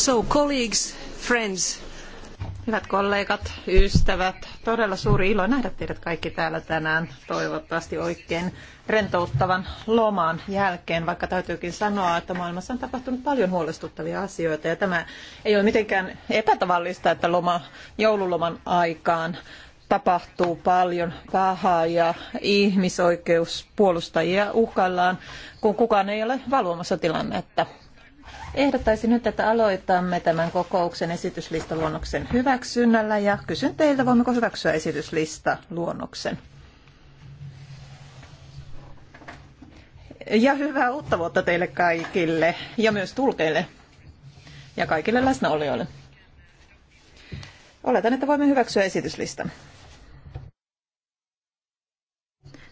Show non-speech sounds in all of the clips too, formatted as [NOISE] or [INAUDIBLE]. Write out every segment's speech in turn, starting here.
So, colleagues, friends. Hyvät kollegat, ystävät, todella suuri ilo nähdä teidät kaikki täällä tänään. Toivottavasti oikein rentouttavan loman jälkeen, vaikka täytyykin sanoa, että maailmassa on tapahtunut paljon huolestuttavia asioita. Ja tämä ei ole mitenkään epätavallista, että loma, joululoman aikaan tapahtuu paljon pahaa ja ihmisoikeuspuolustajia uhkaillaan, kun kukaan ei ole valvomassa tilannetta. Ehdottaisin nyt, että aloitamme tämän kokouksen esityslistaluonnoksen hyväksynnällä ja kysyn teiltä, voimmeko hyväksyä esityslistaluonnoksen. Ja hyvää uutta vuotta teille kaikille ja myös tulkeille ja kaikille läsnäolijoille. Oletan, että voimme hyväksyä esityslistan.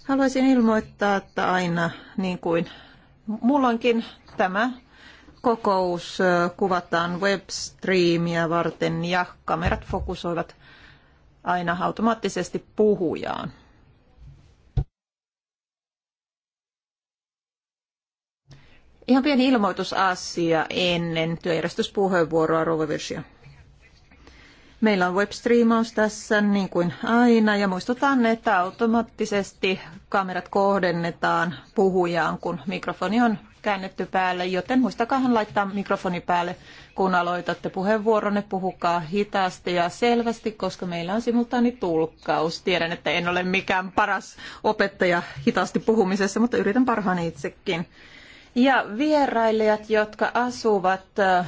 Haluaisin ilmoittaa, että aina niin kuin mulloinkin tämä kokous kuvataan webstreamia varten ja kamerat fokusoivat aina automaattisesti puhujaan. Ihan pieni ilmoitusasia ennen työjärjestyspuheenvuoroa Rova Virsia. Meillä on webstreamaus tässä niin kuin aina ja muistutan, että automaattisesti kamerat kohdennetaan puhujaan, kun mikrofoni on käännetty päälle, joten muistakaahan laittaa mikrofoni päälle, kun aloitatte puheenvuoronne. Puhukaa hitaasti ja selvästi, koska meillä on simultaani tulkkaus. Tiedän, että en ole mikään paras opettaja hitaasti puhumisessa, mutta yritän parhaani itsekin. Ja vierailijat, jotka asuvat äh,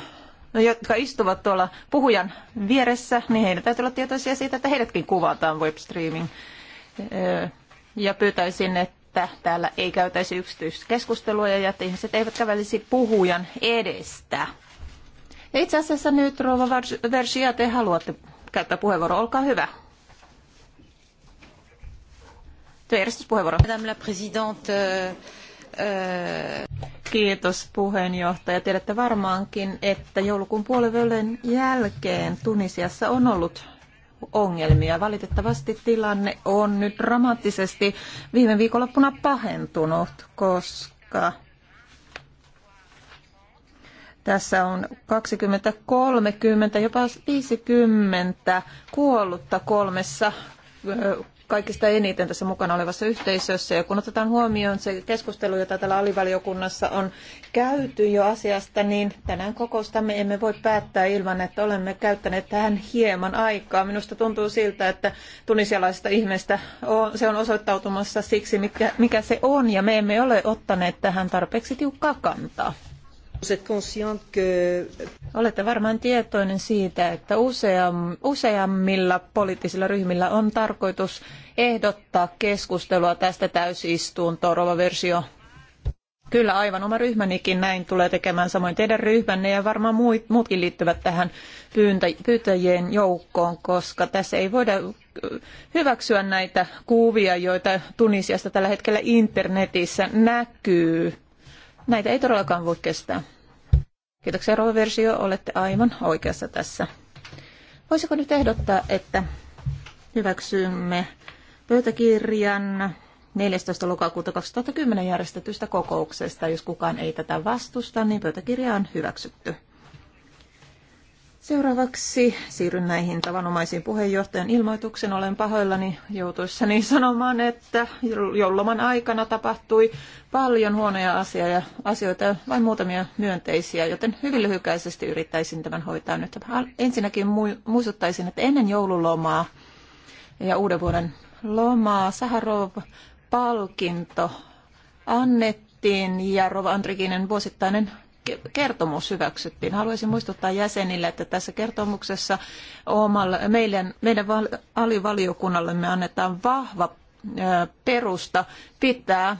jotka istuvat tuolla puhujan vieressä, niin heidän täytyy olla tietoisia siitä, että heidätkin kuvataan webstreamin. Äh, ja pyytäisin, että että täällä ei käytäisi yksityiskeskustelua ja että ihmiset eivät kävelisi puhujan edestä. Ja itse asiassa nyt, Rova Versia, te haluatte käyttää puheenvuoro. Olkaa hyvä. Työjärjestyspuheenvuoro. Madame la présidente, euh, euh, Kiitos puheenjohtaja. Tiedätte varmaankin, että joulukuun puolivälin jälkeen Tunisiassa on ollut ongelmia. Valitettavasti tilanne on nyt dramaattisesti viime viikonloppuna pahentunut, koska tässä on 20, 30, jopa 50 kuollutta kolmessa kaikista eniten tässä mukana olevassa yhteisössä. Ja kun otetaan huomioon se keskustelu, jota täällä alivaliokunnassa on käyty jo asiasta, niin tänään kokoustamme emme voi päättää ilman, että olemme käyttäneet tähän hieman aikaa. Minusta tuntuu siltä, että tunisialaisesta ihmeestä on, se on osoittautumassa siksi, mikä, mikä se on, ja me emme ole ottaneet tähän tarpeeksi tiukkaa kantaa. Olette varmaan tietoinen siitä, että useammilla poliittisilla ryhmillä on tarkoitus ehdottaa keskustelua tästä täysistuntoon, rouva Versio. Kyllä, aivan oma ryhmänikin näin tulee tekemään, samoin teidän ryhmänne ja varmaan muutkin liittyvät tähän pyytäjien joukkoon, koska tässä ei voida hyväksyä näitä kuvia, joita Tunisiasta tällä hetkellä internetissä näkyy Näitä ei todellakaan voi kestää. Kiitoksia Rova Versio, olette aivan oikeassa tässä. Voisiko nyt ehdottaa, että hyväksymme pöytäkirjan 14. lokakuuta 2010 järjestetystä kokouksesta. Jos kukaan ei tätä vastusta, niin pöytäkirja on hyväksytty. Seuraavaksi siirryn näihin tavanomaisiin puheenjohtajan ilmoituksen. Olen pahoillani joutuissani sanomaan, että jolloman aikana tapahtui paljon huonoja asia asioita ja vain muutamia myönteisiä, joten hyvin lyhykäisesti yrittäisin tämän hoitaa nyt. Ensinnäkin muistuttaisin, että ennen joululomaa ja uuden vuoden lomaa Saharov-palkinto annettiin ja Rova Andrikinen vuosittainen kertomus hyväksyttiin. Haluaisin muistuttaa jäsenille, että tässä kertomuksessa omalla, meidän, meidän alivaliokunnallemme annetaan vahva perusta pitää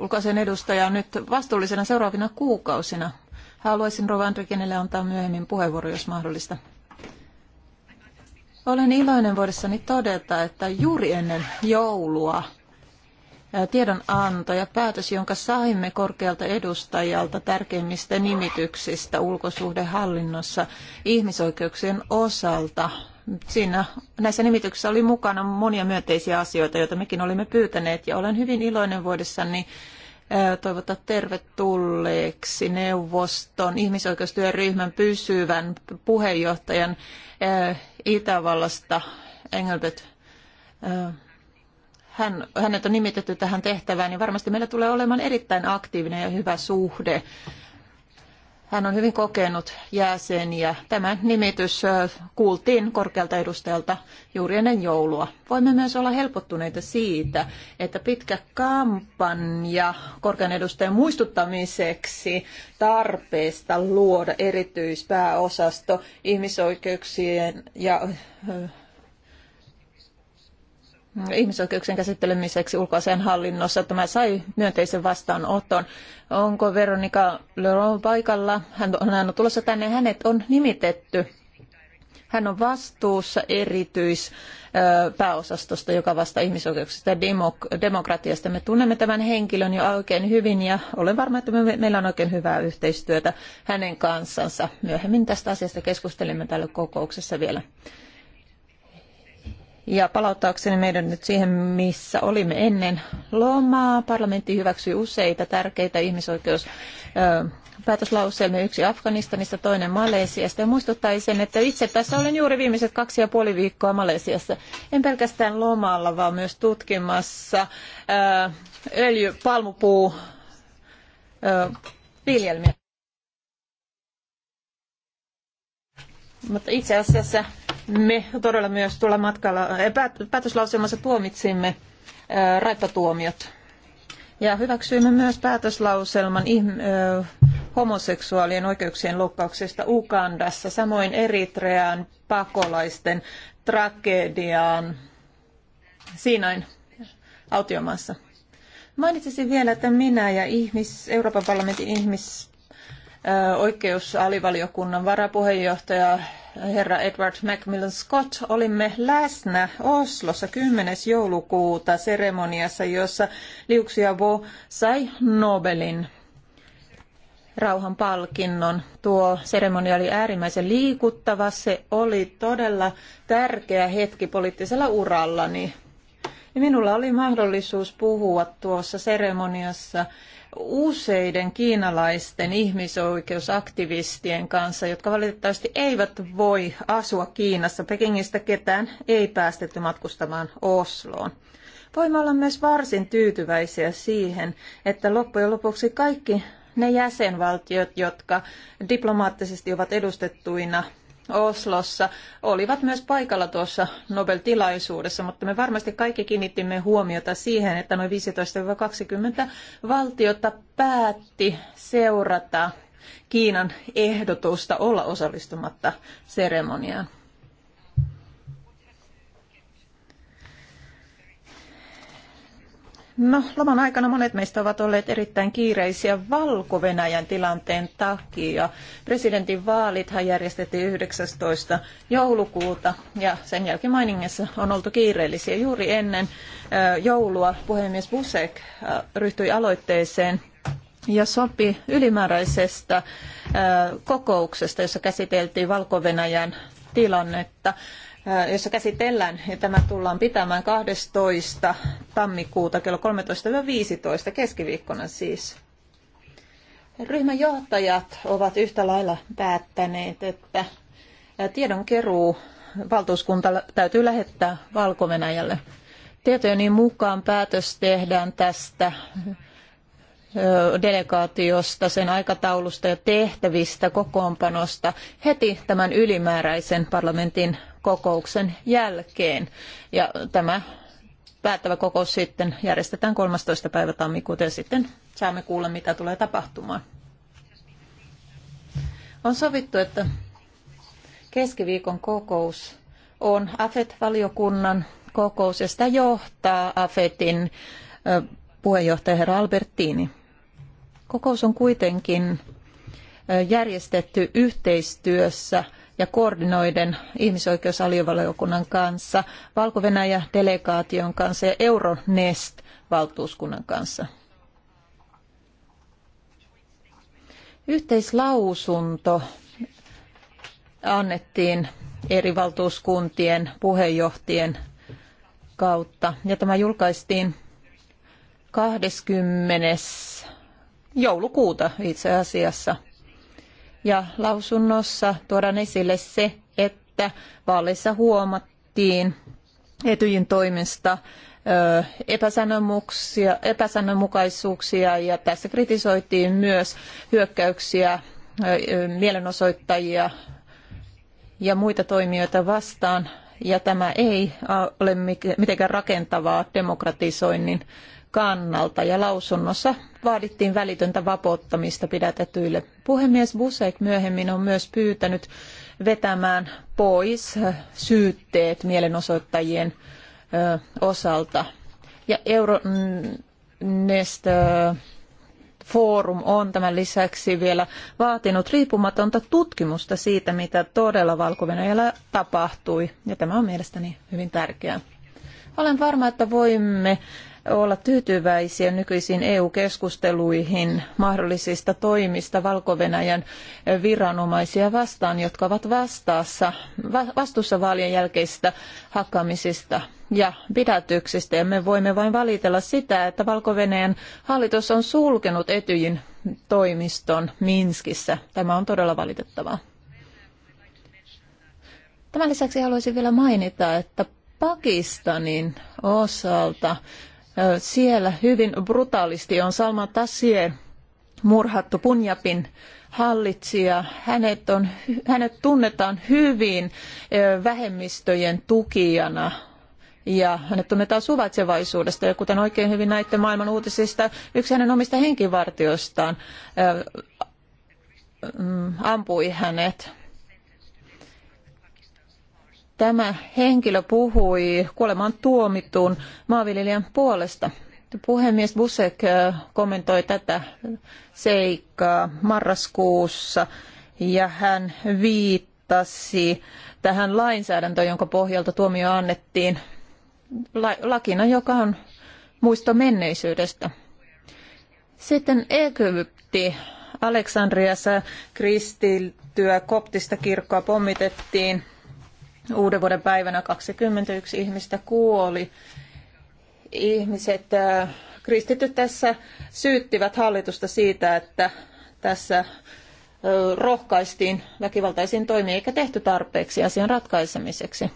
ulkoisen edustajaa nyt vastuullisena seuraavina kuukausina. Haluaisin Rova Andrikenille antaa myöhemmin puheenvuoro, jos mahdollista. Olen iloinen voidessani todeta, että juuri ennen joulua tiedonanto ja päätös, jonka saimme korkealta edustajalta tärkeimmistä nimityksistä ulkosuhdehallinnossa ihmisoikeuksien osalta. Siinä, näissä nimityksissä oli mukana monia myönteisiä asioita, joita mekin olimme pyytäneet, ja olen hyvin iloinen vuodessani toivottaa tervetulleeksi neuvoston ihmisoikeustyöryhmän pysyvän puheenjohtajan Itävallasta Engelbert hän, hänet on nimitetty tähän tehtävään, niin varmasti meillä tulee olemaan erittäin aktiivinen ja hyvä suhde. Hän on hyvin kokenut jäsen ja tämä nimitys kuultiin korkealta edustajalta juuri ennen joulua. Voimme myös olla helpottuneita siitä, että pitkä kampanja korkean edustajan muistuttamiseksi tarpeesta luoda erityispääosasto ihmisoikeuksien ja ihmisoikeuksien käsittelemiseksi ulkoasian hallinnossa. Tämä sai myönteisen vastaanoton. Onko Veronika Leron paikalla? Hän on, aina tulossa tänne. Hänet on nimitetty. Hän on vastuussa erityispääosastosta, joka vastaa ihmisoikeuksista ja demokratiasta. Me tunnemme tämän henkilön jo oikein hyvin ja olen varma, että me, meillä on oikein hyvää yhteistyötä hänen kanssansa. Myöhemmin tästä asiasta keskustelemme täällä kokouksessa vielä. Ja palauttaakseni meidän nyt siihen, missä olimme ennen lomaa, parlamentti hyväksyi useita tärkeitä ihmisoikeus päätöslauselmia, yksi Afganistanista, toinen Malesiasta. Ja muistuttaisin, että itse tässä olen juuri viimeiset kaksi ja puoli viikkoa Malesiassa. En pelkästään lomalla, vaan myös tutkimassa ää, äh, öljy, palmupuu, ää, äh, viljelmiä. Mutta itse asiassa me todella myös tuolla matkalla eh, päätöslauselmassa tuomitsimme eh, raippatuomiot. Ja hyväksyimme myös päätöslauselman eh, homoseksuaalien oikeuksien loukkauksesta Ugandassa, samoin Eritrean pakolaisten tragediaan Siinain autiomaassa. Mainitsisin vielä, että minä ja ihmis, Euroopan parlamentin ihmisoikeusalivaliokunnan varapuheenjohtaja herra Edward Macmillan Scott olimme läsnä Oslossa 10. joulukuuta seremoniassa, jossa Liu Xiaobo sai Nobelin rauhanpalkinnon. Tuo seremonia oli äärimmäisen liikuttava. Se oli todella tärkeä hetki poliittisella urallani. Ja minulla oli mahdollisuus puhua tuossa seremoniassa useiden kiinalaisten ihmisoikeusaktivistien kanssa, jotka valitettavasti eivät voi asua Kiinassa. Pekingistä ketään ei päästetty matkustamaan Osloon. Voimme olla myös varsin tyytyväisiä siihen, että loppujen lopuksi kaikki ne jäsenvaltiot, jotka diplomaattisesti ovat edustettuina Oslossa olivat myös paikalla tuossa Nobel-tilaisuudessa, mutta me varmasti kaikki kiinnittimme huomiota siihen, että noin 15-20 valtiota päätti seurata Kiinan ehdotusta olla osallistumatta seremoniaan. No, loman aikana monet meistä ovat olleet erittäin kiireisiä valko tilanteen takia. Presidentin vaalithan järjestettiin 19. joulukuuta ja sen jälkeen Mainingessa on oltu kiireellisiä. Juuri ennen joulua puhemies Busek ryhtyi aloitteeseen ja sopi ylimääräisestä kokouksesta, jossa käsiteltiin valko tilannetta. Äh, jossa käsitellään, ja tämä tullaan pitämään 12. tammikuuta kello 13-15, keskiviikkona siis. Ryhmän johtajat ovat yhtä lailla päättäneet, että äh, tiedonkeruu valtuuskunta täytyy lähettää valko -Venäjälle. Tietojeni mukaan päätös tehdään tästä äh, delegaatiosta, sen aikataulusta ja tehtävistä, kokoonpanosta heti tämän ylimääräisen parlamentin kokouksen jälkeen. Ja tämä päättävä kokous sitten järjestetään 13. päivä tammikuuta ja sitten saamme kuulla, mitä tulee tapahtumaan. On sovittu, että keskiviikon kokous on AFET-valiokunnan kokous ja sitä johtaa AFETin puheenjohtaja herra Albertini. Kokous on kuitenkin järjestetty yhteistyössä ja koordinoiden ihmisoikeusaliovalokunnan kanssa, Valko-Venäjä-delegaation kanssa ja Euronest-valtuuskunnan kanssa. Yhteislausunto annettiin eri valtuuskuntien puheenjohtien kautta ja tämä julkaistiin 20. joulukuuta itse asiassa ja lausunnossa tuodaan esille se, että vaaleissa huomattiin Etyjin toimesta epäsäännönmukaisuuksia ja tässä kritisoitiin myös hyökkäyksiä mielenosoittajia ja muita toimijoita vastaan ja tämä ei ole mitenkään rakentavaa demokratisoinnin kannalta ja lausunnossa vaadittiin välitöntä vapauttamista pidätetyille. Puhemies Busek myöhemmin on myös pyytänyt vetämään pois äh, syytteet mielenosoittajien äh, osalta. Ja Euronest äh, Forum on tämän lisäksi vielä vaatinut riippumatonta tutkimusta siitä, mitä todella valko tapahtui. Ja tämä on mielestäni hyvin tärkeää. Olen varma, että voimme olla tyytyväisiä nykyisiin EU-keskusteluihin mahdollisista toimista valko viranomaisia vastaan, jotka ovat vastaassa, vastuussa vaalien jälkeisistä hakkaamisista ja pidätyksistä. Ja me voimme vain valitella sitä, että valko hallitus on sulkenut Etyjin toimiston Minskissä. Tämä on todella valitettavaa. Tämän lisäksi haluaisin vielä mainita, että Pakistanin osalta siellä hyvin brutaalisti on Salma Tassier murhattu Punjabin hallitsija. Hänet, on, hänet tunnetaan hyvin vähemmistöjen tukijana ja hänet tunnetaan suvaitsevaisuudesta ja kuten oikein hyvin näitte maailman uutisista, yksi hänen omista henkivartiostaan mm, ampui hänet. Tämä henkilö puhui kuolemaan tuomittuun maanviljelijän puolesta. Puhemies Busek äh, kommentoi tätä seikkaa marraskuussa ja hän viittasi tähän lainsäädäntöön, jonka pohjalta tuomio annettiin lakina, joka on muisto menneisyydestä. Sitten Egypti. Aleksandriassa kristittyä koptista kirkkoa pommitettiin uuden vuoden päivänä 21 ihmistä kuoli. Ihmiset, äh, kristityt tässä syyttivät hallitusta siitä, että tässä äh, rohkaistiin väkivaltaisiin toimiin eikä tehty tarpeeksi asian ratkaisemiseksi.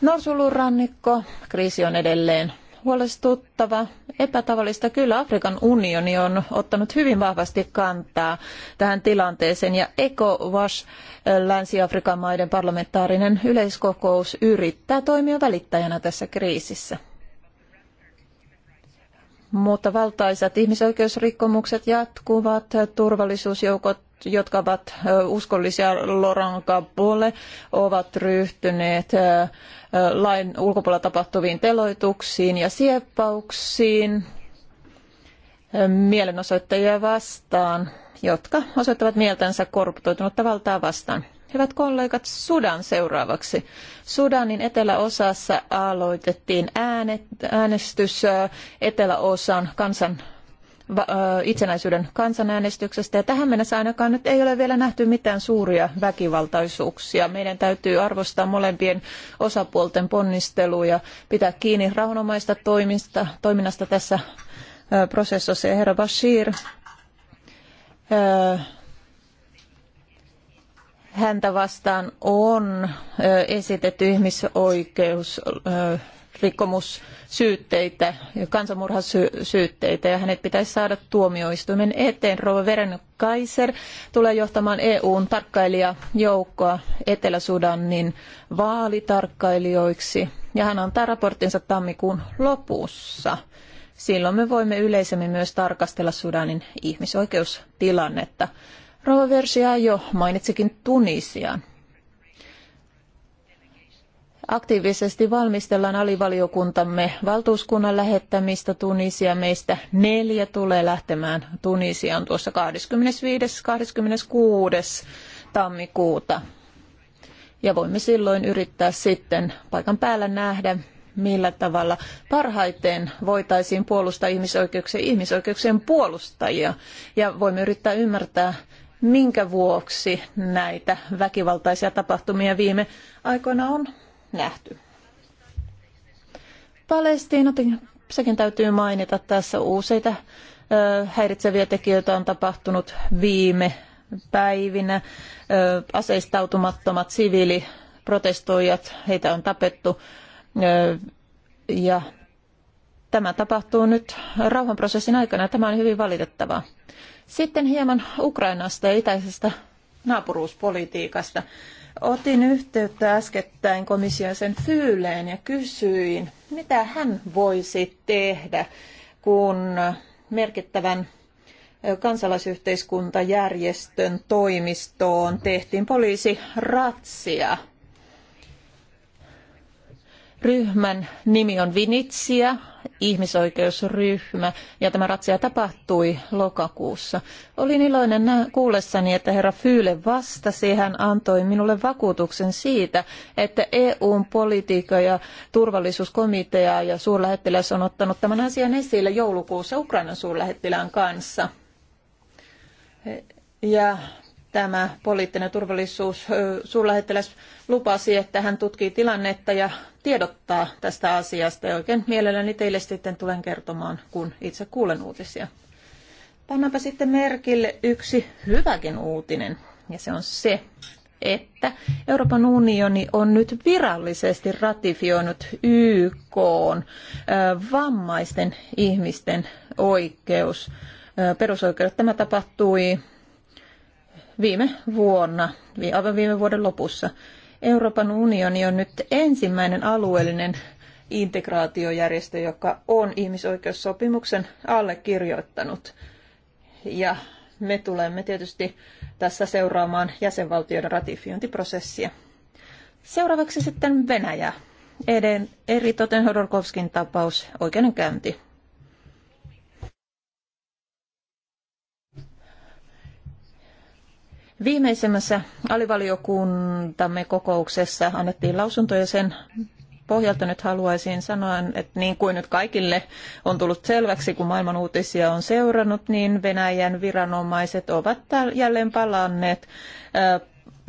Norsulun rannikko, kriisi on edelleen huolestuttava, epätavallista. Kyllä Afrikan unioni on ottanut hyvin vahvasti kantaa tähän tilanteeseen ja ECOWAS, eh, Länsi-Afrikan maiden parlamentaarinen yleiskokous, yrittää toimia välittäjänä tässä kriisissä. Mutta valtaisat ihmisoikeusrikkomukset jatkuvat, turvallisuusjoukot jotka ovat uskollisia Laurent Gbagbolle ovat ryhtyneet lain ulkopuolella tapahtuviin teloituksiin ja sieppauksiin mielenosoittajia vastaan, jotka osoittavat mieltänsä korruptoitunutta valtaa vastaan. Hyvät kollegat, Sudan seuraavaksi. Sudanin eteläosassa aloitettiin äänestys eteläosan kansan itsenäisyyden kansanäänestyksestä. Ja tähän mennessä ainakaan nyt ei ole vielä nähty mitään suuria väkivaltaisuuksia. Meidän täytyy arvostaa molempien osapuolten ponnisteluja, pitää kiinni rauhanomaista toimista, toiminnasta tässä prosessossa. Ja herra Bashir, häntä vastaan on esitetty ihmisoikeus rikkomussyytteitä, kansanmurhasyytteitä ja hänet pitäisi saada tuomioistuimen eteen. Rova Veren Kaiser tulee johtamaan EUn tarkkailijajoukkoa Etelä-Sudanin vaalitarkkailijoiksi ja hän antaa raporttinsa tammikuun lopussa. Silloin me voimme yleisemmin myös tarkastella Sudanin ihmisoikeustilannetta. Rova Versia jo mainitsikin Tunisian. Aktiivisesti valmistellaan alivaliokuntamme valtuuskunnan lähettämistä Tunisia. Meistä neljä tulee lähtemään Tunisiaan tuossa 25-26. tammikuuta. Ja voimme silloin yrittää sitten paikan päällä nähdä, millä tavalla parhaiten voitaisiin puolustaa ihmisoikeuksia, ihmisoikeuksien puolustajia. Ja voimme yrittää ymmärtää, minkä vuoksi näitä väkivaltaisia tapahtumia viime aikoina on nähty. Palestiina, sekin täytyy mainita tässä useita häiritseviä tekijöitä on tapahtunut viime päivinä. Aseistautumattomat siviiliprotestoijat, heitä on tapettu ja tämä tapahtuu nyt rauhanprosessin aikana. Tämä on hyvin valitettavaa. Sitten hieman Ukrainasta ja itäisestä naapuruuspolitiikasta. Otin yhteyttä äskettäin komission sen Fyyleen ja kysyin, mitä hän voisi tehdä, kun merkittävän kansalaisyhteiskuntajärjestön toimistoon tehtiin poliisiratsia Ryhmän nimi on Vinitsia, ihmisoikeusryhmä, ja tämä ratsia tapahtui lokakuussa. Olin iloinen kuullessani, että herra Fyyle vastasi. Hän antoi minulle vakuutuksen siitä, että EUn politiikka ja turvallisuuskomitea ja suurlähettiläs on ottanut tämän asian esille joulukuussa Ukrainan suurlähettilään kanssa. Ja tämä poliittinen turvallisuus suurlähettiläs lupasi, että hän tutkii tilannetta ja tiedottaa tästä asiasta ja oikein mielelläni teille sitten tulen kertomaan, kun itse kuulen uutisia. Pannaanpa sitten merkille yksi hyväkin uutinen, ja se on se, että Euroopan unioni on nyt virallisesti ratifioinut YK vammaisten ihmisten oikeus, perusoikeudet. Tämä tapahtui viime vuonna, aivan viime vuoden lopussa. Euroopan unioni on nyt ensimmäinen alueellinen integraatiojärjestö, joka on ihmisoikeussopimuksen allekirjoittanut. Ja me tulemme tietysti tässä seuraamaan jäsenvaltioiden ratifiointiprosessia. Seuraavaksi sitten Venäjä. Eden, eri Toten Hodorkovskin tapaus, oikeudenkäynti. Viimeisimmässä alivaliokuntamme kokouksessa annettiin lausunto ja sen pohjalta nyt haluaisin sanoa, että niin kuin nyt kaikille on tullut selväksi, kun maailman uutisia on seurannut, niin Venäjän viranomaiset ovat jälleen palanneet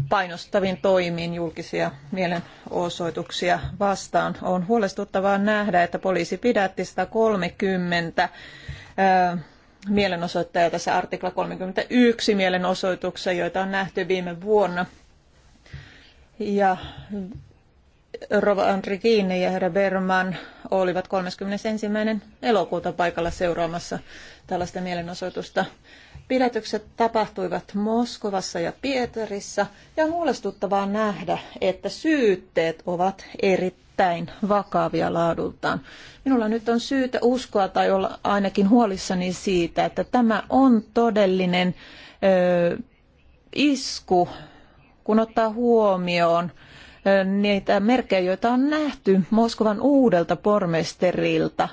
painostavin toimiin julkisia mielenosoituksia vastaan. On huolestuttavaa nähdä, että poliisi pidätti 130 mielenosoittaja tässä artikla 31 mielenosoituksessa, joita on nähty viime vuonna. Ja Rova Andrikini ja herra Berman olivat 31. elokuuta paikalla seuraamassa tällaista mielenosoitusta. Pidätykset tapahtuivat Moskovassa ja Pietarissa ja huolestuttavaa nähdä, että syytteet ovat erittäin vakavia laadultaan. Minulla nyt on syytä uskoa tai olla ainakin huolissani siitä, että tämä on todellinen ö, isku, kun ottaa huomioon – niitä merkkejä, joita on nähty Moskovan uudelta pormesterilta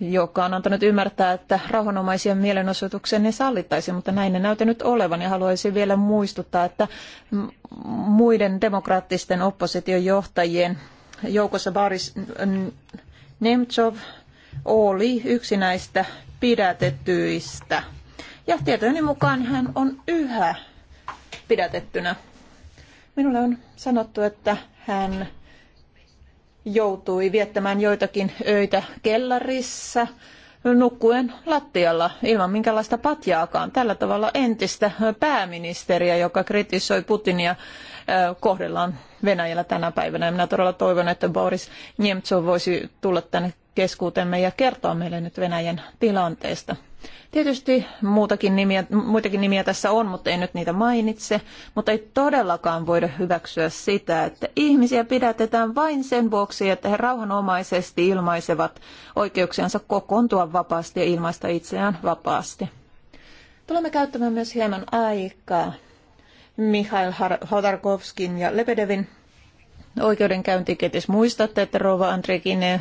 joka on antanut ymmärtää, että rauhanomaisia mielenosoituksia ne sallittaisiin, mutta näin ne näytänyt olevan. Ja haluaisin vielä muistuttaa, että muiden demokraattisten oppositiojohtajien joukossa Boris Nemtsov oli yksi näistä pidätettyistä. Ja tietojeni mukaan hän on yhä pidätettynä. Minulle on sanottu, että hän joutui viettämään joitakin öitä kellarissa nukkuen lattialla ilman minkälaista patjaakaan. Tällä tavalla entistä pääministeriä, joka kritisoi Putinia, kohdellaan Venäjällä tänä päivänä. Minä todella toivon, että Boris Nemtsov voisi tulla tänne keskuutemme ja kertoa meille nyt Venäjän tilanteesta. Tietysti muutakin nimiä, muitakin nimiä tässä on, mutta en nyt niitä mainitse, mutta ei todellakaan voida hyväksyä sitä, että ihmisiä pidätetään vain sen vuoksi, että he rauhanomaisesti ilmaisevat oikeuksiansa kokoontua vapaasti ja ilmaista itseään vapaasti. Tulemme käyttämään myös hieman aikaa Mihail Hodorkovskin ja Lebedevin oikeudenkäyntiin, kenties muistatte, että rouva Andrekin, eh,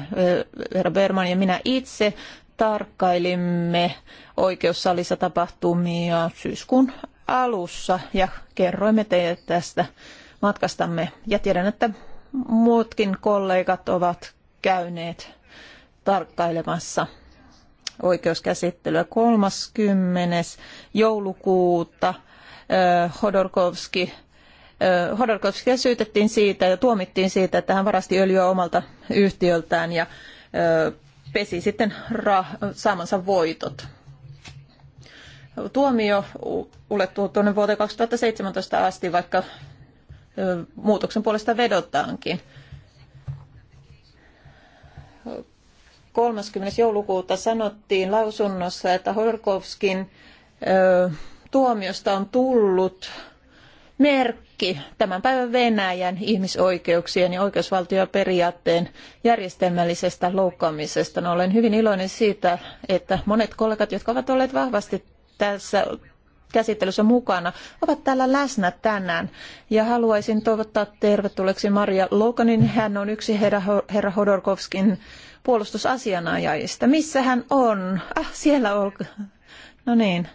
herra Berman ja minä itse tarkkailimme oikeussalissa tapahtumia syyskuun alussa ja kerroimme teille tästä matkastamme. Ja tiedän, että muutkin kollegat ovat käyneet tarkkailemassa oikeuskäsittelyä 30. joulukuuta. Eh, Hodorkovski Hodorkovskia syytettiin siitä ja tuomittiin siitä, että hän varasti öljyä omalta yhtiöltään ja pesi sitten ra- saamansa voitot. Tuomio ulettuu tuonne vuoteen 2017 asti, vaikka muutoksen puolesta vedotaankin. 30. joulukuuta sanottiin lausunnossa, että Horkovskin tuomiosta on tullut merkki, kaikki tämän päivän Venäjän ihmisoikeuksien ja oikeusvaltioperiaatteen järjestelmällisestä loukkaamisesta. No, olen hyvin iloinen siitä, että monet kollegat, jotka ovat olleet vahvasti tässä käsittelyssä mukana, ovat täällä läsnä tänään. Ja haluaisin toivottaa tervetulleeksi Maria Loukanin. Hän on yksi herra, herra Hodorkovskin puolustusasianajajista. Missä hän on? Ah, siellä on. No niin.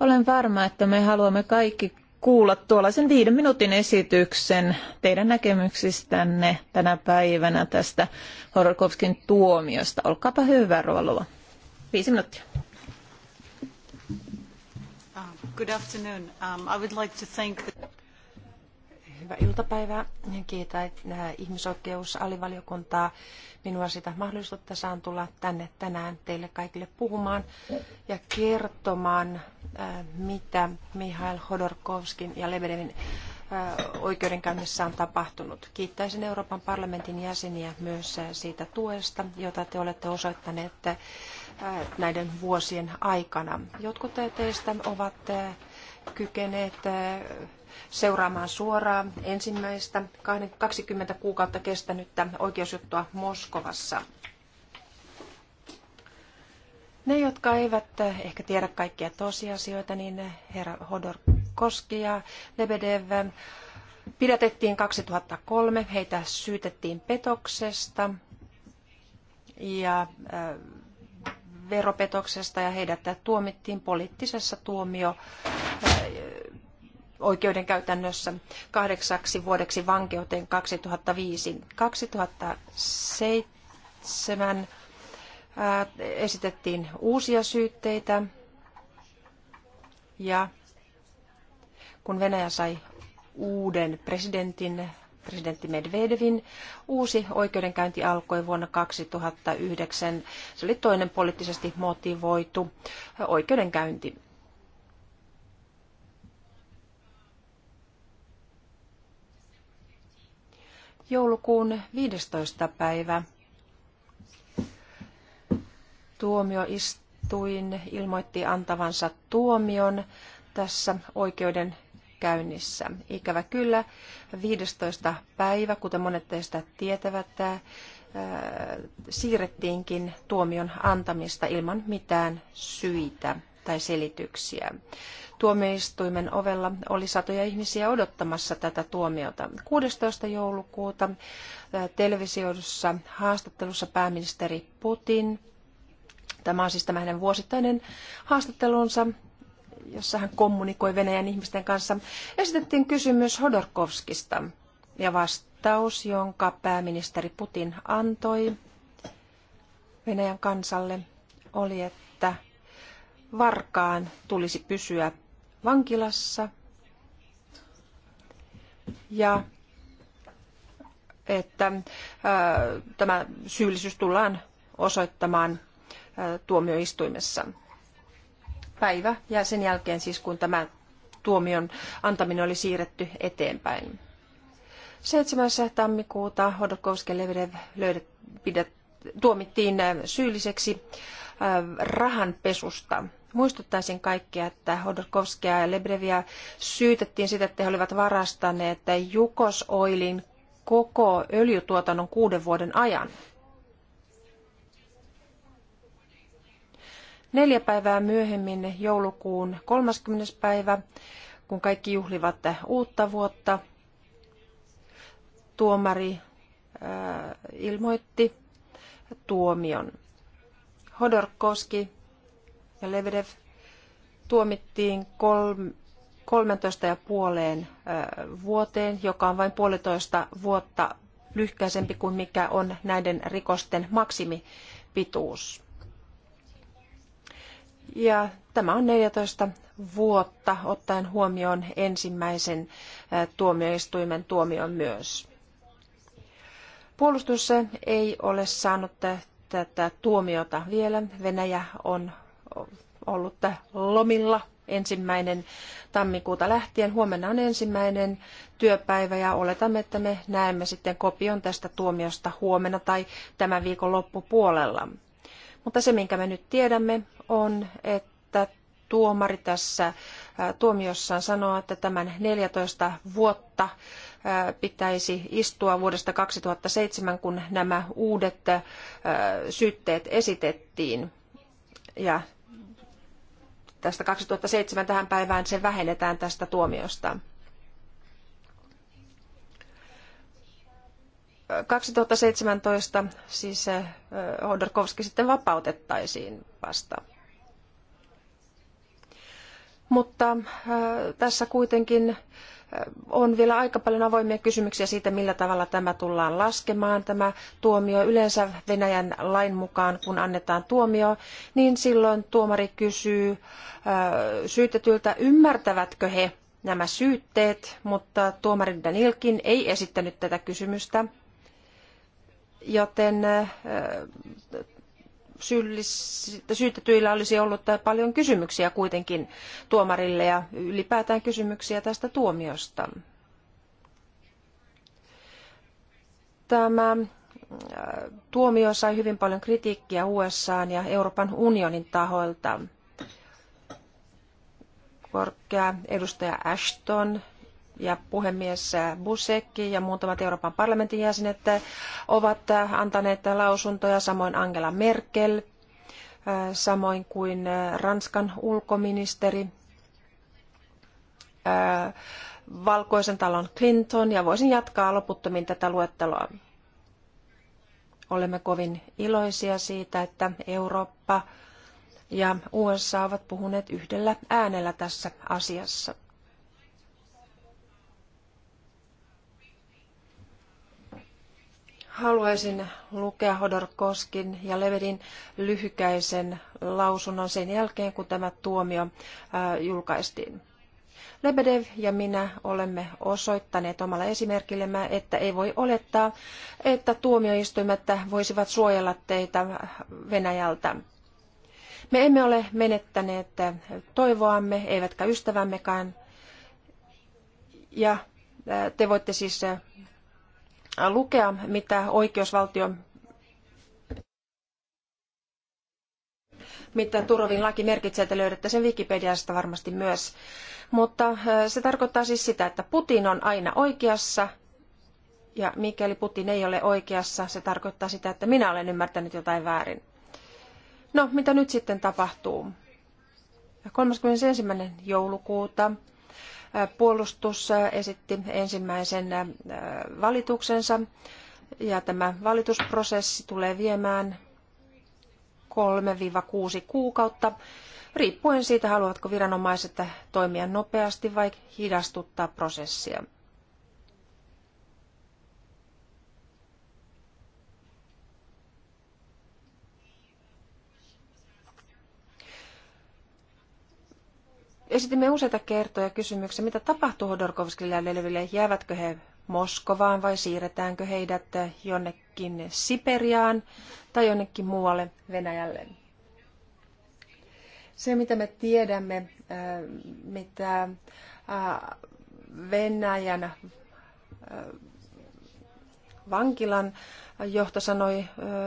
Olen varma, että me haluamme kaikki kuulla tuollaisen viiden minuutin esityksen teidän näkemyksistänne tänä päivänä tästä Horkovskin tuomiosta. Olkaapa hyvä, Rovalova. Viisi minuuttia. Ah, good afternoon. Um, I would like to thank the... Hyvää iltapäivää. Kiitän äh, ihmisoikeusalivaliokuntaa minua sitä mahdollisuutta saan tulla tänne tänään teille kaikille puhumaan ja kertomaan, äh, mitä Mihail Hodorkovskin ja Lebedevin äh, oikeudenkäynnissä on tapahtunut. Kiittäisin Euroopan parlamentin jäseniä myös siitä tuesta, jota te olette osoittaneet näiden vuosien aikana. Jotkut teistä ovat kykeneet seuraamaan suoraan ensimmäistä 20 kuukautta kestänyttä oikeusjuttua Moskovassa. Ne, jotka eivät eh, ehkä tiedä kaikkia tosiasioita, niin eh, herra Hodorkovski ja Lebedev eh, pidätettiin 2003. Heitä syytettiin petoksesta ja veropetoksesta ja heidät tuomittiin poliittisessa tuomio oikeudenkäytännössä kahdeksaksi vuodeksi vankeuteen 2005. 2007 esitettiin uusia syytteitä ja kun Venäjä sai uuden presidentin, presidentti Medvedevin, uusi oikeudenkäynti alkoi vuonna 2009. Se oli toinen poliittisesti motivoitu oikeudenkäynti. joulukuun 15. päivä tuomioistuin ilmoitti antavansa tuomion tässä oikeuden käynnissä. Ikävä kyllä 15. päivä, kuten monet teistä tietävät, äh, siirrettiinkin tuomion antamista ilman mitään syitä tai selityksiä. Tuomioistuimen ovella oli satoja ihmisiä odottamassa tätä tuomiota. 16. joulukuuta televisioidussa haastattelussa pääministeri Putin, tämä on siis tämä hänen vuosittainen haastattelunsa, jossa hän kommunikoi Venäjän ihmisten kanssa, esitettiin kysymys Hodorkovskista. Ja vastaus, jonka pääministeri Putin antoi Venäjän kansalle, oli, että varkaan tulisi pysyä vankilassa ja että äh, tämä syyllisyys tullaan osoittamaan äh, tuomioistuimessa. Päivä ja sen jälkeen siis kun tämä tuomion antaminen oli siirretty eteenpäin. 7. tammikuuta Hodorkovski Lebedev löydet, pidet, tuomittiin äh, syylliseksi Äh, rahanpesusta. Muistuttaisin kaikkia, että Hodorkovskia ja Lebreviä syytettiin sitä, että he olivat varastaneet Jukos Oilin koko öljytuotannon kuuden vuoden ajan. Neljä päivää myöhemmin joulukuun 30. päivä, kun kaikki juhlivat uutta vuotta, tuomari äh, ilmoitti tuomion. Hodorkovski ja Lebedev tuomittiin kolme, 13 ja puoleen vuoteen, joka on vain puolitoista vuotta lyhkäisempi kuin mikä on näiden rikosten maksimipituus. Ja tämä on 14 vuotta ottaen huomioon ensimmäisen tuomioistuimen tuomion myös. Puolustus ei ole saanut tätä tuomiota vielä. Venäjä on ollut lomilla ensimmäinen tammikuuta lähtien. Huomenna on ensimmäinen työpäivä ja oletamme, että me näemme sitten kopion tästä tuomiosta huomenna tai tämän viikon loppupuolella. Mutta se, minkä me nyt tiedämme, on, että tuomari tässä tuomiossaan sanoo, että tämän 14 vuotta pitäisi istua vuodesta 2007, kun nämä uudet syytteet esitettiin. Ja tästä 2007 tähän päivään se vähennetään tästä tuomiosta. 2017 siis Hodorkovski sitten vapautettaisiin vasta. Mutta tässä kuitenkin on vielä aika paljon avoimia kysymyksiä siitä, millä tavalla tämä tullaan laskemaan. Tämä tuomio yleensä Venäjän lain mukaan, kun annetaan tuomio, niin silloin tuomari kysyy syytetyltä, ymmärtävätkö he nämä syytteet, mutta tuomari Danilkin ei esittänyt tätä kysymystä. Joten syytetyillä olisi ollut paljon kysymyksiä kuitenkin tuomarille ja ylipäätään kysymyksiä tästä tuomiosta. Tämä äh, tuomio sai hyvin paljon kritiikkiä USAn ja Euroopan unionin tahoilta. Korkea edustaja Ashton ja puhemies buzek ja muutamat Euroopan parlamentin jäsenet ovat antaneet lausuntoja, samoin Angela Merkel, samoin kuin Ranskan ulkoministeri, Valkoisen talon Clinton ja voisin jatkaa loputtomiin tätä luetteloa. Olemme kovin iloisia siitä, että Eurooppa ja USA ovat puhuneet yhdellä äänellä tässä asiassa. haluaisin lukea Hodorkoskin ja Levedin lyhykäisen lausunnon sen jälkeen, kun tämä tuomio äh, julkaistiin. Lebedev ja minä olemme osoittaneet omalla esimerkillemme, että ei voi olettaa, että tuomioistuimet voisivat suojella teitä Venäjältä. Me emme ole menettäneet toivoamme, eivätkä ystävämmekään. Ja äh, te voitte siis äh, lukea, mitä oikeusvaltion mitä Turovin laki merkitsee, te löydätte sen Wikipediasta varmasti myös. Mutta äh, se tarkoittaa siis sitä, että Putin on aina oikeassa, ja mikäli Putin ei ole oikeassa, se tarkoittaa sitä, että minä olen ymmärtänyt jotain väärin. No, mitä nyt sitten tapahtuu? 31. joulukuuta puolustus esitti ensimmäisen äh, valituksensa ja tämä valitusprosessi tulee viemään kolme kuusi kuukautta, riippuen siitä, haluavatko viranomaiset toimia nopeasti vai hidastuttaa prosessia. esitimme useita kertoja kysymyksiä, mitä tapahtuu Hodorkovskille ja Leleville, jäävätkö he Moskovaan vai siirretäänkö heidät jonnekin Siperiaan tai jonnekin muualle Venäjälle. Se, mitä me tiedämme, äh, mitä äh, Venäjän äh, vankilan johto sanoi,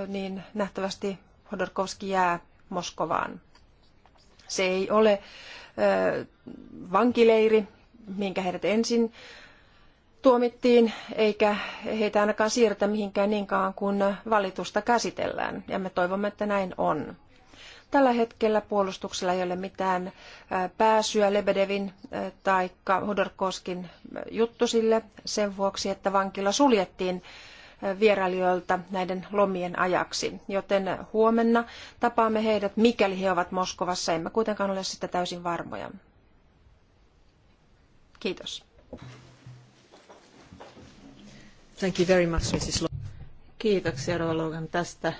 niin nähtävästi Hodorkovski jää Moskovaan. Se ei ole vankileiri, minkä heidät ensin tuomittiin, eikä heitä ainakaan siirretä mihinkään niinkaan kuin valitusta käsitellään. Ja me toivomme, että näin on. Tällä hetkellä puolustuksella ei ole mitään pääsyä Lebedevin tai Hodorkoskin juttusille sen vuoksi, että vankila suljettiin vierailijoilta näiden lomien ajaksi. Joten huomenna tapaamme heidät, mikäli he ovat Moskovassa. Emme kuitenkaan ole sitä täysin varmoja. Kiitos. Thank you very much, Mrs. Kiitoksia Rologan tästä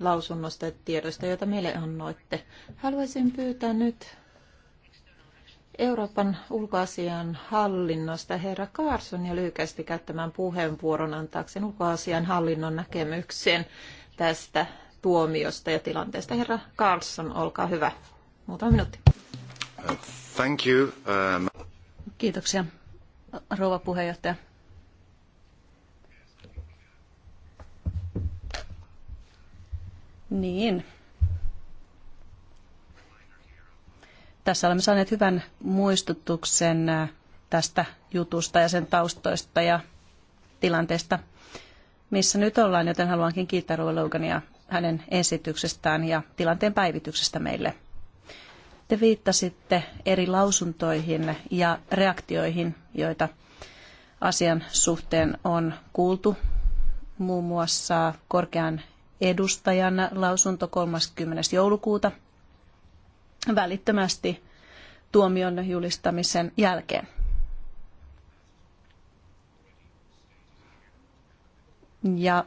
lausunnosta ja tiedoista, joita meille annoitte. Haluaisin pyytää nyt Euroopan ulkoasian hallinnosta herra Carson ja lyhykästi käyttämään puheenvuoron antaakseen ulkoasian hallinnon näkemykseen tästä tuomiosta ja tilanteesta. Herra Carlson, olkaa hyvä. Muutama minuutti. Thank you. Um, Kiitoksia, rouva puheenjohtaja. Niin, Tässä olemme saaneet hyvän muistutuksen äh, tästä jutusta ja sen taustoista ja tilanteesta, missä nyt ollaan, joten haluankin kiittää Ruoan Logania hänen esityksestään ja tilanteen päivityksestä meille. Te viittasitte eri lausuntoihin ja reaktioihin, joita asian suhteen on kuultu. Muun muassa korkean edustajan lausunto 30. joulukuuta välittömästi tuomion julistamisen jälkeen. Ja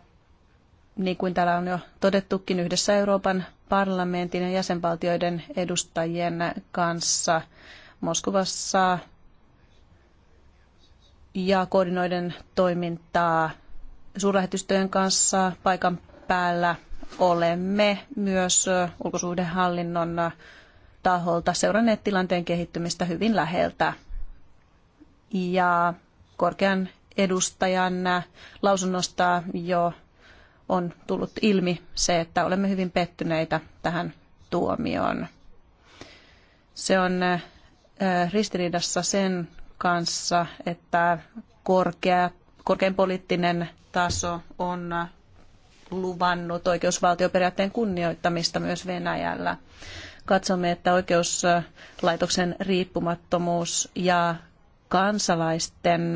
niin kuin täällä on jo todettukin yhdessä Euroopan parlamentin ja jäsenvaltioiden edustajien kanssa Moskovassa ja koordinoiden toimintaa suurlähetystöjen kanssa paikan päällä olemme myös ulkosuhdehallinnon taholta seuranneet tilanteen kehittymistä hyvin läheltä. Ja korkean edustajan lausunnosta jo on tullut ilmi se, että olemme hyvin pettyneitä tähän tuomioon. Se on ristiriidassa sen kanssa, että korkea, korkein poliittinen taso on luvannut oikeusvaltioperiaatteen kunnioittamista myös Venäjällä katsomme, että oikeuslaitoksen riippumattomuus ja kansalaisten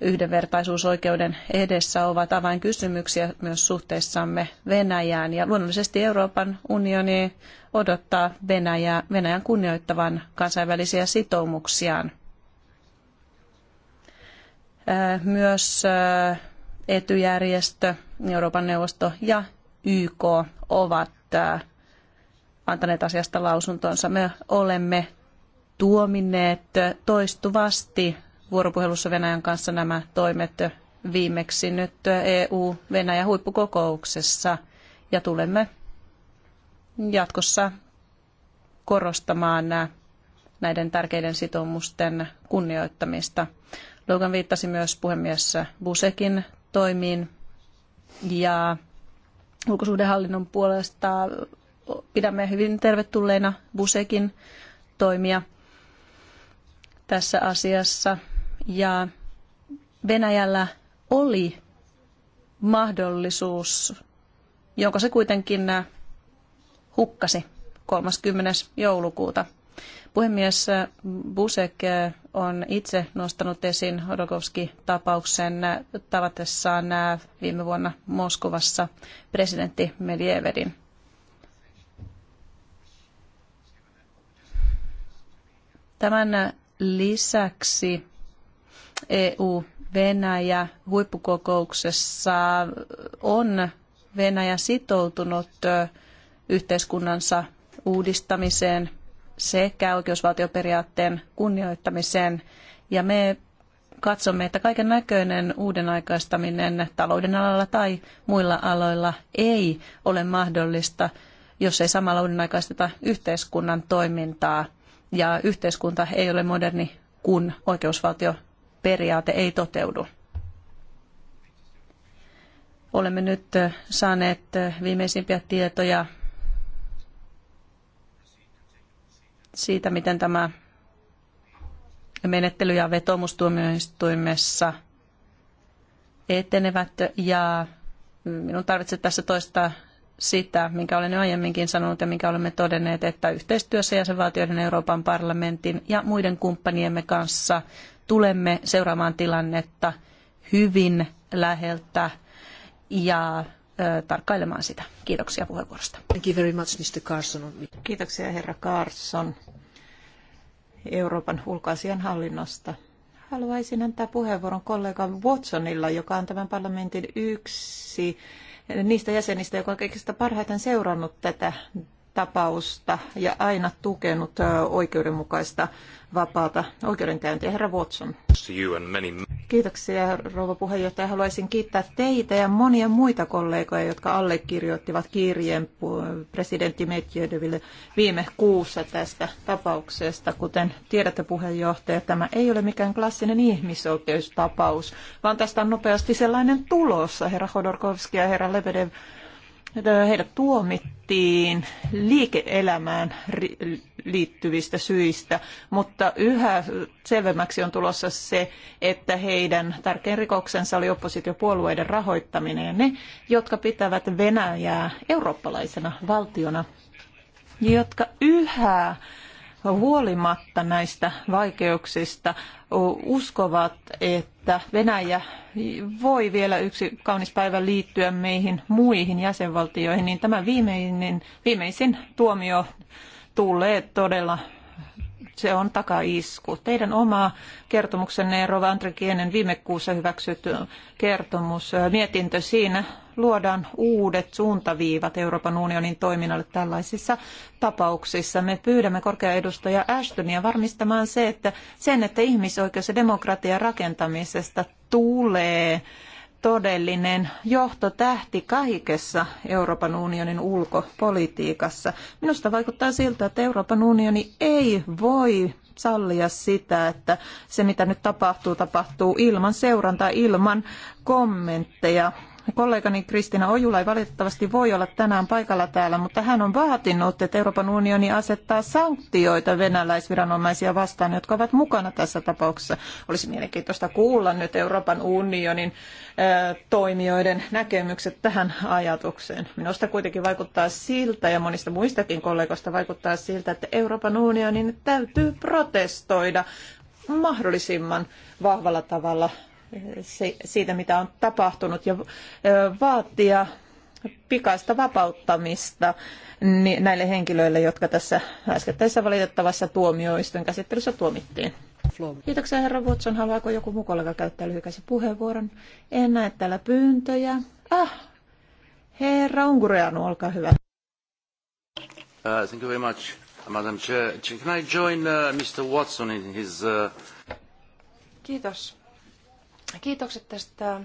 yhdenvertaisuusoikeuden edessä ovat avainkysymyksiä myös suhteissamme Venäjään. Ja luonnollisesti Euroopan unioni odottaa Venäjää, Venäjän kunnioittavan kansainvälisiä sitoumuksiaan. Myös etujärjestö, Euroopan neuvosto ja YK ovat antaneet asiasta lausuntonsa. Me olemme tuomineet toistuvasti vuoropuhelussa Venäjän kanssa nämä toimet viimeksi nyt EU-Venäjä huippukokouksessa ja tulemme jatkossa korostamaan näiden tärkeiden sitoumusten kunnioittamista. Logan viittasi myös puhemies Busekin toimiin ja ulkosuhdehallinnon puolesta pidämme hyvin tervetulleena, Busekin toimia tässä asiassa. Ja Venäjällä oli mahdollisuus, jonka se kuitenkin hukkasi 30. joulukuuta. Puhemies Busek on itse nostanut esiin hodokovski tapauksen tavatessaan viime vuonna Moskovassa presidentti Medvedin. Tämän lisäksi EU-Venäjä huippukokouksessa on Venäjä sitoutunut yhteiskunnansa uudistamiseen sekä oikeusvaltioperiaatteen kunnioittamiseen. Ja me katsomme, että kaiken näköinen uuden aikaistaminen talouden alalla tai muilla aloilla ei ole mahdollista, jos ei samalla uuden aikaisteta yhteiskunnan toimintaa – ja yhteiskunta ei ole moderni, kun oikeusvaltioperiaate ei toteudu. Olemme nyt saaneet viimeisimpiä tietoja siitä, miten tämä menettely- ja vetomustuomioistuimessa etenevät. Ja minun tarvitsee tässä toistaa sitä, minkä olen jo aiemminkin sanonut ja minkä olemme todenneet, että yhteistyössä jäsenvaltioiden Euroopan parlamentin ja muiden kumppaniemme kanssa tulemme seuraamaan tilannetta hyvin läheltä ja tarkkailemaan sitä. Kiitoksia puheenvuorosta. Thank you very much, Mr. Carson. Kiitoksia herra Carson Euroopan ulkoasian hallinnosta. Haluaisin antaa puheenvuoron kollega Watsonilla, joka on tämän parlamentin yksi niistä jäsenistä, joka on kaikista parhaiten seurannut tätä tapausta ja aina tukenut oikeudenmukaista vapaata oikeudenkäyntiä. Herra Watson. Kiitoksia rouva puheenjohtaja. Haluaisin kiittää teitä ja monia muita kollegoja, jotka allekirjoittivat kirjeen presidentti Medvedeville viime kuussa tästä tapauksesta. Kuten tiedätte puheenjohtaja, tämä ei ole mikään klassinen ihmisoikeustapaus, vaan tästä on nopeasti sellainen tulossa. Herra Hodorkovski ja herra Lebedev heidät tuomittiin liike-elämään liittyvistä syistä, mutta yhä selvemmäksi on tulossa se, että heidän tärkein rikoksensa oli oppositiopuolueiden rahoittaminen. Ja ne, jotka pitävät Venäjää eurooppalaisena valtiona, jotka yhä huolimatta näistä vaikeuksista uskovat, että Venäjä voi vielä yksi kaunis päivä liittyä meihin muihin jäsenvaltioihin, niin tämä viimeinen, viimeisin tuomio tulee todella se on takaisku. Teidän oma kertomuksenne, Rova Andrikienen viime kuussa hyväksytty kertomus, mietintö siinä luodaan uudet suuntaviivat Euroopan unionin toiminnalle tällaisissa tapauksissa. Me pyydämme korkea edustaja Ashtonia varmistamaan se, että sen, että ihmisoikeus- ja demokratian rakentamisesta tulee todellinen johtotähti kaikessa Euroopan unionin ulkopolitiikassa. Minusta vaikuttaa siltä, että Euroopan unioni ei voi sallia sitä, että se mitä nyt tapahtuu, tapahtuu ilman seurantaa, ilman kommentteja Kollegani Kristina Ojula ei valitettavasti voi olla tänään paikalla täällä, mutta hän on vaatinut, että Euroopan unioni asettaa sanktioita venäläisviranomaisia vastaan, jotka ovat mukana tässä tapauksessa. Olisi mielenkiintoista kuulla nyt Euroopan unionin toimijoiden näkemykset tähän ajatukseen. Minusta kuitenkin vaikuttaa siltä, ja monista muistakin kollegoista vaikuttaa siltä, että Euroopan unionin täytyy protestoida mahdollisimman vahvalla tavalla siitä, mitä on tapahtunut ja vaatia pikaista vapauttamista näille henkilöille, jotka tässä äskettäisessä valitettavassa tuomioistuin käsittelyssä tuomittiin. Kiitoksia herra Watson. Haluaako joku muu kollega käyttää lyhykäisen puheenvuoron? En näe täällä pyyntöjä. Ah, herra Ungureanu, olkaa hyvä. Uh, thank you very much, Madam Chair. Can I join uh, Mr. Watson in his... Uh... Kiitos Kiitokset tästä äh,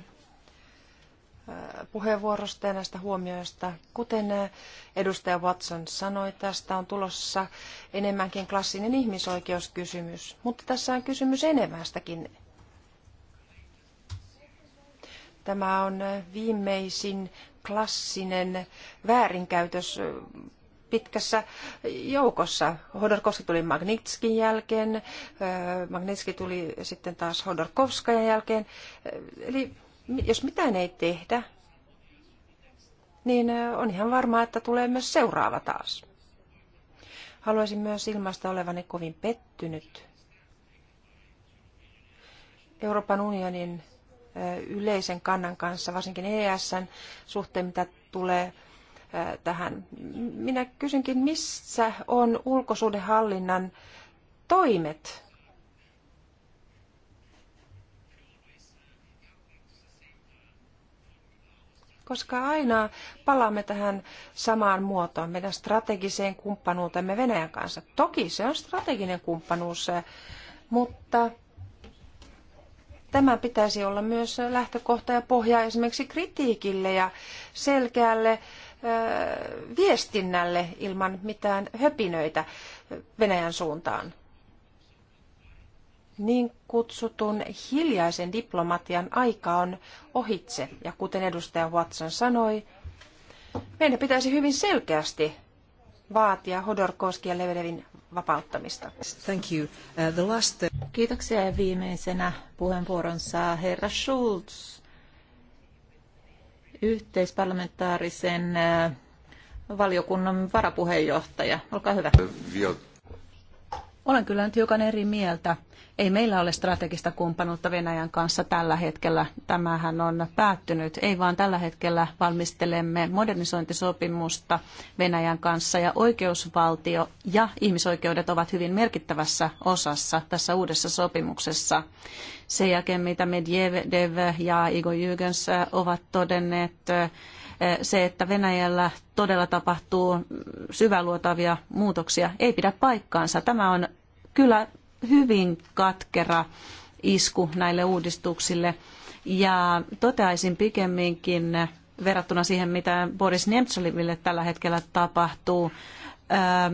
puheenvuorosta ja näistä huomioista. Kuten äh, edustaja Watson sanoi, tästä on tulossa enemmänkin klassinen ihmisoikeuskysymys, mutta tässä on kysymys enemmästäkin. Tämä on äh, viimeisin klassinen väärinkäytös pitkässä joukossa. Hodorkovski tuli Magnitskin jälkeen, Magnitski tuli sitten taas Hodorkovskajan jälkeen. Eli jos mitään ei tehdä, niin on ihan varmaa, että tulee myös seuraava taas. Haluaisin myös ilmaista olevani kovin pettynyt Euroopan unionin yleisen kannan kanssa, varsinkin ESn suhteen, mitä tulee tähän. Minä kysynkin, missä on ulkosuhdehallinnan toimet? Koska aina palaamme tähän samaan muotoon, meidän strategiseen kumppanuutemme Venäjän kanssa. Toki se on strateginen kumppanuus, mutta tämä pitäisi olla myös lähtökohta ja pohja esimerkiksi kritiikille ja selkeälle viestinnälle ilman mitään höpinöitä Venäjän suuntaan. Niin kutsutun hiljaisen diplomatian aika on ohitse, ja kuten edustaja Watson sanoi, meidän pitäisi hyvin selkeästi vaatia Hodorkovskin ja Levedevin vapauttamista. Thank you. Uh, the last... Kiitoksia ja viimeisenä puheenvuoron saa herra Schulz yhteisparlamentaarisen äh, valiokunnan varapuheenjohtaja. Olkaa hyvä. Olen kyllä nyt hiukan eri mieltä. Ei meillä ole strategista kumppanuutta Venäjän kanssa tällä hetkellä. Tämähän on päättynyt. Ei vaan tällä hetkellä valmistelemme modernisointisopimusta Venäjän kanssa ja oikeusvaltio ja ihmisoikeudet ovat hyvin merkittävässä osassa tässä uudessa sopimuksessa. Sen jälkeen, mitä Medvedev ja Igor Jürgens ovat todenneet, se, että Venäjällä todella tapahtuu syväluotavia muutoksia, ei pidä paikkaansa. Tämä on kyllä hyvin katkera isku näille uudistuksille. Ja toteaisin pikemminkin verrattuna siihen, mitä Boris Nemtsoliville tällä hetkellä tapahtuu.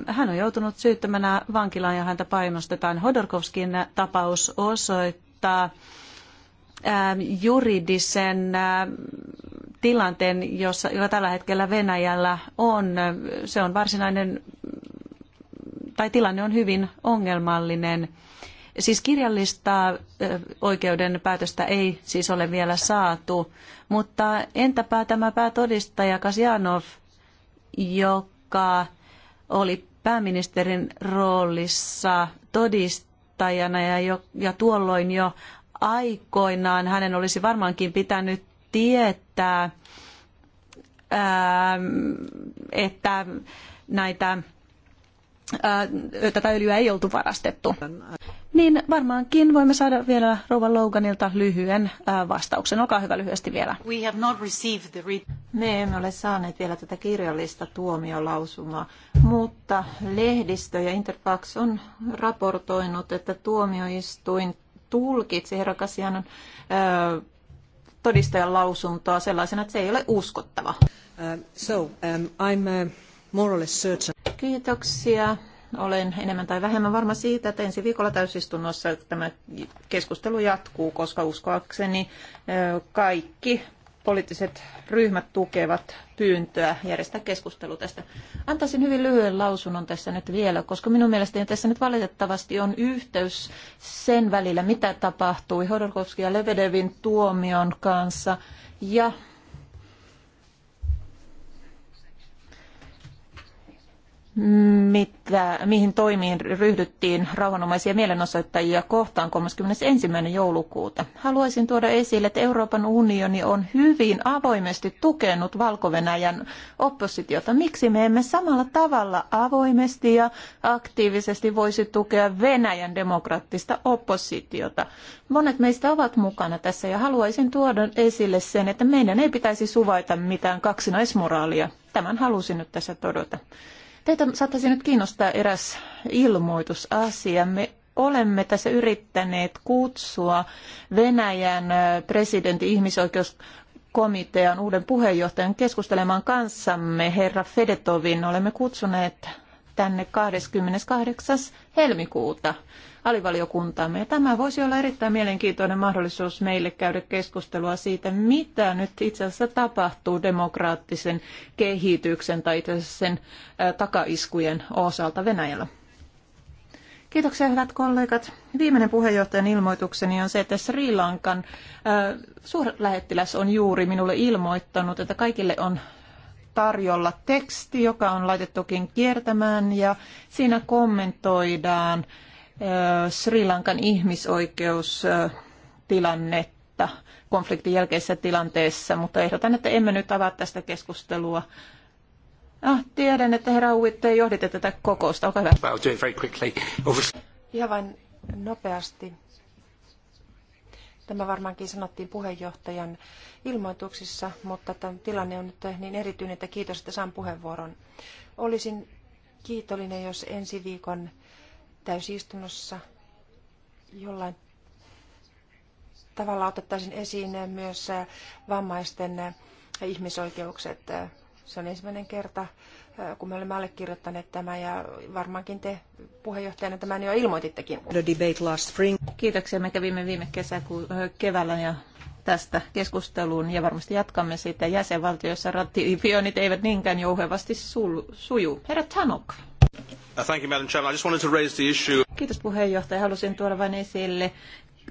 Hän on joutunut syyttämänä vankilaan ja häntä painostetaan. Hodorkovskin tapaus osoittaa juridisen tilanteen, jossa, joka tällä hetkellä Venäjällä on. Se on varsinainen tai tilanne on hyvin ongelmallinen. Siis kirjallista oikeuden päätöstä ei siis ole vielä saatu, mutta entäpä tämä päätodistaja Kasjanov, joka oli pääministerin roolissa todistajana ja, jo, ja tuolloin jo aikoinaan hänen olisi varmaankin pitänyt tietää, ää, että näitä tätä öljyä ei oltu varastettu. Niin varmaankin voimme saada vielä Rouva Loganilta lyhyen vastauksen. Olkaa hyvä lyhyesti vielä. We have not received the re- Me emme ole saaneet vielä tätä kirjallista tuomiolausumaa, mutta lehdistö ja Interfax on raportoinut, että tuomioistuin tulkitsi herra Kasianon todistajan lausuntoa sellaisena, että se ei ole uskottava. Uh, so, um, I'm, uh, more or less Kiitoksia. Olen enemmän tai vähemmän varma siitä, että ensi viikolla täysistunnossa tämä keskustelu jatkuu, koska uskoakseni kaikki poliittiset ryhmät tukevat pyyntöä järjestää keskustelu tästä. Antaisin hyvin lyhyen lausunnon tässä nyt vielä, koska minun mielestäni tässä nyt valitettavasti on yhteys sen välillä, mitä tapahtui Hodorkovskin ja Levedevin tuomion kanssa ja mitä, mihin toimiin ryhdyttiin rauhanomaisia mielenosoittajia kohtaan 31. joulukuuta. Haluaisin tuoda esille, että Euroopan unioni on hyvin avoimesti tukenut valko oppositiota. Miksi me emme samalla tavalla avoimesti ja aktiivisesti voisi tukea Venäjän demokraattista oppositiota? Monet meistä ovat mukana tässä ja haluaisin tuoda esille sen, että meidän ei pitäisi suvaita mitään kaksinaismoraalia. Tämän halusin nyt tässä todeta. Teitä saattaisi nyt kiinnostaa eräs ilmoitusasia. Me olemme tässä yrittäneet kutsua Venäjän presidentin ihmisoikeus komitean uuden puheenjohtajan keskustelemaan kanssamme herra Fedetovin. Olemme kutsuneet tänne 28. helmikuuta alivaliokuntaamme. Ja tämä voisi olla erittäin mielenkiintoinen mahdollisuus meille käydä keskustelua siitä, mitä nyt itse asiassa tapahtuu demokraattisen kehityksen tai itse asiassa sen takaiskujen osalta Venäjällä. Kiitoksia hyvät kollegat. Viimeinen puheenjohtajan ilmoitukseni on se, että Sri Lankan suurlähettiläs on juuri minulle ilmoittanut, että kaikille on tarjolla teksti, joka on laitettukin kiertämään ja siinä kommentoidaan Sri Lankan ihmisoikeustilannetta konfliktin jälkeisessä tilanteessa, mutta ehdotan, että emme nyt avaa tästä keskustelua. Ah, tiedän, että herra Uitte te johditte tätä kokousta. Olkaa hyvä. Ihan vain nopeasti. Tämä varmaankin sanottiin puheenjohtajan ilmoituksissa, mutta tämä tilanne on nyt niin erityinen, että kiitos, että saan puheenvuoron. Olisin kiitollinen, jos ensi viikon täysistunnossa jollain tavalla otettaisiin esiin myös vammaisten ihmisoikeukset. Se on ensimmäinen kerta, kun me olemme allekirjoittaneet tämä ja varmaankin te puheenjohtajana tämän jo ilmoitittekin. The debate last spring. Kiitoksia. Me kävimme viime kesä keväällä ja tästä keskusteluun ja varmasti jatkamme sitä. Jäsenvaltioissa ratifioinnit eivät niinkään jouhevasti suju. Herra Tanok. Kiitos puheenjohtaja. Halusin tuoda vain esille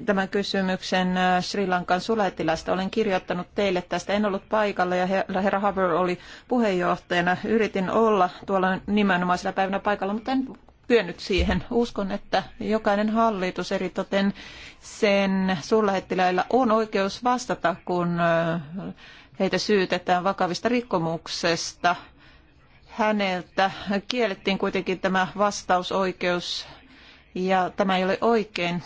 tämän kysymyksen uh, Sri Lankan sulaittilasta. Olen kirjoittanut teille tästä. En ollut paikalla ja herra Haber oli puheenjohtajana. Yritin olla tuolla nimenomaisella päivänä paikalla, mutta en kyennyt siihen. Uskon, että jokainen hallitus, eritoten sen suurlähettiläillä, on oikeus vastata, kun uh, heitä syytetään vakavista rikkomuksesta – häneltä kiellettiin kuitenkin tämä vastausoikeus ja tämä ei ole oikein.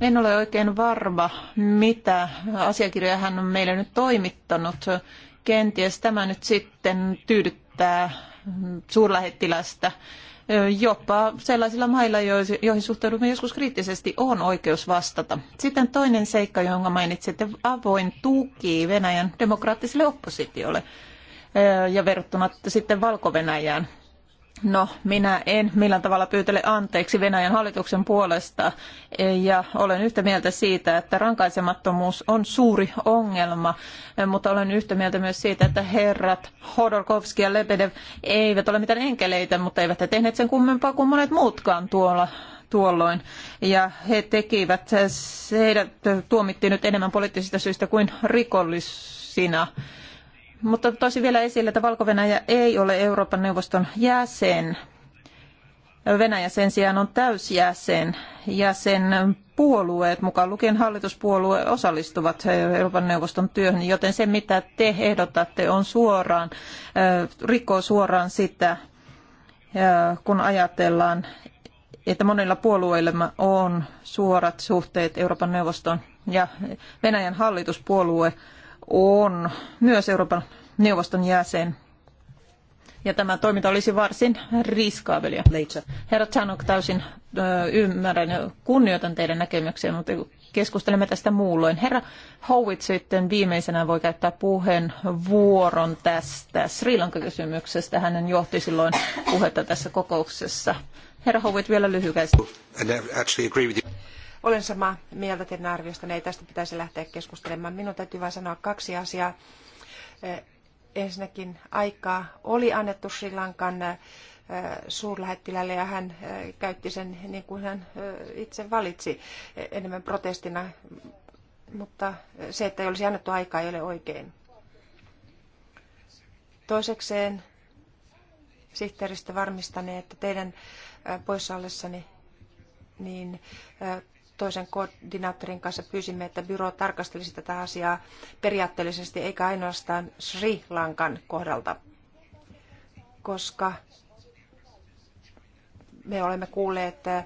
En ole oikein varma, mitä asiakirjoja hän on meille nyt toimittanut. Kenties tämä nyt sitten tyydyttää suurlähettilästä. Jopa sellaisilla mailla, joihin suhtaudumme joskus kriittisesti, on oikeus vastata. Sitten toinen seikka, jonka mainitsitte, avoin tuki Venäjän demokraattiselle oppositiolle ja verrattuna sitten valko -Venäjään. No, minä en millään tavalla pyytele anteeksi Venäjän hallituksen puolesta ja olen yhtä mieltä siitä, että rankaisemattomuus on suuri ongelma, mutta olen yhtä mieltä myös siitä, että herrat Hodorkovski ja Lebedev eivät ole mitään enkeleitä, mutta eivät he tehneet sen kummempaa kuin monet muutkaan tuolla tuolloin. Ja he tekivät, heidät tuomittiin nyt enemmän poliittisista syistä kuin rikollisina. Mutta toisin vielä esille, että valko ei ole Euroopan neuvoston jäsen. Venäjä sen sijaan on täysjäsen ja sen puolueet, mukaan lukien hallituspuolue, osallistuvat Euroopan neuvoston työhön, joten se mitä te ehdotatte on suoraan, äh, rikkoo suoraan sitä, äh, kun ajatellaan, että monilla puolueilla on suorat suhteet Euroopan neuvoston ja Venäjän hallituspuolue on myös Euroopan neuvoston jäsen. Ja tämä toiminta olisi varsin riskaavelia. Herra Chanok, täysin ymmärrän ja kunnioitan teidän näkemyksiä, mutta keskustelemme tästä muulloin. Herra Howitt sitten viimeisenä voi käyttää puheenvuoron tästä Sri Lanka-kysymyksestä. Hänen johti silloin puhetta tässä kokouksessa. Herra Howitt, vielä lyhykäisesti. Olen samaa mieltä teidän arviosta, ei tästä pitäisi lähteä keskustelemaan. Minun täytyy vain sanoa kaksi asiaa. Eh, ensinnäkin aikaa oli annettu Sri Lankan eh, suurlähettilälle ja hän eh, käytti sen niin kuin hän itse valitsi enemmän protestina, mutta se, että ei olisi annettu aikaa, ei ole oikein. Toisekseen sihteeristä varmistanee, että teidän poissa ollessani niin toisen koordinaattorin kanssa pyysimme, että byro tarkastelisi tätä asiaa periaatteellisesti eikä ainoastaan Sri Lankan kohdalta, koska me olemme kuulleet äh,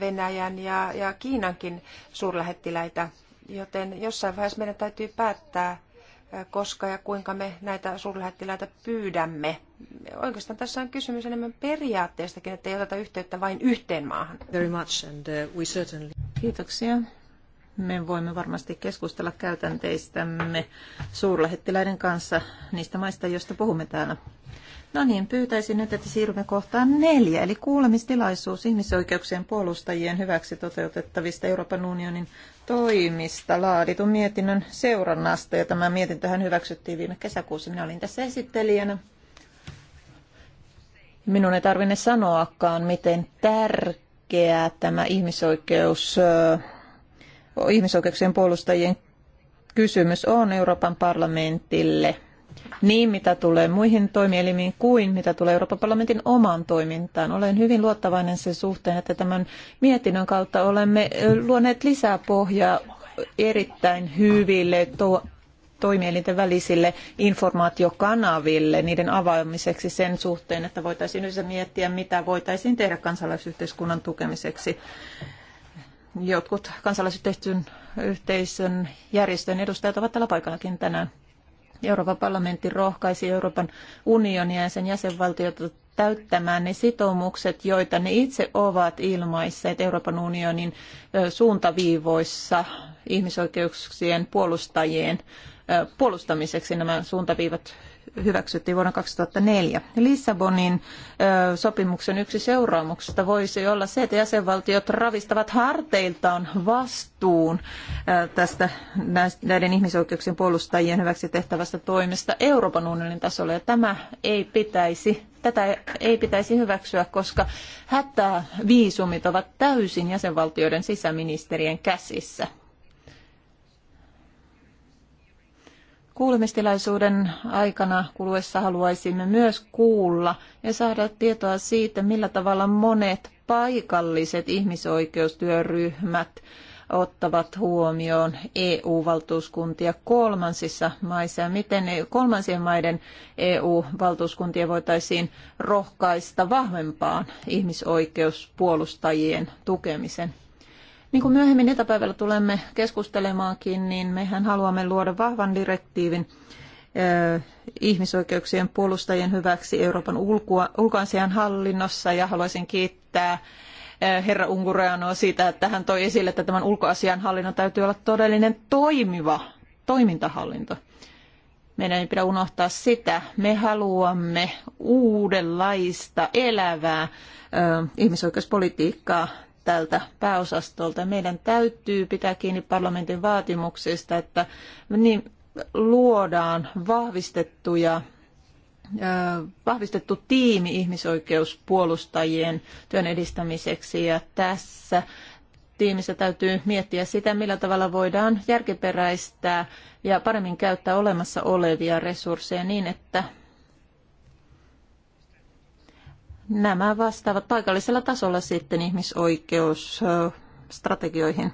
Venäjän ja, ja Kiinankin suurlähettiläitä, joten jossain vaiheessa meidän täytyy päättää, koska ja kuinka me näitä suurlähettiläitä pyydämme. Oikeastaan tässä on kysymys enemmän periaatteesta,kin että ei oteta yhteyttä vain yhteen maahan. Very much and uh, we certainly... Kiitoksia. Me voimme varmasti keskustella käytänteistämme suurlähettiläiden kanssa niistä maista, joista puhumme täällä. No niin, pyytäisin nyt, että siirrymme kohtaan neljä, eli kuulemistilaisuus ihmisoikeuksien puolustajien hyväksi toteutettavista Euroopan unionin toimista laaditun mietinnön seurannasta ja tämä mietintöhän hyväksyttiin viime kesäkuussa. Minä olin tässä esittelijänä. Minun ei tarvinne sanoakaan, miten tärkeää tämä ihmisoikeus, ihmisoikeuksien puolustajien kysymys on Euroopan parlamentille – niin mitä tulee muihin toimielimiin kuin mitä tulee Euroopan parlamentin omaan toimintaan. Olen hyvin luottavainen sen suhteen, että tämän mietinnön kautta olemme luoneet lisää pohjaa erittäin hyville to- toimielinten välisille informaatiokanaville niiden avaamiseksi sen suhteen, että voitaisiin yhdessä miettiä, mitä voitaisiin tehdä kansalaisyhteiskunnan tukemiseksi. Jotkut kansalaisyhteisön järjestön edustajat ovat täällä paikallakin tänään. Euroopan parlamentti rohkaisi Euroopan unionia ja sen jäsenvaltiota täyttämään ne sitoumukset, joita ne itse ovat ilmaisseet Euroopan unionin suuntaviivoissa ihmisoikeuksien puolustajien puolustamiseksi. Nämä suuntaviivat hyväksyttiin vuonna 2004. Lissabonin sopimuksen yksi seuraamuksista voisi olla se, että jäsenvaltiot ravistavat harteiltaan vastuun tästä näiden ihmisoikeuksien puolustajien hyväksi tehtävästä toimesta Euroopan unionin tasolla. Ja tämä ei pitäisi, tätä ei pitäisi hyväksyä, koska hätäviisumit ovat täysin jäsenvaltioiden sisäministerien käsissä. Kuulemistilaisuuden aikana kuluessa haluaisimme myös kuulla ja saada tietoa siitä, millä tavalla monet paikalliset ihmisoikeustyöryhmät ottavat huomioon EU-valtuuskuntia kolmansissa maissa ja miten e kolmansien maiden EU-valtuuskuntia voitaisiin rohkaista vahvempaan ihmisoikeuspuolustajien tukemisen niin kuin myöhemmin iltapäivällä tulemme keskustelemaankin, niin mehän haluamme luoda vahvan direktiivin ihmisoikeuksien puolustajien hyväksi Euroopan ulkoasian hallinnossa ja haluaisin kiittää herra Ungureanoa siitä, että hän toi esille, että tämän ulkoasian hallinnon täytyy olla todellinen toimiva toimintahallinto. Meidän ei pidä unohtaa sitä. Me haluamme uudenlaista elävää ihmisoikeuspolitiikkaa tältä pääosastolta. Meidän täytyy pitää kiinni parlamentin vaatimuksista, että niin luodaan vahvistettuja vahvistettu tiimi ihmisoikeuspuolustajien työn edistämiseksi ja tässä tiimissä täytyy miettiä sitä, millä tavalla voidaan järkiperäistää ja paremmin käyttää olemassa olevia resursseja niin, että nämä vastaavat paikallisella tasolla sitten ihmisoikeusstrategioihin.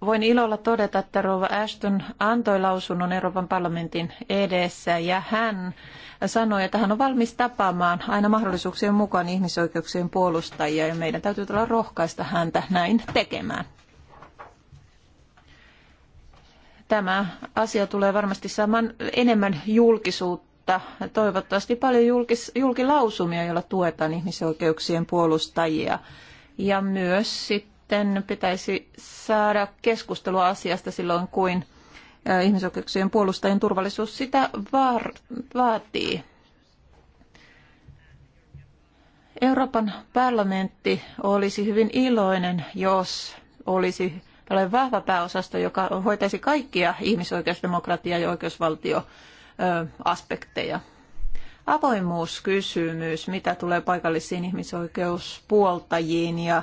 Voin ilolla todeta, että Rova Ashton antoi lausunnon Euroopan parlamentin edessä ja hän sanoi, että hän on valmis tapaamaan aina mahdollisuuksien mukaan ihmisoikeuksien puolustajia ja meidän täytyy tulla rohkaista häntä näin tekemään. Tämä asia tulee varmasti saamaan enemmän julkisuutta mutta toivottavasti paljon julkis, julkilausumia, joilla tuetaan ihmisoikeuksien puolustajia. Ja myös sitten pitäisi saada keskustelua asiasta silloin, kuin ihmisoikeuksien puolustajien turvallisuus sitä vaatii. Euroopan parlamentti olisi hyvin iloinen, jos olisi tällainen vahva pääosasto, joka hoitaisi kaikkia ihmisoikeusdemokratia- ja oikeusvaltio- aspekteja. Avoimuuskysymys, mitä tulee paikallisiin ihmisoikeuspuoltajiin ja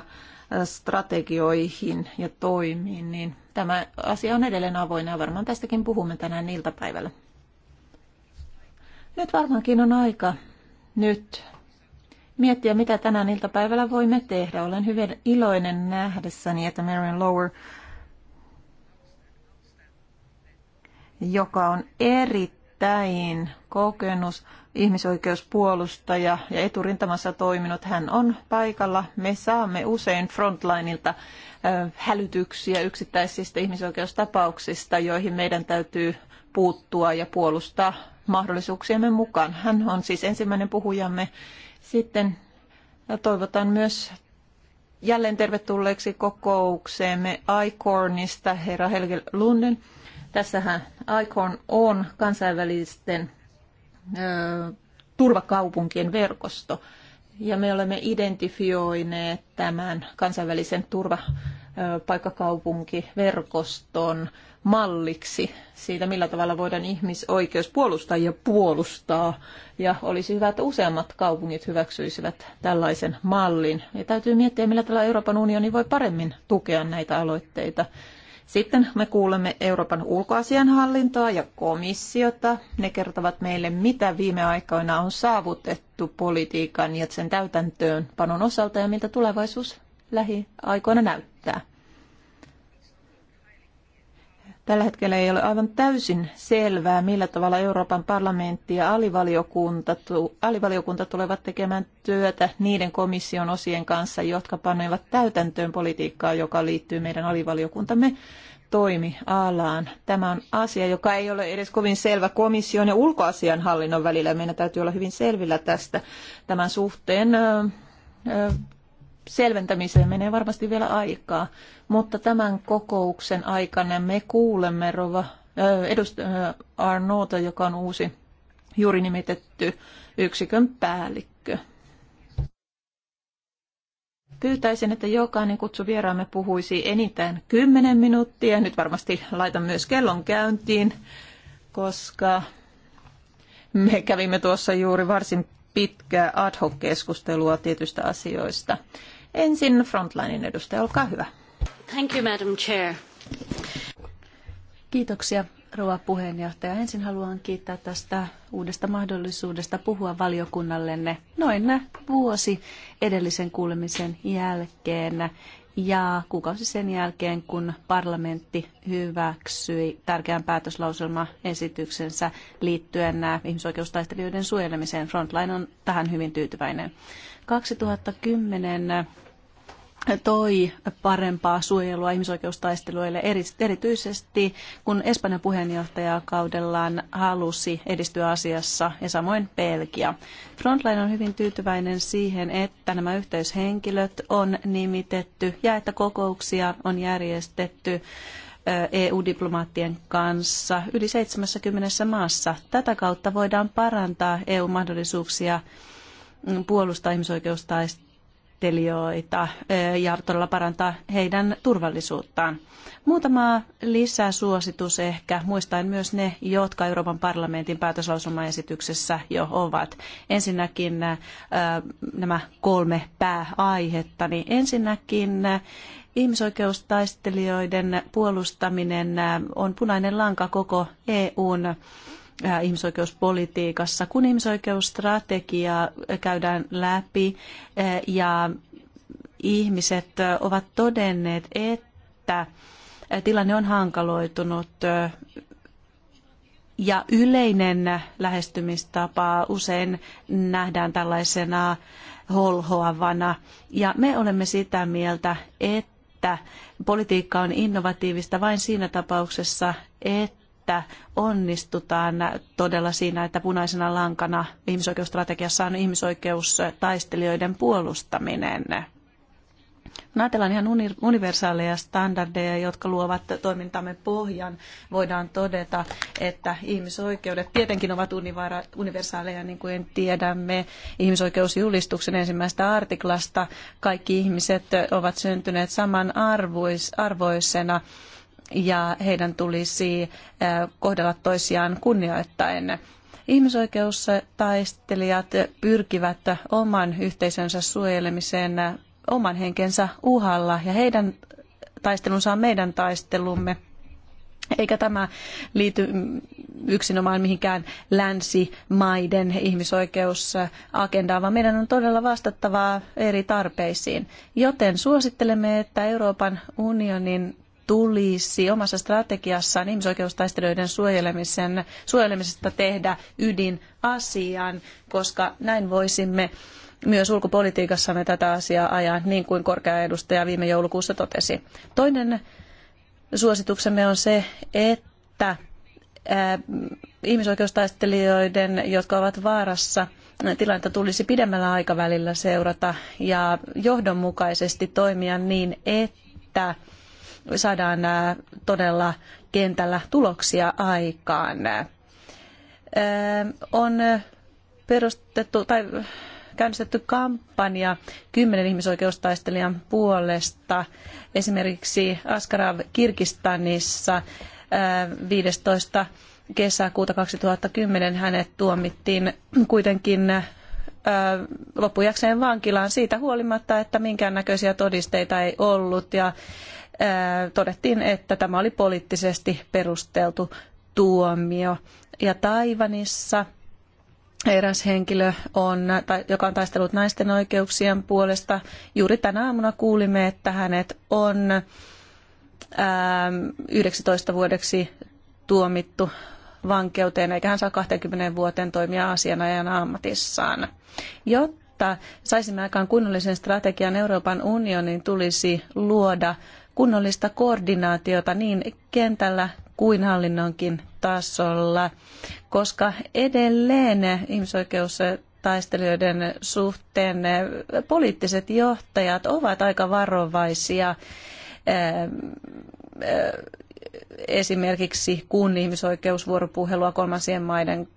strategioihin ja toimiin, niin tämä asia on edelleen avoin ja varmaan tästäkin puhumme tänään iltapäivällä. Nyt varmaankin on aika nyt miettiä, mitä tänään iltapäivällä voimme tehdä. Olen hyvin iloinen nähdessäni, että Marion Lower, joka on eri Täin kokenus, ihmisoikeuspuolustaja ja eturintamassa toiminut. Hän on paikalla. Me saamme usein frontlineilta hälytyksiä yksittäisistä ihmisoikeustapauksista, joihin meidän täytyy puuttua ja puolustaa mahdollisuuksiemme mukaan. Hän on siis ensimmäinen puhujamme. Sitten toivotan myös jälleen tervetulleeksi kokoukseemme ICORNista herra Helge Lunden Tässähän ICON on kansainvälisten ö, turvakaupunkien verkosto. Ja me olemme identifioineet tämän kansainvälisen turvapaikkakaupunkiverkoston malliksi siitä, millä tavalla voidaan ihmisoikeus puolustaa ja puolustaa. Ja olisi hyvä, että useammat kaupungit hyväksyisivät tällaisen mallin. Ja täytyy miettiä, millä tavalla Euroopan unioni voi paremmin tukea näitä aloitteita. Sitten me kuulemme Euroopan ulkoasianhallintoa ja komissiota. Ne kertovat meille, mitä viime aikoina on saavutettu politiikan ja sen täytäntöön panon osalta ja miltä tulevaisuus lähiaikoina näyttää. Tällä hetkellä ei ole aivan täysin selvää, millä tavalla Euroopan parlamentti ja alivaliokunta, alivaliokunta tulevat tekemään työtä niiden komission osien kanssa, jotka panevat täytäntöön politiikkaa, joka liittyy meidän alivaliokuntamme toimialaan. Tämä on asia, joka ei ole edes kovin selvä komission ja ulkoasianhallinnon välillä. Meidän täytyy olla hyvin selvillä tästä tämän suhteen selventämiseen menee varmasti vielä aikaa, mutta tämän kokouksen aikana me kuulemme Rova edustaja Arnota, joka on uusi juuri nimitetty yksikön päällikkö. Pyytäisin, että jokainen kutsu vieraamme puhuisi enintään 10 minuuttia. Nyt varmasti laitan myös kellon käyntiin, koska me kävimme tuossa juuri varsin pitkää ad hoc-keskustelua tietystä asioista. Ensin Frontlinein edustaja, olkaa hyvä. Thank you, Madam Chair. Kiitoksia, rouva puheenjohtaja. Ensin haluan kiittää tästä uudesta mahdollisuudesta puhua valiokunnallenne noin vuosi edellisen kuulemisen jälkeen ja kuukausi sen jälkeen, kun parlamentti hyväksyi tärkeän päätöslauselmaesityksensä liittyen ihmisoikeustaistelijoiden suojelemiseen. Frontline on tähän hyvin tyytyväinen. 2010 toi parempaa suojelua ihmisoikeustaisteluille, erityisesti kun Espanjan kaudellaan halusi edistyä asiassa ja samoin Belgia. Frontline on hyvin tyytyväinen siihen, että nämä yhteyshenkilöt on nimitetty ja että kokouksia on järjestetty EU-diplomaattien kanssa yli 70 maassa. Tätä kautta voidaan parantaa EU-mahdollisuuksia puolustaa ihmisoikeustaistelua harjoittelijoita ja todella parantaa heidän turvallisuuttaan. Muutama lisäsuositus ehkä, muistaen myös ne, jotka Euroopan parlamentin päätöslausumaesityksessä jo ovat. Ensinnäkin nämä kolme pääaihetta. Niin ensinnäkin ihmisoikeustaistelijoiden puolustaminen on punainen lanka koko EUn ihmisoikeuspolitiikassa. Kun ihmisoikeusstrategiaa käydään läpi ja ihmiset ovat todenneet, että tilanne on hankaloitunut ja yleinen lähestymistapa usein nähdään tällaisena holhoavana. Ja me olemme sitä mieltä, että politiikka on innovatiivista vain siinä tapauksessa, että että onnistutaan todella siinä, että punaisena lankana ihmisoikeusstrategiassa on ihmisoikeustaistelijoiden puolustaminen. Kun ajatellaan ihan universaaleja standardeja, jotka luovat toimintamme pohjan, voidaan todeta, että ihmisoikeudet tietenkin ovat universaaleja, niin kuin tiedämme ihmisoikeusjulistuksen ensimmäistä artiklasta. Kaikki ihmiset ovat syntyneet samanarvoisena. Arvois, ja heidän tulisi eh, kohdella toisiaan kunnioittaen. Ihmisoikeustaistelijat pyrkivät oman yhteisönsä suojelemiseen oman henkensä uhalla ja heidän taistelunsa on meidän taistelumme. Eikä tämä liity yksinomaan mihinkään länsimaiden ihmisoikeusagendaan, vaan meidän on todella vastattava eri tarpeisiin. Joten suosittelemme, että Euroopan unionin tulisi omassa strategiassaan ihmisoikeustaistelijoiden suojelemisen, suojelemisesta tehdä ydinasian, koska näin voisimme myös ulkopolitiikassamme tätä asiaa ajaa, niin kuin korkea edustaja viime joulukuussa totesi. Toinen suosituksemme on se, että ihmisoikeustaistelijoiden, jotka ovat vaarassa, tilannetta tulisi pidemmällä aikavälillä seurata ja johdonmukaisesti toimia niin, että saadaan äh, todella kentällä tuloksia aikaan. Äh, on perustettu tai käynnistetty kampanja kymmenen ihmisoikeustaistelijan puolesta. Esimerkiksi Askarav Kirkistanissa 15. Äh, kesäkuuta 2010 hänet tuomittiin kuitenkin loppujakseen vankilaan siitä huolimatta, että minkäännäköisiä todisteita ei ollut ja todettiin, että tämä oli poliittisesti perusteltu tuomio. Ja Taivanissa eräs henkilö, on, joka on taistellut naisten oikeuksien puolesta, juuri tänä aamuna kuulimme, että hänet on 19 ähm, vuodeksi tuomittu vankeuteen, eikä hän saa 20 vuoteen toimia asianajan ammatissaan. Jotta saisimme aikaan kunnollisen strategian, Euroopan unionin tulisi luoda kunnollista koordinaatiota niin kentällä kuin hallinnonkin tasolla, koska edelleen ihmisoikeus taistelijoiden suhteen eh, poliittiset johtajat ovat aika varovaisia eh, eh, esimerkiksi kun ihmisoikeusvuoropuhelua kolmansien maiden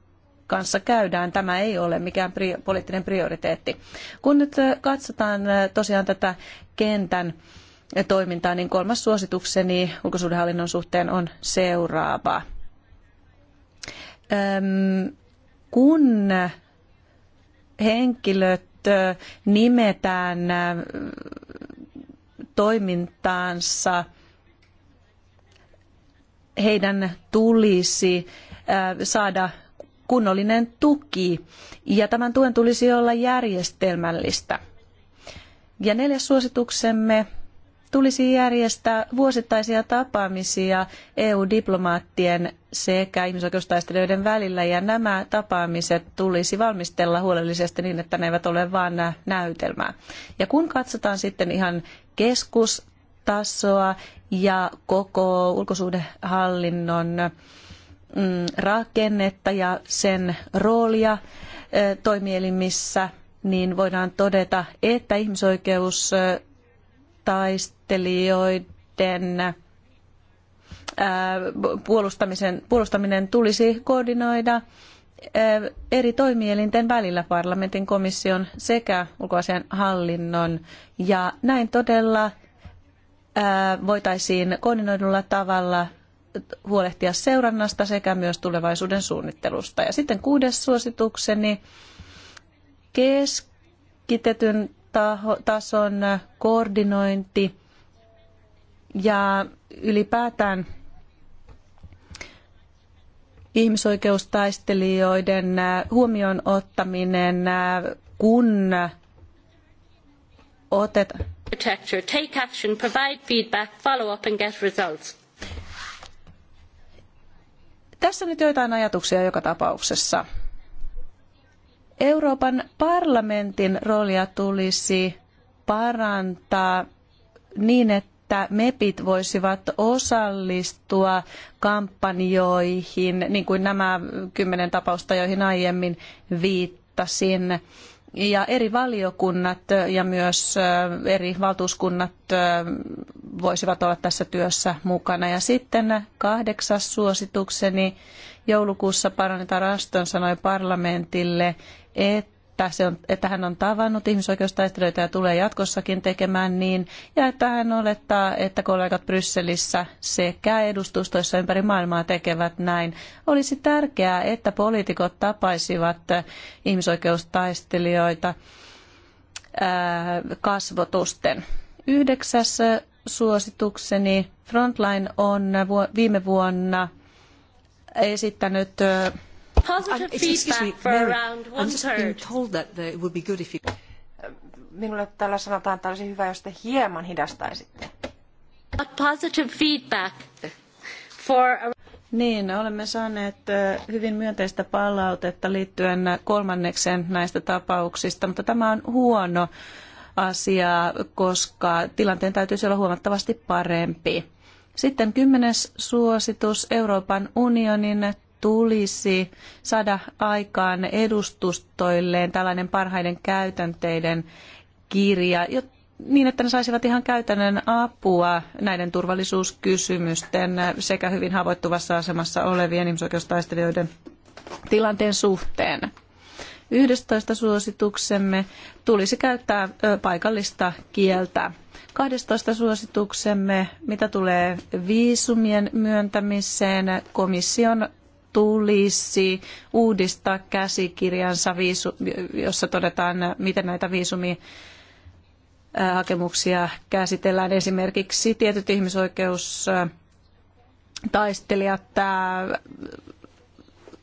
kanssa käydään. Tämä ei ole mikään poliittinen prioriteetti. Kun nyt katsotaan tosiaan tätä kentän toimintaa, niin kolmas suositukseni ulkosuhdehallinnon suhteen on seuraava. Kun henkilöt nimetään toimintaansa, heidän tulisi saada kunnollinen tuki ja tämän tuen tulisi olla järjestelmällistä. Ja neljäs suosituksemme tulisi järjestää vuosittaisia tapaamisia EU-diplomaattien sekä ihmisoikeustaistelijoiden välillä ja nämä tapaamiset tulisi valmistella huolellisesti niin, että ne eivät ole vain näytelmää. Ja kun katsotaan sitten ihan keskustasoa ja koko ulkosuhdehallinnon mm, rakennetta ja sen roolia toimielimissä, niin voidaan todeta, että ihmisoikeus taistelu taistelijoiden puolustamisen, puolustaminen tulisi koordinoida eri toimielinten välillä parlamentin, komission sekä ulkoasian hallinnon. Ja näin todella voitaisiin koordinoidulla tavalla huolehtia seurannasta sekä myös tulevaisuuden suunnittelusta. Ja sitten kuudes suositukseni, keskitetyn tason koordinointi ja ylipäätään ihmisoikeustaistelijoiden äh, huomioon ottaminen, äh, kun otetaan. take action, provide feedback, follow up and get results. Tässä nyt joitain ajatuksia joka tapauksessa. Euroopan parlamentin roolia tulisi parantaa niin, että että MEPit voisivat osallistua kampanjoihin, niin kuin nämä kymmenen tapausta, joihin aiemmin viittasin. Ja eri valiokunnat ja myös eri valtuuskunnat voisivat olla tässä työssä mukana. Ja sitten kahdeksas suositukseni joulukuussa parannetaan Raston sanoi parlamentille, että että, se on, että hän on tavannut ihmisoikeustaistelijoita ja tulee jatkossakin tekemään niin, ja että hän olettaa, että kollegat Brysselissä sekä edustustoissa ympäri maailmaa tekevät näin. Olisi tärkeää, että poliitikot tapaisivat ihmisoikeustaistelijoita kasvotusten. Yhdeksäs suositukseni Frontline on viime vuonna esittänyt Positive feedback for around one third. Minulle täällä sanotaan, että olisi hyvä, jos te hieman hidastaisitte. Positive feedback for niin, olemme saaneet hyvin myönteistä palautetta liittyen kolmannekseen näistä tapauksista, mutta tämä on huono asia, koska tilanteen täytyisi olla huomattavasti parempi. Sitten kymmenes suositus Euroopan unionin tulisi saada aikaan edustustoilleen tällainen parhaiden käytänteiden kirja, niin että ne saisivat ihan käytännön apua näiden turvallisuuskysymysten sekä hyvin haavoittuvassa asemassa olevien ihmisoikeustaistelijoiden tilanteen suhteen. 11 suosituksemme tulisi käyttää paikallista kieltä. 12 suosituksemme, mitä tulee viisumien myöntämiseen, komission tulisi uudistaa käsikirjansa, jossa todetaan, miten näitä viisumihakemuksia hakemuksia käsitellään. Esimerkiksi tietyt ihmisoikeustaistelijat,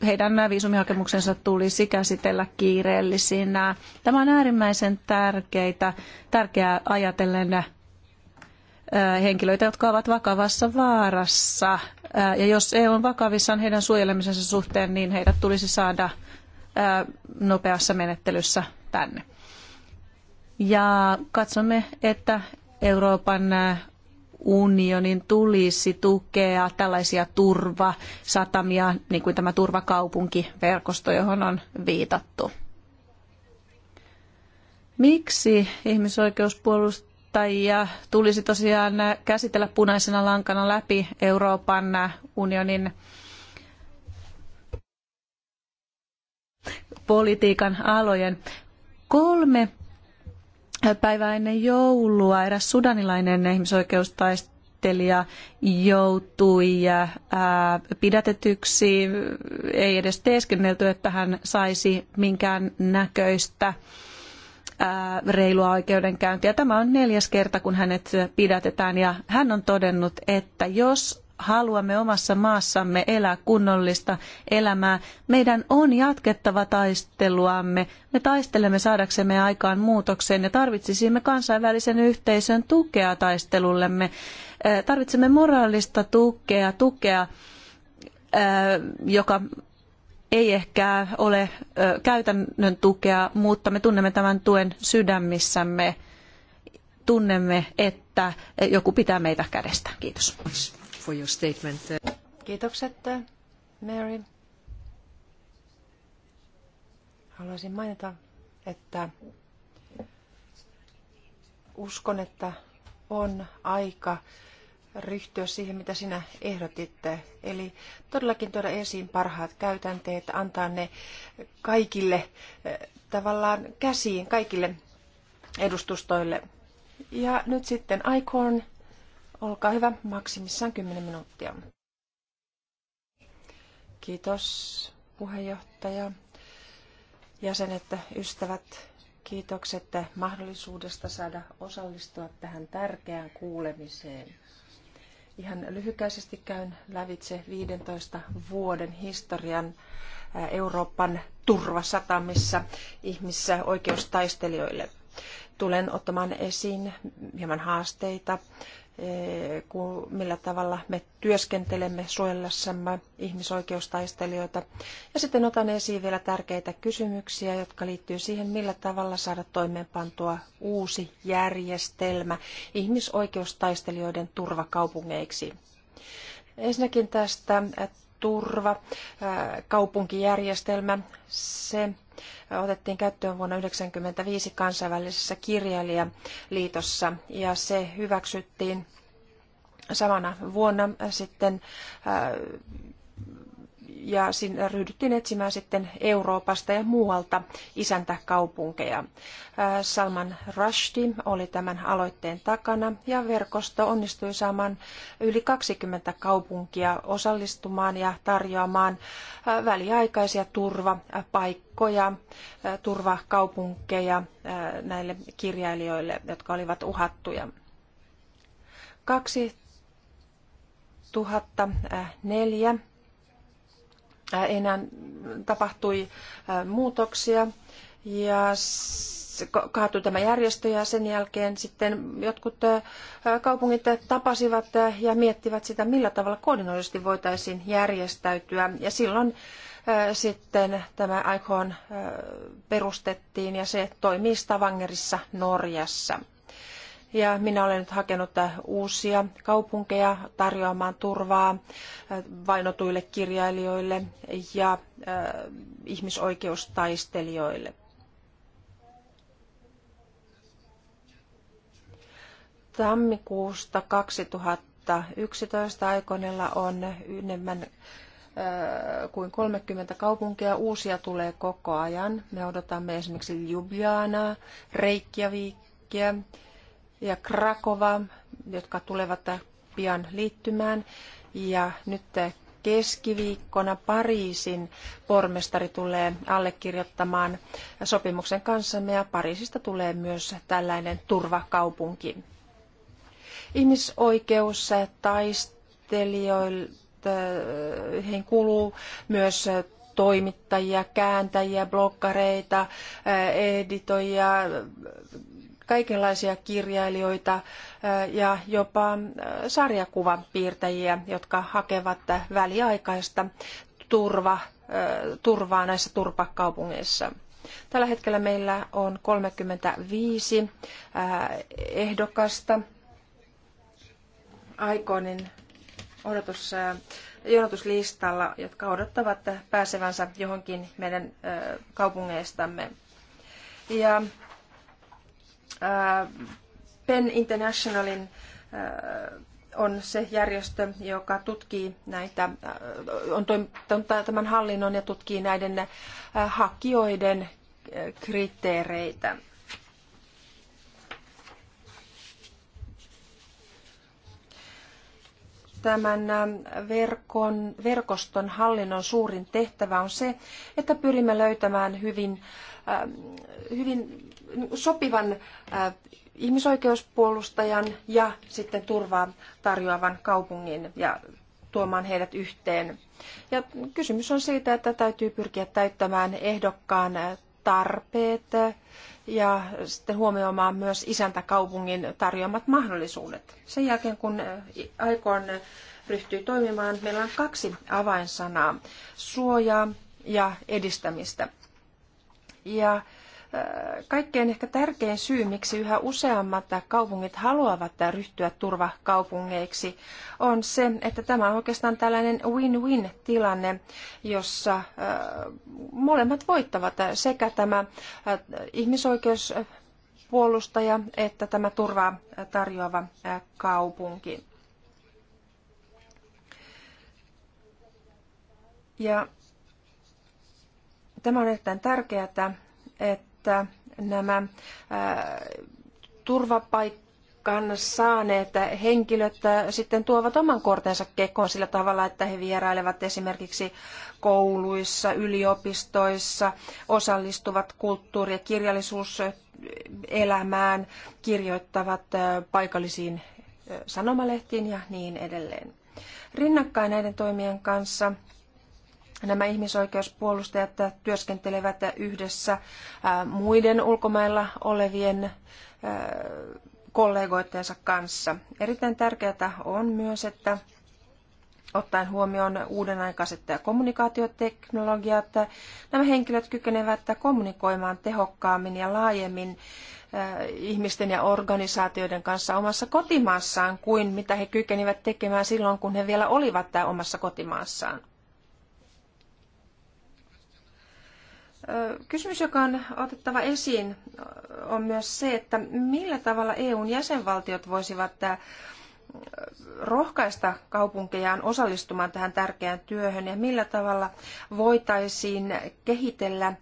heidän viisumihakemuksensa tulisi käsitellä kiireellisinä. Tämä on äärimmäisen tärkeitä, tärkeää ajatellen henkilöitä, jotka ovat vakavassa vaarassa. Ja jos EU on vakavissaan heidän suojelemisensa suhteen, niin heidät tulisi saada nopeassa menettelyssä tänne. Ja katsomme, että Euroopan unionin tulisi tukea tällaisia turvasatamia, niin kuin tämä turvakaupunkiverkosto, johon on viitattu. Miksi ihmisoikeuspuolustajat kuluttajia tulisi tosiaan käsitellä punaisena lankana läpi Euroopan unionin politiikan alojen. Kolme päivää ennen joulua eräs sudanilainen ihmisoikeustaistelija joutui ää, pidätetyksi. Ei edes teeskennelty, että hän saisi minkään näköistä reilua oikeudenkäyntiä. Tämä on neljäs kerta, kun hänet pidätetään ja hän on todennut, että jos haluamme omassa maassamme elää kunnollista elämää, meidän on jatkettava taisteluamme. Me taistelemme saadaksemme aikaan muutokseen ja tarvitsisimme kansainvälisen yhteisön tukea taistelullemme. Tarvitsemme moraalista tukea, tukea joka ei ehkä ole käytännön tukea, mutta me tunnemme tämän tuen sydämissämme. Tunnemme, että joku pitää meitä kädestä. Kiitos. For your statement. Kiitokset, Mary. Haluaisin mainita, että uskon, että on aika ryhtyä siihen, mitä sinä ehdotitte. Eli todellakin tuoda esiin parhaat käytänteet, antaa ne kaikille eh, tavallaan käsiin, kaikille edustustoille. Ja nyt sitten Icorn, olkaa hyvä, maksimissaan 10 minuuttia. Kiitos puheenjohtaja, jäsenet, ystävät, kiitokset mahdollisuudesta saada osallistua tähän tärkeään kuulemiseen. Ihan lyhykäisesti käyn lävitse 15 vuoden historian Euroopan turvasatamissa ihmissä oikeustaistelijoille. Tulen ottamaan esiin hieman haasteita Eh, millä tavalla me työskentelemme suojellessamme ihmisoikeustaistelijoita. Ja sitten otan esiin vielä tärkeitä kysymyksiä, jotka liittyvät siihen, millä tavalla saada toimeenpantua uusi järjestelmä ihmisoikeustaistelijoiden turvakaupungeiksi. Ensinnäkin tästä turva, kaupunkijärjestelmä, se otettiin käyttöön vuonna 1995 kansainvälisessä kirjailijaliitossa ja se hyväksyttiin samana vuonna sitten ja sinne ryhdyttiin etsimään sitten Euroopasta ja muualta isäntäkaupunkeja. Salman Rushdie oli tämän aloitteen takana ja verkosto onnistui saamaan yli 20 kaupunkia osallistumaan ja tarjoamaan väliaikaisia turvapaikkoja, turvakaupunkeja näille kirjailijoille, jotka olivat uhattuja. 2004 enää tapahtui muutoksia ja kaatui tämä järjestö ja sen jälkeen sitten jotkut kaupungit tapasivat ja miettivät sitä, millä tavalla koordinoidusti voitaisiin järjestäytyä. Ja silloin sitten tämä ICON perustettiin ja se toimii Stavangerissa Norjassa ja minä olen nyt hakenut äh, uusia kaupunkeja tarjoamaan turvaa äh, vainotuille kirjailijoille ja äh, ihmisoikeustaistelijoille. Tammikuusta 2011 aikoinella on enemmän kuin 30 kaupunkia. Uusia tulee koko ajan. Me odotamme esimerkiksi Ljubljanaa, Reykjavikia, ja Krakova, jotka tulevat pian liittymään. Ja nyt keskiviikkona Pariisin pormestari tulee allekirjoittamaan sopimuksen kanssamme ja Pariisista tulee myös tällainen turvakaupunki. Ihmisoikeus heihin kuluu myös toimittajia, kääntäjiä, blokkareita, editoijia, kaikenlaisia kirjailijoita ja jopa sarjakuvan piirtäjiä, jotka hakevat väliaikaista turva, turvaa näissä turpakaupungeissa. Tällä hetkellä meillä on 35 ehdokasta. Aikoinen odotus, jonotuslistalla, jotka odottavat pääsevänsä johonkin meidän kaupungeistamme. Ja Äh, Penn Internationalin äh, on se järjestö, joka tutkii näitä, äh, on toimittanut tämän hallinnon ja tutkii näiden hakijoiden kriteereitä. Tämän verkon, verkoston hallinnon suurin tehtävä on se, että pyrimme löytämään hyvin hyvin sopivan ihmisoikeuspuolustajan ja sitten turvaa tarjoavan kaupungin ja tuomaan heidät yhteen. Ja kysymys on siitä, että täytyy pyrkiä täyttämään ehdokkaan tarpeet ja sitten huomioimaan myös isäntäkaupungin tarjoamat mahdollisuudet. Sen jälkeen kun aikoon ryhtyy toimimaan, meillä on kaksi avainsanaa, suojaa ja edistämistä. Ja äh, kaikkein ehkä tärkein syy, miksi yhä useammat kaupungit haluavat ryhtyä turvakaupungeiksi, on se, että tämä on oikeastaan tällainen win-win tilanne, jossa äh, molemmat voittavat sekä tämä äh, ihmisoikeuspuolustaja että tämä turvaa tarjoava kaupunki. Ja Tämä on erittäin tärkeää, että nämä turvapaikan saaneet henkilöt sitten tuovat oman kortensa kekoon sillä tavalla, että he vierailevat esimerkiksi kouluissa, yliopistoissa, osallistuvat kulttuuri- ja kirjallisuuselämään, kirjoittavat paikallisiin sanomalehtiin ja niin edelleen. Rinnakkain näiden toimien kanssa Nämä ihmisoikeuspuolustajat työskentelevät yhdessä muiden ulkomailla olevien kollegoittensa kanssa. Erittäin tärkeää on myös, että ottaen huomioon uudenaikaiset kommunikaatioteknologiat, nämä henkilöt kykenevät kommunikoimaan tehokkaammin ja laajemmin ihmisten ja organisaatioiden kanssa omassa kotimaassaan kuin mitä he kykenivät tekemään silloin, kun he vielä olivat omassa kotimaassaan. Kysymys, joka on otettava esiin, on myös se, että millä tavalla EUn jäsenvaltiot voisivat äh, rohkaista kaupunkejaan osallistumaan tähän tärkeään työhön ja millä tavalla voitaisiin kehitellä äh,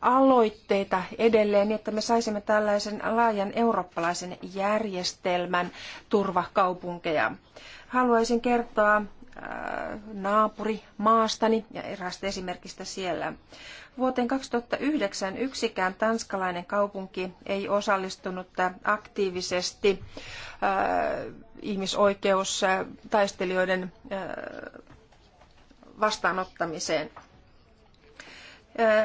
aloitteita edelleen, niin että me saisimme tällaisen laajan eurooppalaisen järjestelmän turvakaupunkeja. Haluaisin kertoa äh, naapuri maastani ja eräästä esimerkistä siellä. Vuoteen 2009 yksikään tanskalainen kaupunki ei osallistunut aktiivisesti äh, ihmisoikeustaistelijoiden äh, äh, vastaanottamiseen.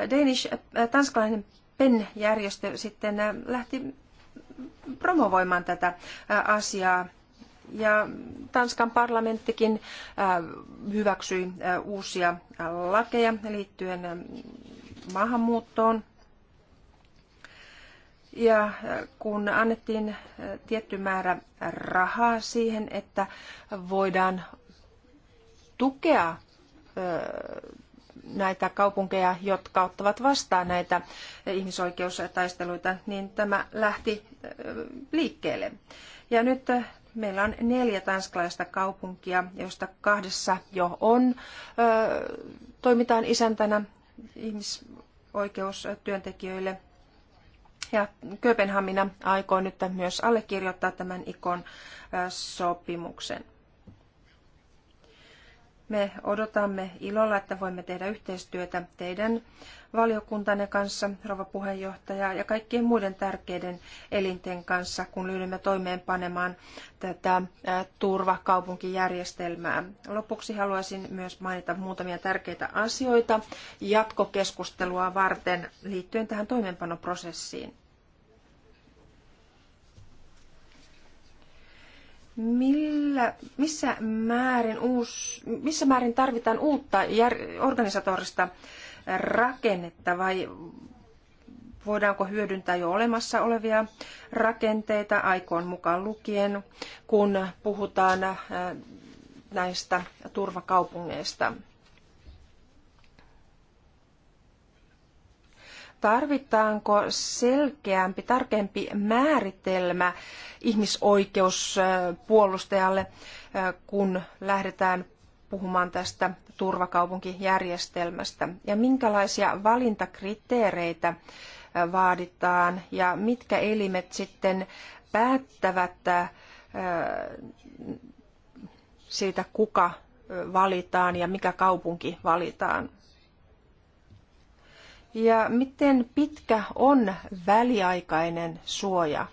Danish, tanskalainen PEN-järjestö sitten lähti promovoimaan tätä asiaa ja Tanskan parlamenttikin äh, hyväksyi äh, uusia lakeja liittyen ähm, maahanmuuttoon. Ja äh, kun annettiin tietty määrä rahaa siihen, että voidaan tukea näitä kaupunkeja, jotka ottavat vastaan näitä ihmisoikeustaisteluita, niin tämä lähti liikkeelle. Ja nyt Meillä on neljä tanskalaista kaupunkia, joista kahdessa jo on. Ö, toimitaan isäntänä ihmisoikeustyöntekijöille. Ja Kööpenhamina aikoo nyt myös allekirjoittaa tämän ikon sopimuksen. Me odotamme ilolla, että voimme tehdä yhteistyötä teidän valiokuntanne kanssa, rouva puheenjohtaja, ja kaikkien muiden tärkeiden elinten kanssa, kun ryhdymme toimeenpanemaan tätä turvakaupunkijärjestelmää. Lopuksi haluaisin myös mainita muutamia tärkeitä asioita jatkokeskustelua varten liittyen tähän toimeenpanoprosessiin. Millä, missä, määrin uus, missä määrin tarvitaan uutta jär, organisatorista rakennetta vai voidaanko hyödyntää jo olemassa olevia rakenteita aikoon mukaan lukien, kun puhutaan näistä turvakaupungeista? tarvitaanko selkeämpi, tarkempi määritelmä ihmisoikeuspuolustajalle, äh, kun lähdetään puhumaan tästä turvakaupunkijärjestelmästä ja minkälaisia valintakriteereitä äh, vaaditaan ja mitkä elimet sitten päättävät äh, siitä, kuka valitaan ja mikä kaupunki valitaan. Ja miten pitkä on väliaikainen suoja?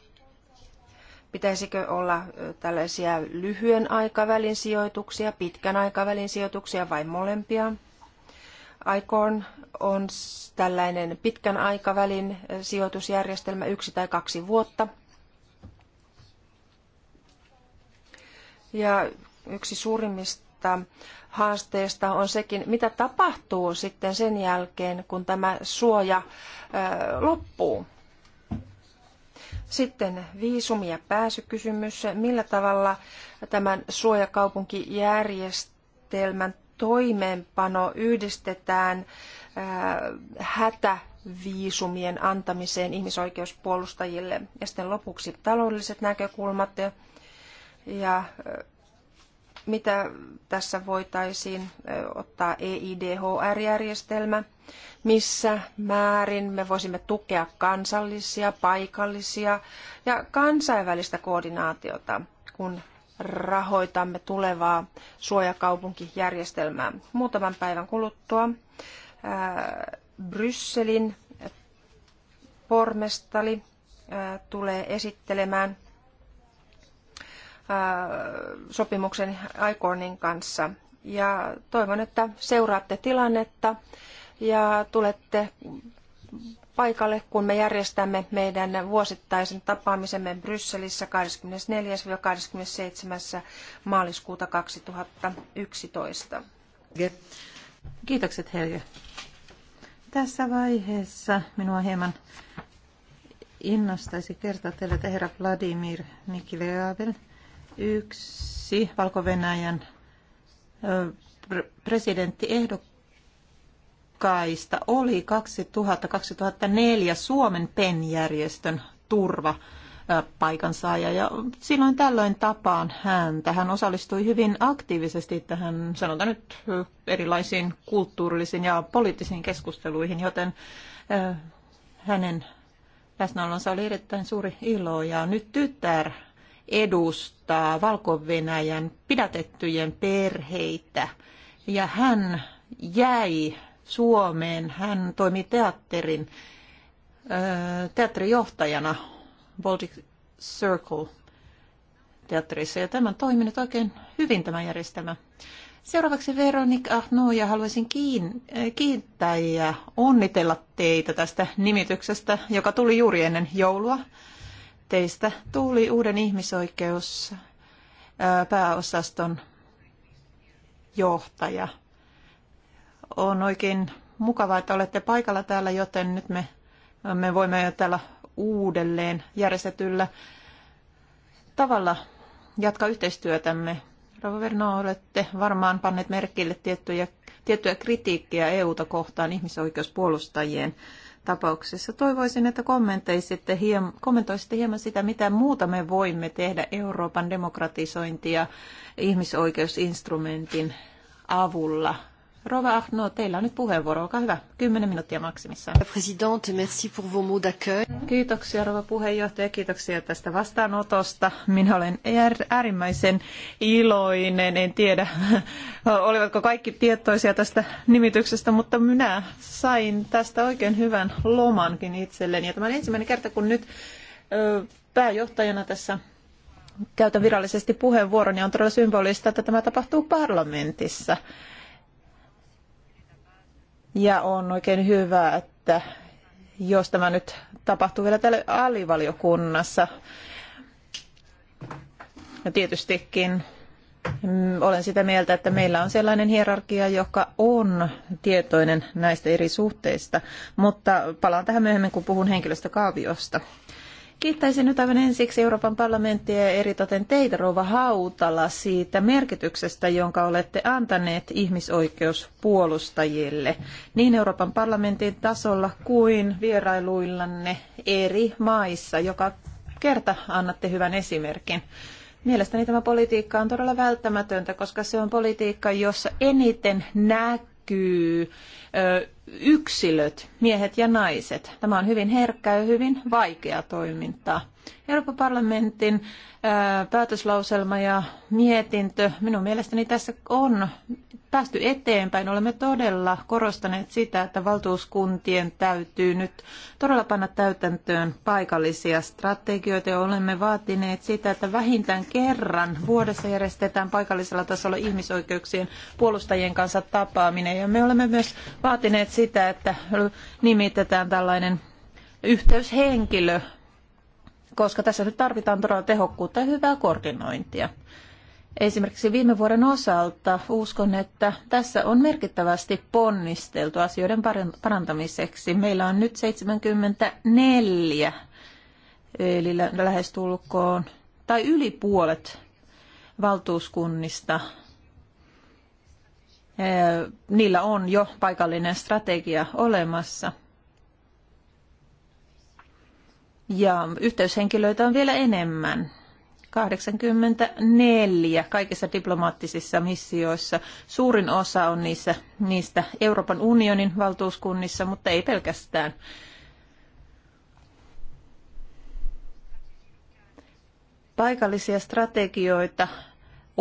Pitäisikö olla tällaisia lyhyen aikavälin sijoituksia, pitkän aikavälin sijoituksia vai molempia? Aikoon on tällainen pitkän aikavälin sijoitusjärjestelmä yksi tai kaksi vuotta. Ja yksi suurimmista haasteesta on sekin, mitä tapahtuu sitten sen jälkeen, kun tämä suoja loppuu. Sitten viisumi- ja pääsykysymys. Millä tavalla tämän suojakaupunkijärjestelmän toimeenpano yhdistetään hätäviisumien antamiseen ihmisoikeuspuolustajille? Ja sitten lopuksi taloudelliset näkökulmat ja mitä tässä voitaisiin ottaa EIDHR-järjestelmä, missä määrin me voisimme tukea kansallisia, paikallisia ja kansainvälistä koordinaatiota, kun rahoitamme tulevaa suojakaupunkijärjestelmää. Muutaman päivän kuluttua ää, Brysselin pormestali ää, tulee esittelemään sopimuksen Icornin kanssa. Ja toivon, että seuraatte tilannetta ja tulette paikalle, kun me järjestämme meidän vuosittaisen tapaamisemme Brysselissä 24-27. maaliskuuta 2011. Kiitokset Helge. Tässä vaiheessa minua hieman innostaisi kertoa teille, että herra Vladimir Nikileavel – yksi Valko-Venäjän presidenttiehdokkaista oli 2000-2004 Suomen PEN-järjestön turva paikansaaja. Ja silloin tällöin tapaan häntä. Hän osallistui hyvin aktiivisesti tähän, sanotaan nyt, erilaisiin kulttuurillisiin ja poliittisiin keskusteluihin, joten hänen läsnäolonsa oli erittäin suuri ilo. Ja nyt tytär edustaa Valko-Venäjän pidätettyjen perheitä. Ja hän jäi Suomeen, hän toimi teatterin teatterijohtajana Baltic Circle teatterissa ja tämä on toiminut oikein hyvin tämä järjestelmä. Seuraavaksi Veronik Ahno ja haluaisin kiin, kiittää ja onnitella teitä tästä nimityksestä, joka tuli juuri ennen joulua teistä tuli uuden ihmisoikeus pääosaston johtaja. On oikein mukavaa, että olette paikalla täällä, joten nyt me, me voimme jo täällä uudelleen järjestetyllä tavalla jatkaa yhteistyötämme. Rova Verno, olette varmaan panneet merkille tiettyjä, tiettyä kritiikkiä ta kohtaan ihmisoikeuspuolustajien tapauksessa. Toivoisin, että kommentoisitte hieman, kommentoisitte hieman sitä, mitä muuta me voimme tehdä Euroopan demokratisointia ihmisoikeusinstrumentin avulla Rova Ahno, teillä on nyt puheenvuoro, olkaa hyvä. Kymmenen minuuttia maksimissaan. Presidente, merci pour vos mots d'accueil. Kiitoksia puheenjohtaja, kiitoksia tästä vastaanotosta. Minä olen äärimmäisen iloinen, en tiedä [LAUGHS] olivatko kaikki tietoisia tästä nimityksestä, mutta minä sain tästä oikein hyvän lomankin itselleni. Ja tämä on ensimmäinen kerta, kun nyt pääjohtajana tässä käytän virallisesti puheenvuoron ja on todella symbolista, että tämä tapahtuu parlamentissa. Ja on oikein hyvä, että jos tämä nyt tapahtuu vielä täällä alivaliokunnassa, ja no tietystikin mm, olen sitä mieltä, että meillä on sellainen hierarkia, joka on tietoinen näistä eri suhteista, mutta palaan tähän myöhemmin, kun puhun henkilöstökaaviosta. Kiittäisin nyt aivan ensiksi Euroopan parlamenttia ja eritoten teitä, Rova Hautala, siitä merkityksestä, jonka olette antaneet ihmisoikeuspuolustajille niin Euroopan parlamentin tasolla kuin vierailuillanne eri maissa. Joka kerta annatte hyvän esimerkin. Mielestäni tämä politiikka on todella välttämätöntä, koska se on politiikka, jossa eniten näkyy yksilöt, miehet ja naiset. Tämä on hyvin herkkä ja hyvin vaikeaa toimintaa. Euroopan parlamentin päätöslauselma ja mietintö, minun mielestäni tässä on päästy eteenpäin. Olemme todella korostaneet sitä, että valtuuskuntien täytyy nyt todella panna täytäntöön paikallisia strategioita ja olemme vaatineet sitä, että vähintään kerran vuodessa järjestetään paikallisella tasolla ihmisoikeuksien puolustajien kanssa tapaaminen ja me olemme myös vaatineet sitä, että nimitetään tällainen yhteyshenkilö, koska tässä nyt tarvitaan todella tehokkuutta ja hyvää koordinointia. Esimerkiksi viime vuoden osalta uskon, että tässä on merkittävästi ponnisteltu asioiden parantamiseksi. Meillä on nyt 74, eli lähestulkoon, tai yli puolet valtuuskunnista Eh, niillä on jo paikallinen strategia olemassa. Ja yhteyshenkilöitä on vielä enemmän. 84 kaikissa diplomaattisissa missioissa. Suurin osa on niissä, niistä Euroopan unionin valtuuskunnissa, mutta ei pelkästään. Paikallisia strategioita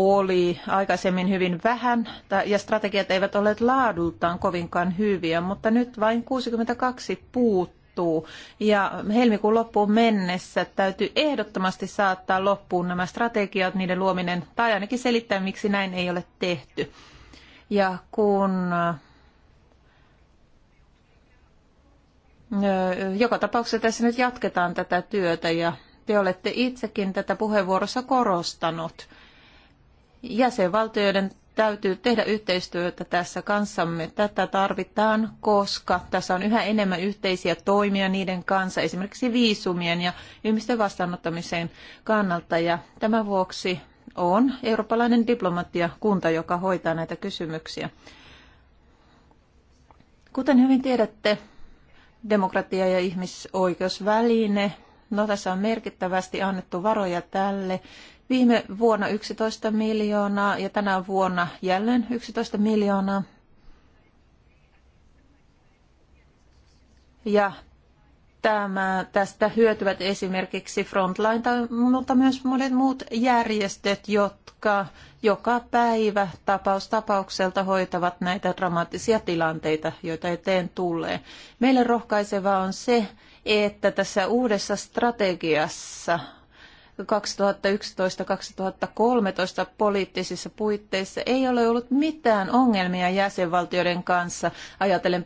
oli aikaisemmin hyvin vähän ja strategiat eivät olleet laadultaan kovinkaan hyviä, mutta nyt vain 62 puuttuu. Ja helmikuun loppuun mennessä täytyy ehdottomasti saattaa loppuun nämä strategiat, niiden luominen, tai ainakin selittää, miksi näin ei ole tehty. Ja kun joka tapauksessa tässä nyt jatketaan tätä työtä ja te olette itsekin tätä puheenvuorossa korostanut Jäsenvaltioiden täytyy tehdä yhteistyötä tässä kanssamme. Tätä tarvitaan, koska tässä on yhä enemmän yhteisiä toimia niiden kanssa, esimerkiksi viisumien ja ihmisten vastaanottamiseen kannalta. Ja tämän vuoksi on eurooppalainen diplomatiakunta, joka hoitaa näitä kysymyksiä. Kuten hyvin tiedätte, demokratia- ja ihmisoikeusväline. No tässä on merkittävästi annettu varoja tälle Viime vuonna 11 miljoonaa ja tänä vuonna jälleen 11 miljoonaa. Ja tämä, tästä hyötyvät esimerkiksi Frontline, tai, mutta myös monet muut järjestöt, jotka joka päivä tapaus tapaukselta hoitavat näitä dramaattisia tilanteita, joita eteen tulee. Meille rohkaisevaa on se, että tässä uudessa strategiassa 2011-2013 poliittisissa puitteissa ei ole ollut mitään ongelmia jäsenvaltioiden kanssa ajatellen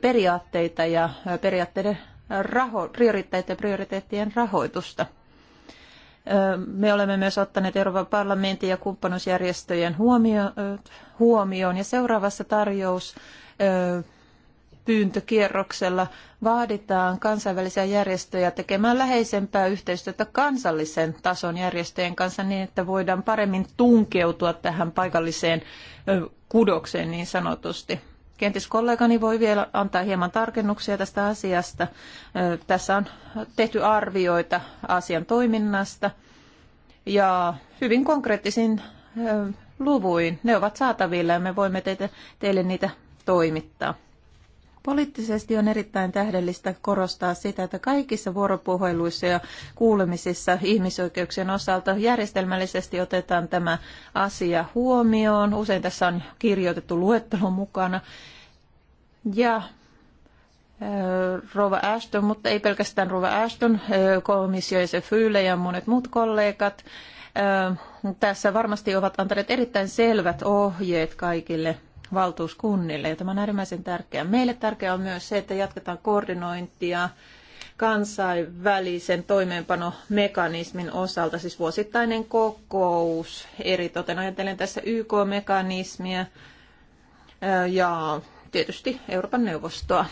periaatteita ja periaatteiden raho- prioriteettien, prioriteettien rahoitusta. Me olemme myös ottaneet Euroopan parlamentin ja kumppanuusjärjestöjen huomioon ja seuraavassa tarjous pyyntökierroksella vaaditaan kansainvälisiä järjestöjä tekemään läheisempää yhteistyötä kansallisen tason järjestöjen kanssa niin, että voidaan paremmin tunkeutua tähän paikalliseen kudokseen niin sanotusti. Kenties kollegani voi vielä antaa hieman tarkennuksia tästä asiasta. Tässä on tehty arvioita asian toiminnasta ja hyvin konkreettisin luvuin. Ne ovat saatavilla ja me voimme teille niitä toimittaa. Poliittisesti on erittäin tähdellistä korostaa sitä, että kaikissa vuoropuheluissa ja kuulemisissa ihmisoikeuksien osalta järjestelmällisesti otetaan tämä asia huomioon. Usein tässä on kirjoitettu luettelo mukana. Ja eh, Rova Ashton, mutta ei pelkästään Rova Ashton, eh, komissio ja Fyyle ja monet muut kollegat. Eh, tässä varmasti ovat antaneet erittäin selvät ohjeet kaikille valtuuskunnille. Ja tämä on äärimmäisen tärkeää. Meille tärkeää on myös se, että jatketaan koordinointia kansainvälisen toimeenpanomekanismin osalta, siis vuosittainen kokous, eritoten ajatellen tässä YK-mekanismia ja tietysti Euroopan neuvostoa.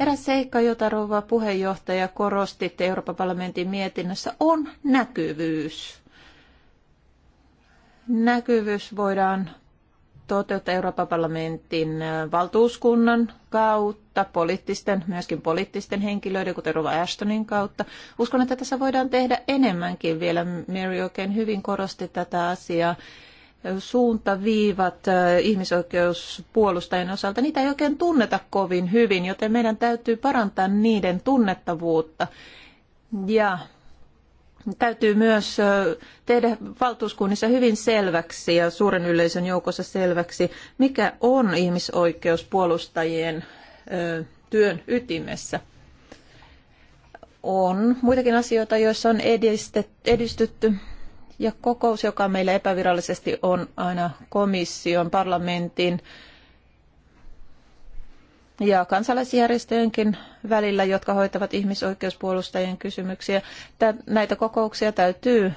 Eräs seikka, jota rouva puheenjohtaja korosti Euroopan parlamentin mietinnössä, on näkyvyys. Näkyvyys voidaan toteuttaa Euroopan parlamentin valtuuskunnan kautta, poliittisten, myöskin poliittisten henkilöiden, kuten Rova Ashtonin kautta. Uskon, että tässä voidaan tehdä enemmänkin vielä. Mary oikein hyvin korosti tätä asiaa. Suuntaviivat ihmisoikeuspuolustajien osalta, niitä ei oikein tunneta kovin hyvin, joten meidän täytyy parantaa niiden tunnettavuutta. Ja täytyy myös tehdä valtuuskunnissa hyvin selväksi ja suuren yleisön joukossa selväksi, mikä on ihmisoikeuspuolustajien työn ytimessä. On muitakin asioita, joissa on edistytty. Ja kokous, joka meillä epävirallisesti on aina komission, parlamentin, ja kansalaisjärjestöjenkin välillä, jotka hoitavat ihmisoikeuspuolustajien kysymyksiä. Näitä kokouksia täytyy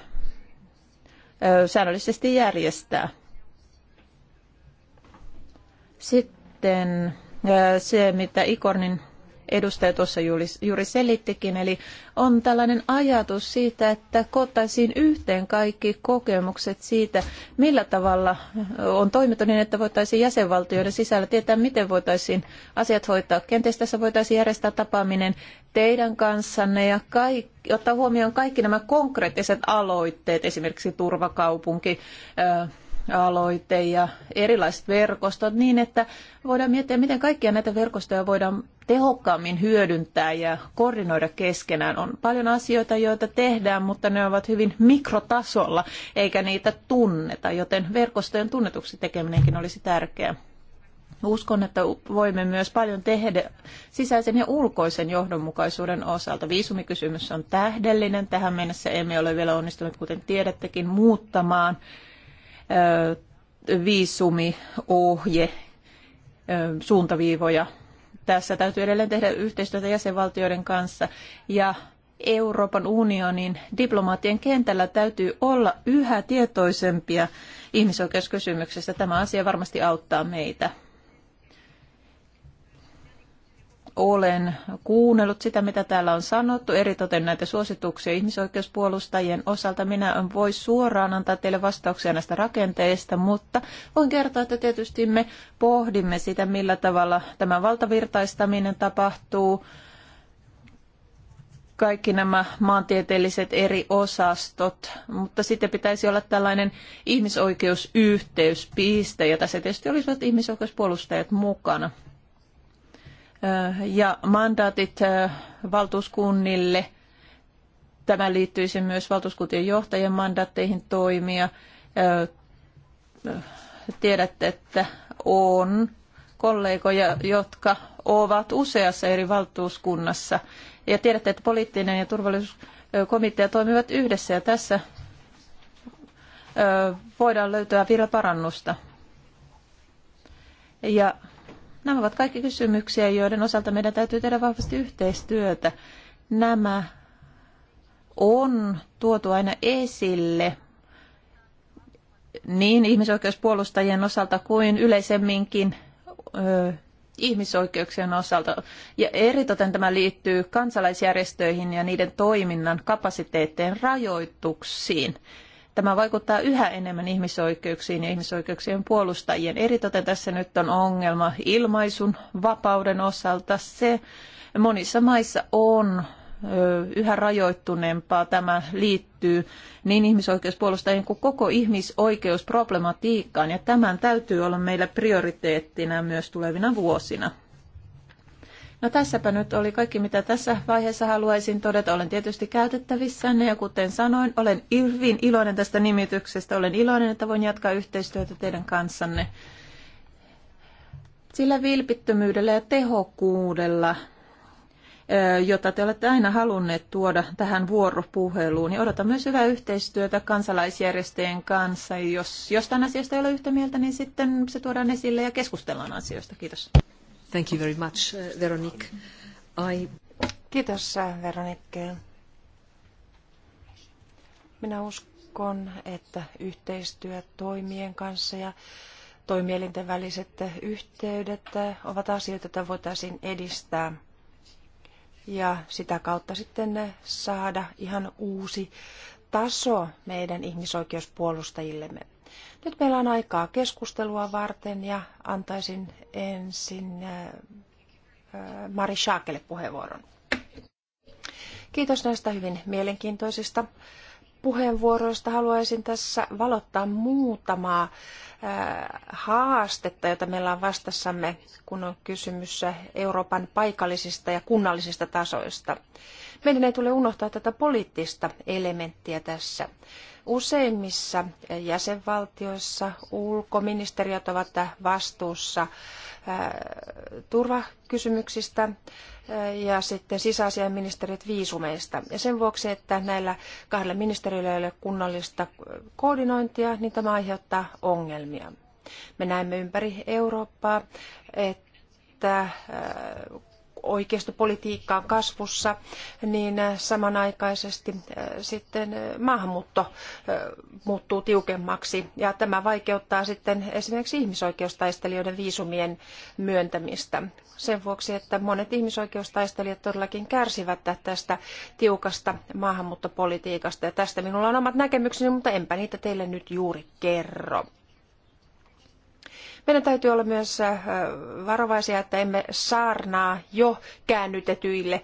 säännöllisesti järjestää. Sitten se, mitä Ikornin edustaja tuossa juuri selittikin. Eli on tällainen ajatus siitä, että koottaisiin yhteen kaikki kokemukset siitä, millä tavalla on toimittu niin, että voitaisiin jäsenvaltioiden sisällä tietää, miten voitaisiin asiat hoitaa. Kenties tässä voitaisiin järjestää tapaaminen teidän kanssanne ja kaikki ottaa huomioon kaikki nämä konkreettiset aloitteet, esimerkiksi turvakaupunki, aloite ja erilaiset verkostot niin, että voidaan miettiä, miten kaikkia näitä verkostoja voidaan tehokkaammin hyödyntää ja koordinoida keskenään. On paljon asioita, joita tehdään, mutta ne ovat hyvin mikrotasolla, eikä niitä tunneta, joten verkostojen tunnetuksi tekeminenkin olisi tärkeää. Uskon, että voimme myös paljon tehdä sisäisen ja ulkoisen johdonmukaisuuden osalta. Viisumikysymys on tähdellinen. Tähän mennessä emme ole vielä onnistuneet, kuten tiedättekin, muuttamaan viisumiohje, suuntaviivoja. Tässä täytyy edelleen tehdä yhteistyötä jäsenvaltioiden kanssa ja Euroopan unionin diplomaattien kentällä täytyy olla yhä tietoisempia ihmisoikeuskysymyksistä. Tämä asia varmasti auttaa meitä olen kuunnellut sitä, mitä täällä on sanottu, eritoten näitä suosituksia ihmisoikeuspuolustajien osalta. Minä en voi suoraan antaa teille vastauksia näistä rakenteista, mutta voin kertoa, että tietysti me pohdimme sitä, millä tavalla tämä valtavirtaistaminen tapahtuu. Kaikki nämä maantieteelliset eri osastot, mutta sitten pitäisi olla tällainen ihmisoikeusyhteyspiste, jota se tietysti olisivat ihmisoikeuspuolustajat mukana ja mandaatit valtuuskunnille. Tämä liittyisi myös valtuuskuntien johtajien mandaatteihin toimia. Tiedätte, että on kollegoja, jotka ovat useassa eri valtuuskunnassa. Ja tiedätte, että poliittinen ja turvallisuuskomitea toimivat yhdessä ja tässä voidaan löytää vielä parannusta. Ja Nämä ovat kaikki kysymyksiä, joiden osalta meidän täytyy tehdä vahvasti yhteistyötä. Nämä on tuotu aina esille niin ihmisoikeuspuolustajien osalta kuin yleisemminkin ö, ihmisoikeuksien osalta. Ja eritoten tämä liittyy kansalaisjärjestöihin ja niiden toiminnan kapasiteettien rajoituksiin. Tämä vaikuttaa yhä enemmän ihmisoikeuksiin ja ihmisoikeuksien puolustajien. Eritoten tässä nyt on ongelma ilmaisun vapauden osalta. Se monissa maissa on yhä rajoittuneempaa. Tämä liittyy niin ihmisoikeuspuolustajien kuin koko ihmisoikeusproblematiikkaan, ja tämän täytyy olla meillä prioriteettina myös tulevina vuosina. No tässäpä nyt oli kaikki, mitä tässä vaiheessa haluaisin todeta. Olen tietysti käytettävissänne ja kuten sanoin, olen hyvin iloinen tästä nimityksestä. Olen iloinen, että voin jatkaa yhteistyötä teidän kanssanne. Sillä vilpittömyydellä ja tehokkuudella, jota te olette aina halunneet tuoda tähän vuoropuheluun. niin odotan myös hyvää yhteistyötä kansalaisjärjestöjen kanssa. Jos jostain asiasta ei ole yhtä mieltä, niin sitten se tuodaan esille ja keskustellaan asioista. Kiitos. Thank you very much, uh, Veronique. I... Kiitos, uh, Veronique. Minä uskon, että yhteistyö toimien kanssa ja toimielinten väliset yhteydet uh, ovat asioita, joita voitaisiin edistää ja sitä kautta sitten saada ihan uusi taso meidän ihmisoikeuspuolustajillemme. Nyt meillä on aikaa keskustelua varten ja antaisin ensin äh, äh, Mari Schaakelle puheenvuoron. Kiitos näistä hyvin mielenkiintoisista puheenvuoroista. Haluaisin tässä valottaa muutamaa äh, haastetta, jota meillä on vastassamme, kun on kysymys Euroopan paikallisista ja kunnallisista tasoista. Meidän ei tule unohtaa tätä poliittista elementtiä tässä. Useimmissa jäsenvaltioissa ulkoministeriöt ovat vastuussa turvakysymyksistä ja sitten sisäasiainministeriöt viisumeista. Ja sen vuoksi, että näillä kahdella ministeriöllä ei ole kunnollista koordinointia, niin tämä aiheuttaa ongelmia. Me näemme ympäri Eurooppaa, että että on kasvussa, niin äh, samanaikaisesti äh, sitten äh, maahanmuutto muuttuu tiukemmaksi ja tämä vaikeuttaa sitten esimerkiksi ihmisoikeustaistelijoiden viisumien myöntämistä. Sen vuoksi, että monet ihmisoikeustaistelijat todellakin kärsivät tästä tiukasta maahanmuuttopolitiikasta ja tästä minulla on omat näkemykseni, mutta enpä niitä teille nyt juuri kerro. Meidän täytyy olla myös äh, varovaisia, että emme saarnaa jo käännytetyille.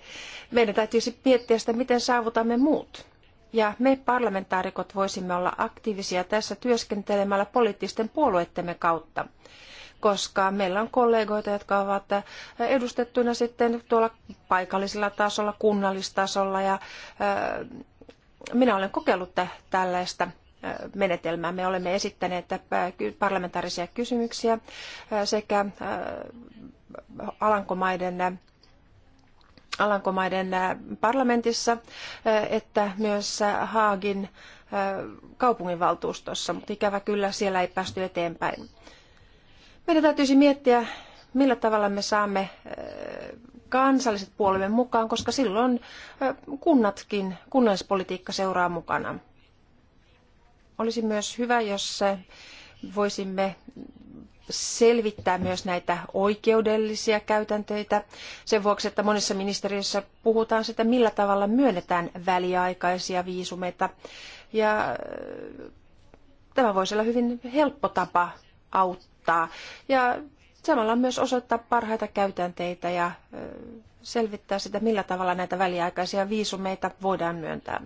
Meidän täytyisi miettiä sitä, miten saavutamme muut. Ja me parlamentaarikot voisimme olla aktiivisia tässä työskentelemällä poliittisten puolueittemme kautta koska meillä on kollegoita, jotka ovat äh, edustettuina sitten tuolla paikallisella tasolla, kunnallistasolla ja äh, minä olen kokeillut tällaista menetelmää. Me olemme esittäneet parlamentaarisia kysymyksiä sekä Alankomaiden Alankomaiden parlamentissa, että myös Haagin kaupunginvaltuustossa, mutta ikävä kyllä siellä ei päästy eteenpäin. Meidän täytyisi miettiä, millä tavalla me saamme kansalliset puolemme mukaan, koska silloin kunnatkin, kunnallispolitiikka seuraa mukana. Olisi myös hyvä, jos eh, voisimme selvittää myös näitä oikeudellisia käytänteitä sen vuoksi, että monissa ministeriöissä puhutaan sitä, millä tavalla myönnetään väliaikaisia viisumeita. Ja eh, tämä voisi olla hyvin helppo tapa auttaa ja samalla myös osoittaa parhaita käytänteitä ja eh, selvittää sitä, millä tavalla näitä väliaikaisia viisumeita voidaan myöntää.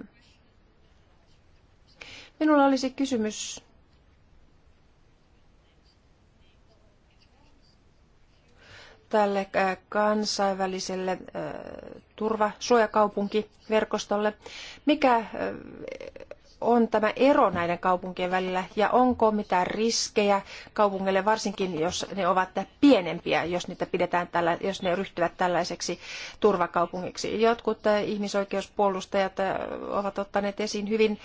Minulla olisi kysymys tälle äh, kansainväliselle äh, turvasuojakaupunkiverkostolle. Mikä äh, on tämä ero näiden kaupunkien välillä ja onko mitään riskejä kaupungeille, varsinkin jos ne ovat pienempiä, jos, niitä pidetään tällä, jos ne ryhtyvät tällaiseksi turvakaupungiksi. Jotkut äh, ihmisoikeuspuolustajat äh, ovat ottaneet esiin hyvin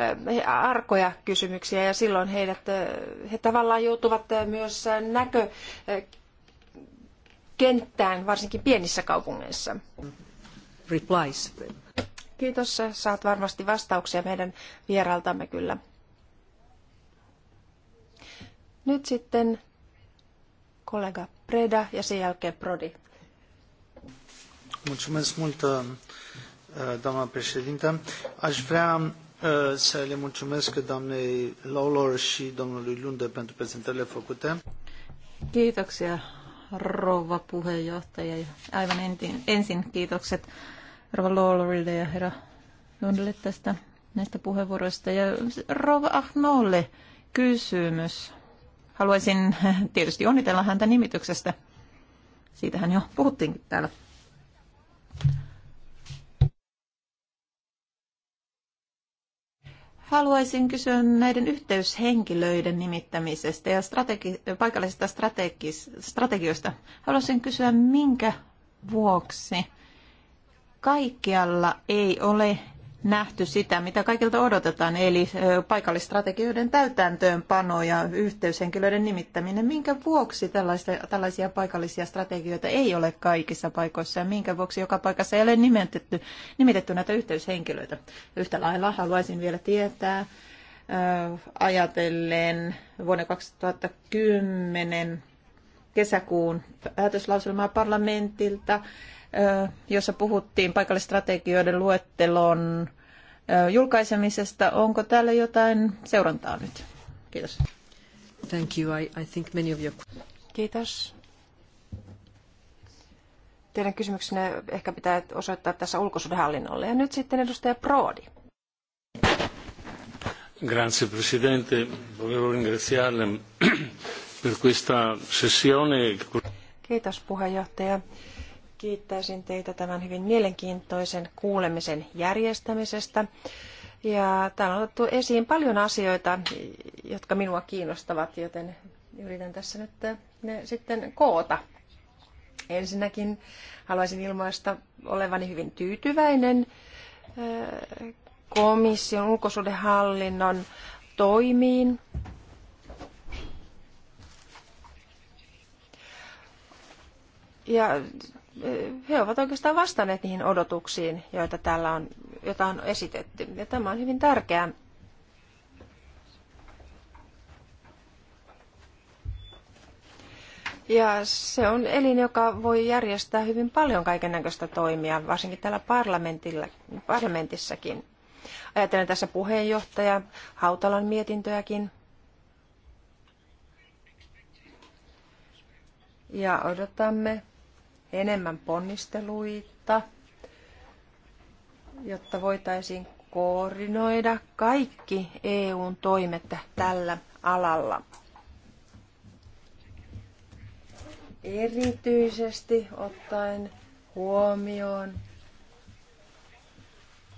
äh, arkoja kysymyksiä ja silloin heidät, he tavallaan joutuvat myös näkökenttään, varsinkin pienissä kaupungeissa. Replies Kiitos, saat varmasti vastauksia meidän vierailtamme kyllä. Nyt sitten kollega Preda ja sen jälkeen Prodi. Mulțumesc mult, uh, uh, doamna președintă. Aș vrea uh, să le mulțumesc doamnei Lawlor și domnului Lunde pentru prezentările făcute. Kiitoksia, rouva puheenjohtaja. Aivan ensin kiitokset Rova Lawlerille ja herra Lundelle tästä näistä puheenvuoroista. Ja Rova Ahnolle kysymys. Haluaisin tietysti onnitella häntä nimityksestä. Siitähän jo puhuttiinkin täällä. Haluaisin kysyä näiden yhteyshenkilöiden nimittämisestä ja strategi- paikallisista strategi- strategioista. Haluaisin kysyä, minkä vuoksi kaikkialla ei ole nähty sitä, mitä kaikilta odotetaan, eli paikallistrategioiden täytäntöönpano ja yhteyshenkilöiden nimittäminen. Minkä vuoksi tällaisia, tällaisia paikallisia strategioita ei ole kaikissa paikoissa ja minkä vuoksi joka paikassa ei ole nimitetty, nimitetty näitä yhteyshenkilöitä? Yhtä lailla haluaisin vielä tietää ajatellen vuonna 2010 kesäkuun päätöslauselmaa parlamentilta jossa puhuttiin paikallistrategioiden luettelon julkaisemisesta. Onko täällä jotain seurantaa nyt? Kiitos. Thank you. I, I think many of you... Kiitos. Teidän kysymyksenne ehkä pitää osoittaa tässä ulkosuhdehallinnolle. Ja nyt sitten edustaja Prodi. Grazie Presidente, volevo ringraziarla per questa sessione. Kiitos puheenjohtaja kiittäisin teitä tämän hyvin mielenkiintoisen kuulemisen järjestämisestä. Ja täällä on otettu esiin paljon asioita, jotka minua kiinnostavat, joten yritän tässä nyt äh, ne sitten koota. Ensinnäkin haluaisin ilmaista olevani hyvin tyytyväinen äh, komission ulkosuhdehallinnon toimiin. Ja he ovat oikeastaan vastanneet niihin odotuksiin, joita täällä on, joita on esitetty. Ja tämä on hyvin tärkeää. Ja se on elin, joka voi järjestää hyvin paljon kaiken näköistä toimia, varsinkin täällä parlamentilla, parlamentissakin. Ajattelen tässä puheenjohtaja Hautalan mietintöäkin. Ja odotamme enemmän ponnisteluita, jotta voitaisiin koordinoida kaikki EUn toimet tällä alalla. Erityisesti ottaen huomioon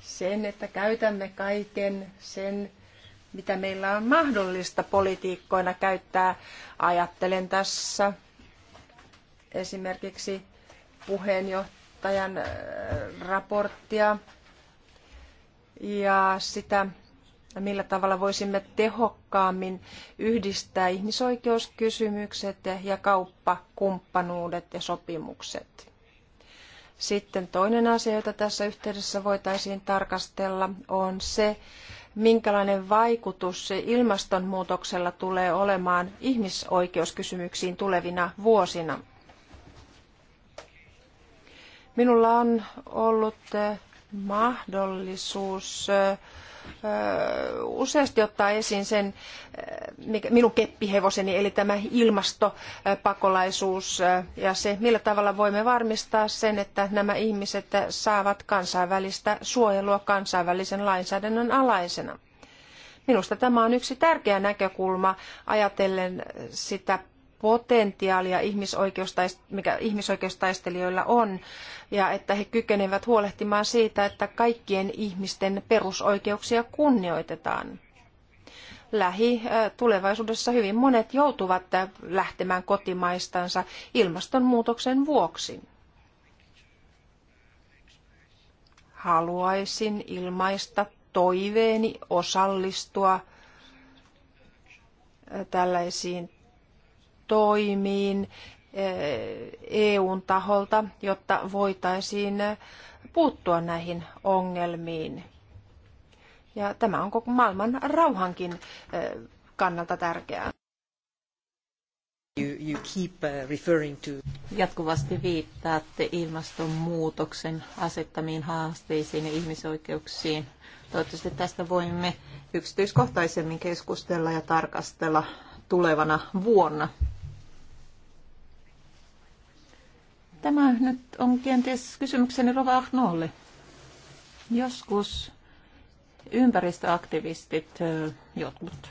sen, että käytämme kaiken sen, mitä meillä on mahdollista politiikkoina käyttää. Ajattelen tässä esimerkiksi puheenjohtajan äh, raporttia ja sitä, millä tavalla voisimme tehokkaammin yhdistää ihmisoikeuskysymykset ja kauppakumppanuudet ja sopimukset. Sitten toinen asia, jota tässä yhteydessä voitaisiin tarkastella, on se, minkälainen vaikutus se ilmastonmuutoksella tulee olemaan ihmisoikeuskysymyksiin tulevina vuosina. Minulla on ollut eh, mahdollisuus eh, eh, useasti ottaa esiin sen minun keppihevoseni, eli tämä ilmastopakolaisuus ja se, millä tavalla voimme varmistaa sen, että nämä ihmiset saavat kansainvälistä suojelua kansainvälisen lainsäädännön alaisena. Minusta tämä on yksi tärkeä näkökulma ajatellen sitä potentiaalia mikä ihmisoikeustaistelijoilla on ja että he kykenevät huolehtimaan siitä, että kaikkien ihmisten perusoikeuksia kunnioitetaan. Lähi tulevaisuudessa hyvin monet joutuvat lähtemään kotimaistansa ilmastonmuutoksen vuoksi. Haluaisin ilmaista toiveeni osallistua tällaisiin toimiin eh, EUn taholta, jotta voitaisiin puuttua näihin ongelmiin. Ja tämä on koko maailman rauhankin eh, kannalta tärkeää. You, you keep eh, referring to... Jatkuvasti viittaatte ilmastonmuutoksen asettamiin haasteisiin ja ihmisoikeuksiin. Toivottavasti tästä voimme yksityiskohtaisemmin keskustella ja tarkastella tulevana vuonna. Tämä nyt on kenties kysymykseni Rova Ahnolle. Joskus ympäristöaktivistit, jotkut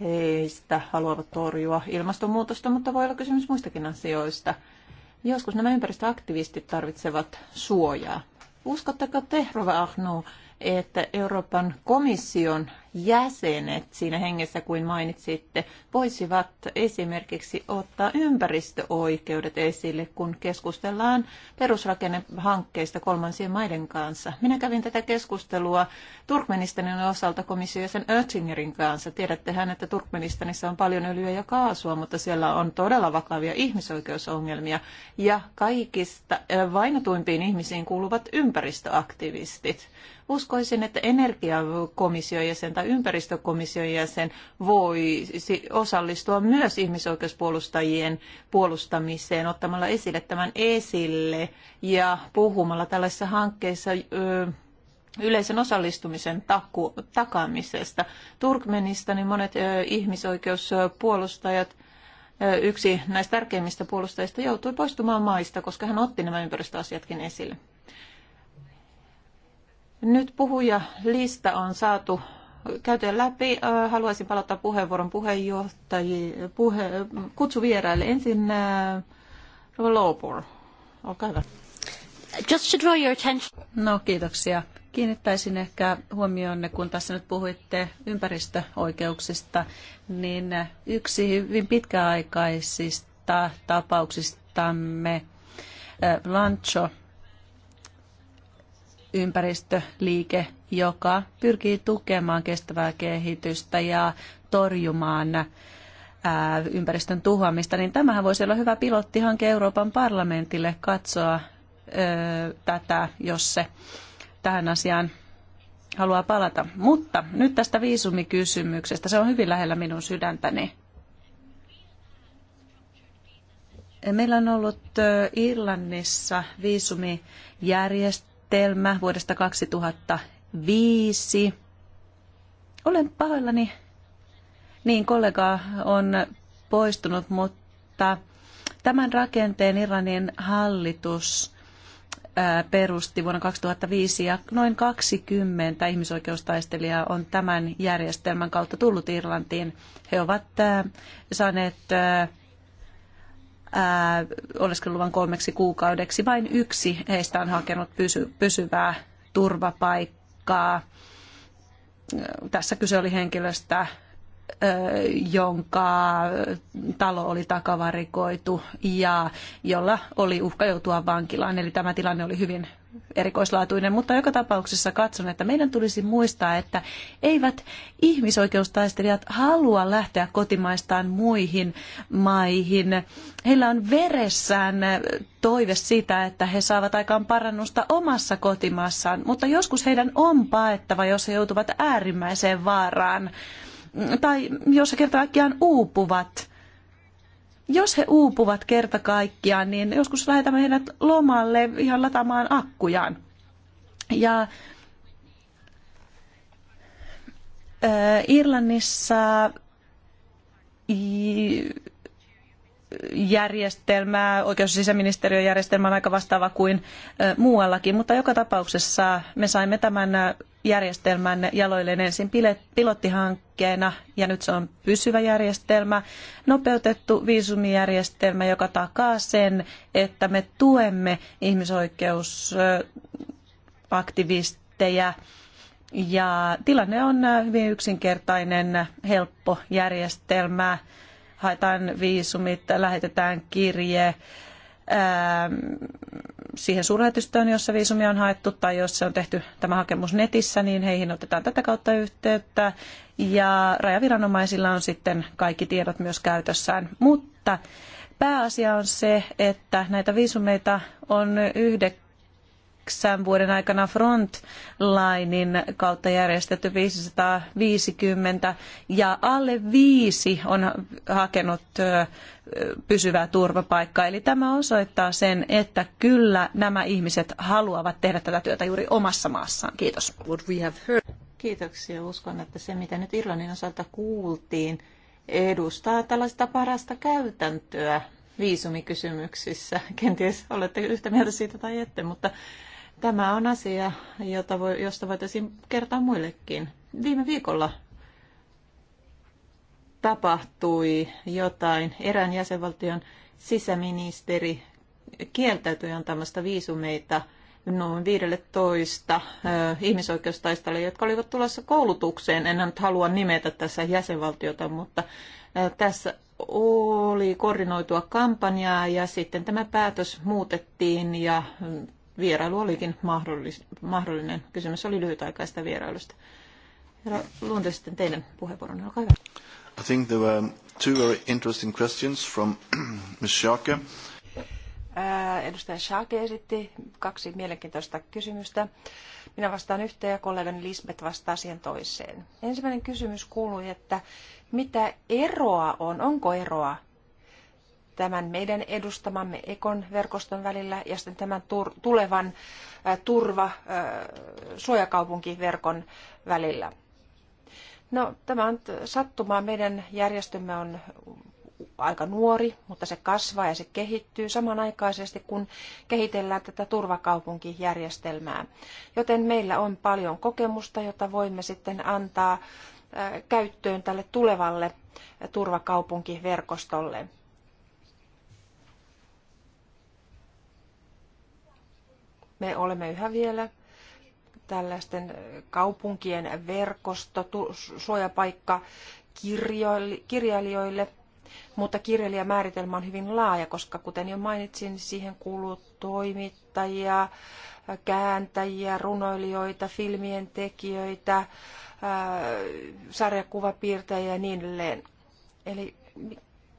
heistä haluavat torjua ilmastonmuutosta, mutta voi olla kysymys muistakin asioista. Joskus nämä ympäristöaktivistit tarvitsevat suojaa. Uskotteko te, Rova Ahno, että Euroopan komission jäsenet siinä hengessä kuin mainitsitte voisivat esimerkiksi ottaa ympäristöoikeudet esille, kun keskustellaan perusrakennehankkeista kolmansien maiden kanssa. Minä kävin tätä keskustelua Turkmenistanin osalta komissiosen Ötzingerin kanssa. Tiedättehän, että Turkmenistanissa on paljon öljyä ja kaasua, mutta siellä on todella vakavia ihmisoikeusongelmia ja kaikista vainotuimpiin ihmisiin kuuluvat ympäristöaktivistit. Uskoisin, että energiakomission jäsen tai ympäristökomission jäsen voi osallistua myös ihmisoikeuspuolustajien puolustamiseen ottamalla esille tämän esille ja puhumalla tällaisissa hankkeissa yleisen osallistumisen taku, takaamisesta. Turkmenistanin monet ihmisoikeuspuolustajat yksi näistä tärkeimmistä puolustajista joutui poistumaan maista, koska hän otti nämä ympäristöasiatkin esille. Nyt puhuja lista on saatu Käytyä läpi. Haluaisin palauttaa puheenvuoron puheenjohtaji, puhe, kutsuvieraille. Ensin Rova Lopor, olkaa hyvä. Just to draw your attention. No kiitoksia. Kiinnittäisin ehkä huomioon, kun tässä nyt puhuitte ympäristöoikeuksista, niin yksi hyvin pitkäaikaisista tapauksistamme Lancho ympäristöliike, joka pyrkii tukemaan kestävää kehitystä ja torjumaan ympäristön tuhoamista, niin tämähän voisi olla hyvä pilottihanke Euroopan parlamentille katsoa tätä, jos se tähän asiaan haluaa palata. Mutta nyt tästä viisumikysymyksestä, se on hyvin lähellä minun sydäntäni. Meillä on ollut Irlannissa viisumijärjestelmä päätelmä vuodesta 2005. Olen pahoillani. Niin, kollega on poistunut, mutta tämän rakenteen Iranin hallitus perusti vuonna 2005 ja noin 20 ihmisoikeustaistelijaa on tämän järjestelmän kautta tullut Irlantiin. He ovat saaneet oleskeluluvan kolmeksi kuukaudeksi. Vain yksi heistä on hakenut pysy, pysyvää turvapaikkaa. Tässä kyse oli henkilöstä, jonka talo oli takavarikoitu ja jolla oli uhka joutua vankilaan. Eli tämä tilanne oli hyvin erikoislaatuinen, mutta joka tapauksessa katson, että meidän tulisi muistaa, että eivät ihmisoikeustaistelijat halua lähteä kotimaistaan muihin maihin. Heillä on veressään toive siitä, että he saavat aikaan parannusta omassa kotimaassaan, mutta joskus heidän on paettava, jos he joutuvat äärimmäiseen vaaraan tai jos he kerta kaikkiaan uupuvat. Jos he uupuvat kerta kaikkiaan, niin joskus lähetämme heidät lomalle ihan lataamaan akkujaan. Ja Irlannissa järjestelmä, oikeus- ja sisäministeriön järjestelmä on aika vastaava kuin muuallakin, mutta joka tapauksessa me saimme tämän järjestelmän jaloilleen ensin pilottihankkeena ja nyt se on pysyvä järjestelmä, nopeutettu viisumijärjestelmä, joka takaa sen, että me tuemme ihmisoikeusaktivisteja ja tilanne on äh, hyvin yksinkertainen, helppo järjestelmä. Haetaan viisumit, lähetetään kirje, Ähm, siihen suurlähetystöön, jossa viisumia on haettu tai jos se on tehty tämä hakemus netissä, niin heihin otetaan tätä kautta yhteyttä ja rajaviranomaisilla on sitten kaikki tiedot myös käytössään. Mutta pääasia on se, että näitä viisumeita on yhdeksän yhdeksän vuoden aikana Frontlinein kautta järjestetty 550 ja alle viisi on hakenut pysyvää turvapaikkaa. Eli tämä osoittaa sen, että kyllä nämä ihmiset haluavat tehdä tätä työtä juuri omassa maassaan. Kiitos. Kiitoksia. Uskon, että se mitä nyt Irlannin osalta kuultiin, edustaa tällaista parasta käytäntöä viisumikysymyksissä. Kenties olette yhtä mieltä siitä tai ette, mutta Tämä on asia, jota voi, josta voitaisiin kertoa muillekin. Viime viikolla tapahtui jotain. Erään jäsenvaltion sisäministeri kieltäytyi antamasta viisumeita noin 15 ihmisoikeustaistelijaa, jotka olivat tulossa koulutukseen. En nyt halua nimetä tässä jäsenvaltiota, mutta tässä oli koordinoitua kampanjaa ja sitten tämä päätös muutettiin ja vierailu olikin mahdollis, mahdollinen. Kysymys oli lyhytaikaista vierailusta. Herra Lunde, sitten teidän puheenvuoronne, olkaa hyvä. I think there were two very interesting questions from [CLEARS THROAT] Ms. Schake. Äh, edustaja Schake esitti kaksi mielenkiintoista kysymystä. Minä vastaan yhteen ja kollegani Lisbeth vastaa siihen toiseen. Ensimmäinen kysymys kuului, että mitä eroa on, onko eroa tämän meidän edustamamme Ekon verkoston välillä ja sitten tämän tulevan turva suojakaupunkiverkon välillä. No, tämä on sattumaa. Meidän järjestömme on aika nuori, mutta se kasvaa ja se kehittyy samanaikaisesti, kun kehitellään tätä turvakaupunkijärjestelmää. Joten meillä on paljon kokemusta, jota voimme sitten antaa käyttöön tälle tulevalle turvakaupunkiverkostolle. Me olemme yhä vielä tällaisten kaupunkien verkosto, suojapaikka kirjailijoille, mutta kirjailijamääritelmä on hyvin laaja, koska kuten jo mainitsin, siihen kuuluu toimittajia, kääntäjiä, runoilijoita, filmien tekijöitä, sarjakuvapiirtäjiä ja niin edelleen. Eli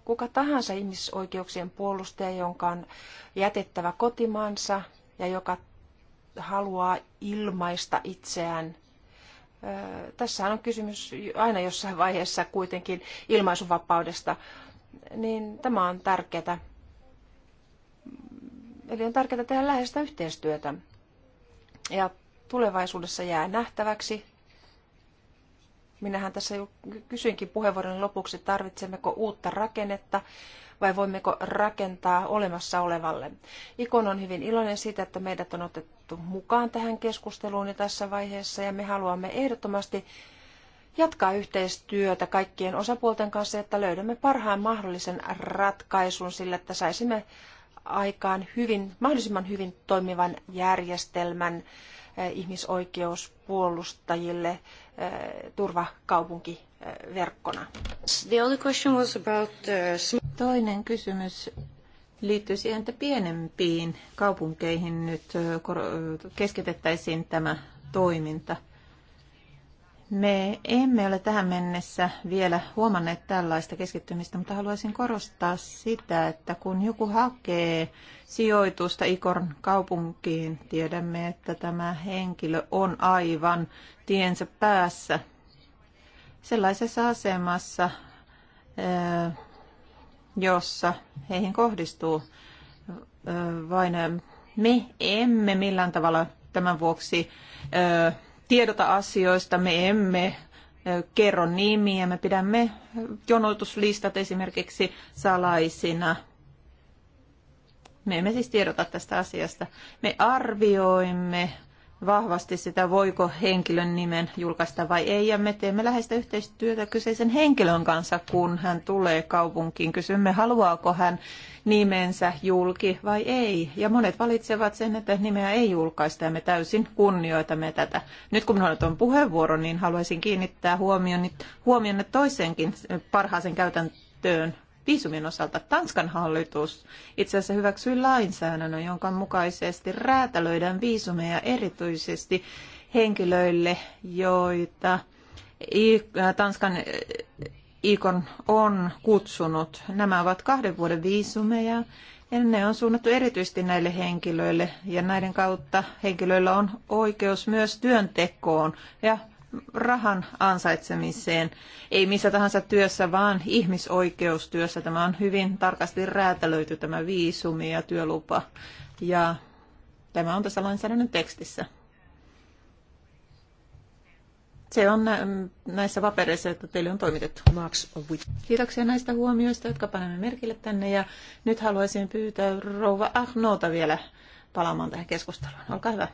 kuka tahansa ihmisoikeuksien puolustaja, jonka on jätettävä kotimaansa ja joka haluaa ilmaista itseään. Tässä on kysymys aina jossain vaiheessa kuitenkin ilmaisuvapaudesta, niin tämä on tärkeää. Eli on tärkeää tehdä läheistä yhteistyötä. Ja tulevaisuudessa jää nähtäväksi. Minähän tässä jo kysyinkin puheenvuoron lopuksi, tarvitsemmeko uutta rakennetta vai voimmeko rakentaa olemassa olevalle. Ikon on hyvin iloinen siitä, että meidät on otettu otettu mukaan tähän keskusteluun jo tässä vaiheessa ja me haluamme ehdottomasti jatkaa yhteistyötä kaikkien osapuolten kanssa, että löydämme parhaan mahdollisen ratkaisun sillä, että saisimme aikaan hyvin, mahdollisimman hyvin toimivan järjestelmän eh, ihmisoikeuspuolustajille eh, turvakaupunkiverkkona. Eh, Toinen kysymys liittyy siihen, että pienempiin kaupunkeihin nyt keskitettäisiin tämä toiminta. Me emme ole tähän mennessä vielä huomanneet tällaista keskittymistä, mutta haluaisin korostaa sitä, että kun joku hakee sijoitusta Ikorn kaupunkiin, tiedämme, että tämä henkilö on aivan tiensä päässä sellaisessa asemassa, jossa heihin kohdistuu vain me emme millään tavalla tämän vuoksi tiedota asioista, me emme kerro nimiä, me pidämme jonotuslistat esimerkiksi salaisina. Me emme siis tiedota tästä asiasta. Me arvioimme vahvasti sitä, voiko henkilön nimen julkaista vai ei, ja me teemme läheistä yhteistyötä kyseisen henkilön kanssa, kun hän tulee kaupunkiin. Kysymme, haluaako hän nimensä julki vai ei, ja monet valitsevat sen, että nimeä ei julkaista, ja me täysin kunnioitamme tätä. Nyt kun minulla on puheenvuoro, niin haluaisin kiinnittää huomionne, huomionne toiseenkin eh, parhaaseen käytäntöön viisumien osalta Tanskan hallitus itse asiassa hyväksyi lainsäädännön, jonka mukaisesti räätälöidään viisumeja erityisesti henkilöille, joita äh, Tanskan äh, IKON on kutsunut. Nämä ovat kahden vuoden viisumeja ja ne on suunnattu erityisesti näille henkilöille ja näiden kautta henkilöillä on oikeus myös työntekoon ja rahan ansaitsemiseen, ei missä tahansa työssä, vaan ihmisoikeustyössä. Tämä on hyvin tarkasti räätälöity tämä viisumi ja työlupa. Ja tämä on tässä lainsäädännön tekstissä. Se on näissä papereissa, että teille on toimitettu. Kiitoksia näistä huomioista, jotka panemme merkille tänne. Ja nyt haluaisin pyytää rouva Ahnota vielä palaamaan tähän keskusteluun. Olkaa hyvä.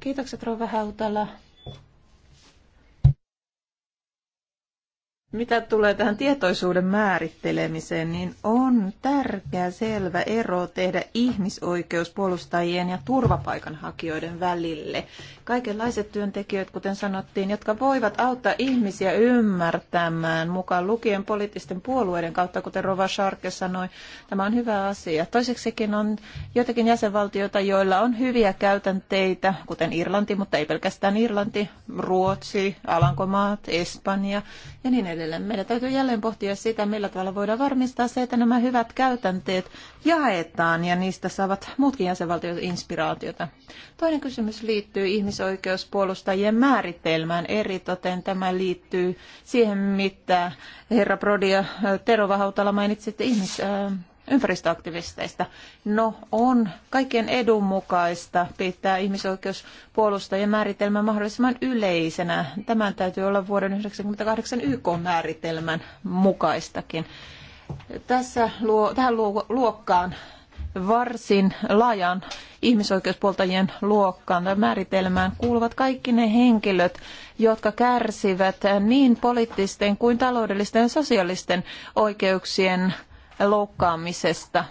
Kiitokset Rove Hautala. Mitä tulee tähän tietoisuuden määrittelemiseen, niin on tärkeä selvä ero tehdä ihmisoikeuspuolustajien ja turvapaikanhakijoiden välille. Kaikenlaiset työntekijät, kuten sanottiin, jotka voivat auttaa ihmisiä ymmärtämään mukaan lukien poliittisten puolueiden kautta, kuten Rova Sharke sanoi, tämä on hyvä asia. Toiseksikin on joitakin jäsenvaltioita, joilla on hyviä käytänteitä, kuten Irlanti, mutta ei pelkästään Irlanti, Ruotsi, Alankomaat, Espanja ja niin edelleen edelleen. Meidän täytyy jälleen pohtia sitä, millä tavalla voidaan varmistaa se, että nämä hyvät käytänteet jaetaan ja niistä saavat muutkin jäsenvaltiot inspiraatiota. Toinen kysymys liittyy ihmisoikeuspuolustajien määritelmään. toten tämä liittyy siihen, mitä herra Prodi ja Tero Vahautala mainitsitte ihmis- äh, ympäristöaktivisteista. No on kaikkien edun mukaista pitää ihmisoikeuspuolustajien määritelmä mahdollisimman yleisenä. Tämän täytyy olla vuoden 1998 YK-määritelmän mukaistakin. Tässä luo, tähän luokkaan varsin laajan ihmisoikeuspuoltajien luokkaan tai määritelmään kuuluvat kaikki ne henkilöt, jotka kärsivät niin poliittisten kuin taloudellisten ja sosiaalisten oikeuksien loukkaamisesta.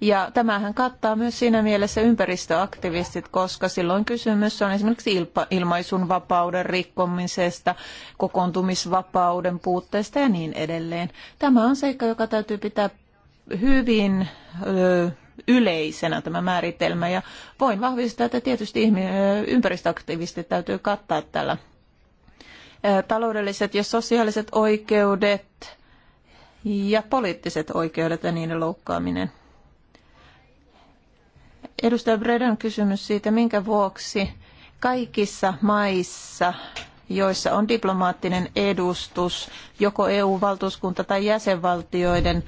Ja tämähän kattaa myös siinä mielessä ympäristöaktivistit, koska silloin kysymys on esimerkiksi ilmaisun vapauden rikkomisesta, kokoontumisvapauden puutteesta ja niin edelleen. Tämä on seikka, joka täytyy pitää hyvin yleisenä tämä määritelmä ja voin vahvistaa, että tietysti ympäristöaktivistit täytyy kattaa tällä. Taloudelliset ja sosiaaliset oikeudet, ja poliittiset oikeudet ja niiden loukkaaminen. Edustaja Bredan kysymys siitä, minkä vuoksi kaikissa maissa, joissa on diplomaattinen edustus, joko EU-valtuuskunta tai jäsenvaltioiden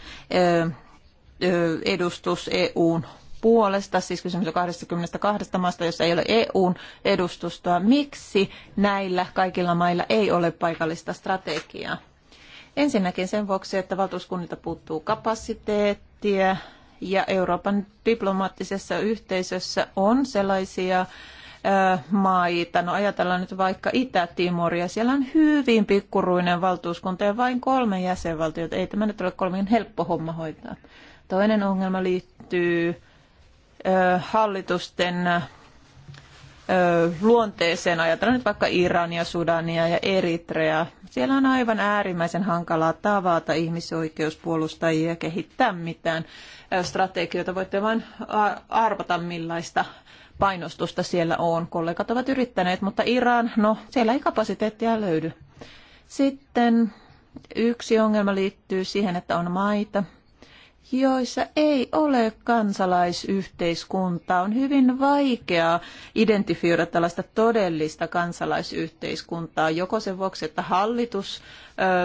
edustus EUn puolesta, siis kysymys on 22 maasta, jossa ei ole EUn edustustoa. Miksi näillä kaikilla mailla ei ole paikallista strategiaa? Ensinnäkin sen vuoksi, että valtuuskunnilta puuttuu kapasiteettia ja Euroopan diplomaattisessa yhteisössä on sellaisia maita. No ajatellaan nyt vaikka Itä-Timoria. Siellä on hyvin pikkuruinen valtuuskunta ja vain kolme jäsenvaltiota. Ei tämä nyt ole kolmen helppo homma hoitaa. Toinen ongelma liittyy hallitusten luonteeseen. Ajatellaan nyt vaikka Irania, Sudania ja Eritreaa. Siellä on aivan äärimmäisen hankalaa tavata ihmisoikeuspuolustajia kehittää mitään strategioita. Voitte vain arvata millaista painostusta siellä on. Kollegat ovat yrittäneet, mutta Iran, no siellä ei kapasiteettia löydy. Sitten yksi ongelma liittyy siihen, että on maita, joissa ei ole kansalaisyhteiskuntaa. On hyvin vaikeaa identifioida tällaista todellista kansalaisyhteiskuntaa, joko sen vuoksi, että hallitus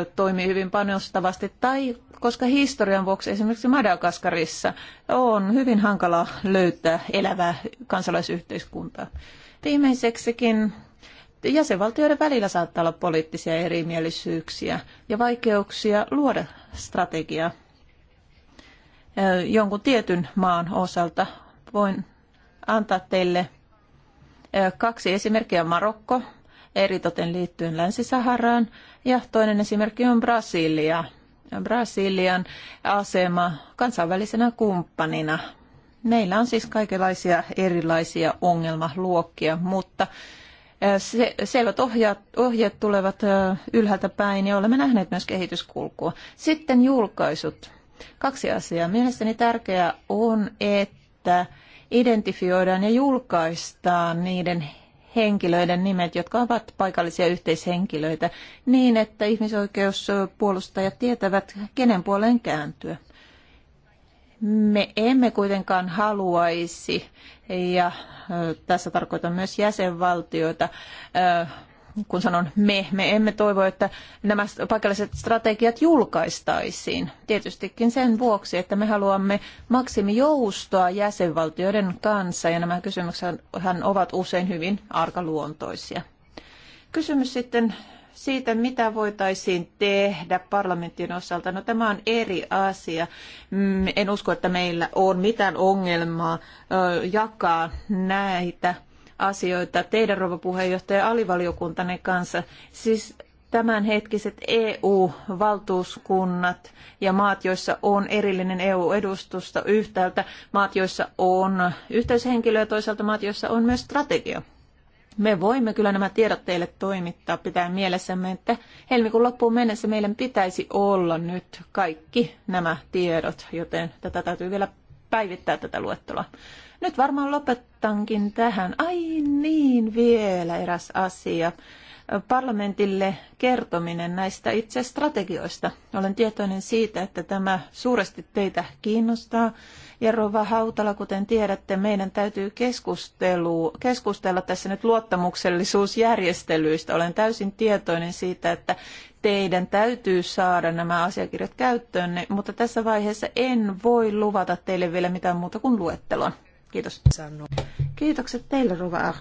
ö, toimii hyvin panostavasti, tai koska historian vuoksi esimerkiksi Madagaskarissa on hyvin hankala löytää elävää kansalaisyhteiskuntaa. Viimeiseksikin jäsenvaltioiden välillä saattaa olla poliittisia erimielisyyksiä ja vaikeuksia luoda strategiaa jonkun tietyn maan osalta. Voin antaa teille kaksi esimerkkiä Marokko, eritoten liittyen Länsi-Saharaan, ja toinen esimerkki on Brasilia. Brasilian asema kansainvälisenä kumppanina. Meillä on siis kaikenlaisia erilaisia ongelmaluokkia, mutta se, selvät ohjaat, ohjeet tulevat ylhäältä päin ja olemme nähneet myös kehityskulkua. Sitten julkaisut. Kaksi asiaa. Mielestäni tärkeää on, että identifioidaan ja julkaistaan niiden henkilöiden nimet, jotka ovat paikallisia yhteishenkilöitä, niin että ihmisoikeuspuolustajat tietävät, kenen puoleen kääntyä. Me emme kuitenkaan haluaisi, ja tässä tarkoitan myös jäsenvaltioita, kun sanon me, me emme toivo, että nämä paikalliset strategiat julkaistaisiin. Tietystikin sen vuoksi, että me haluamme maksimijoustoa jäsenvaltioiden kanssa, ja nämä kysymykset ovat usein hyvin arkaluontoisia. Kysymys sitten siitä, mitä voitaisiin tehdä parlamentin osalta. No tämä on eri asia. Mm, en usko, että meillä on mitään ongelmaa jakaa näitä asioita teidän rouva puheenjohtaja alivaliokuntanne kanssa. Siis tämänhetkiset EU-valtuuskunnat ja maat, joissa on erillinen EU-edustusta yhtäältä, maat, joissa on yhteishenkilö ja toisaalta maat, joissa on myös strategia. Me voimme kyllä nämä tiedot teille toimittaa pitää mielessämme, että helmikuun loppuun mennessä meidän pitäisi olla nyt kaikki nämä tiedot, joten tätä täytyy vielä päivittää tätä luettelua. Nyt varmaan lopettankin tähän. Ai niin, vielä eräs asia. Parlamentille kertominen näistä itse strategioista. Olen tietoinen siitä, että tämä suuresti teitä kiinnostaa. Ja Rova Hautala, kuten tiedätte, meidän täytyy keskustella tässä nyt luottamuksellisuusjärjestelyistä. Olen täysin tietoinen siitä, että teidän täytyy saada nämä asiakirjat käyttöönne, mutta tässä vaiheessa en voi luvata teille vielä mitään muuta kuin luettelon. Kiitos. Kiitokset teille, Rova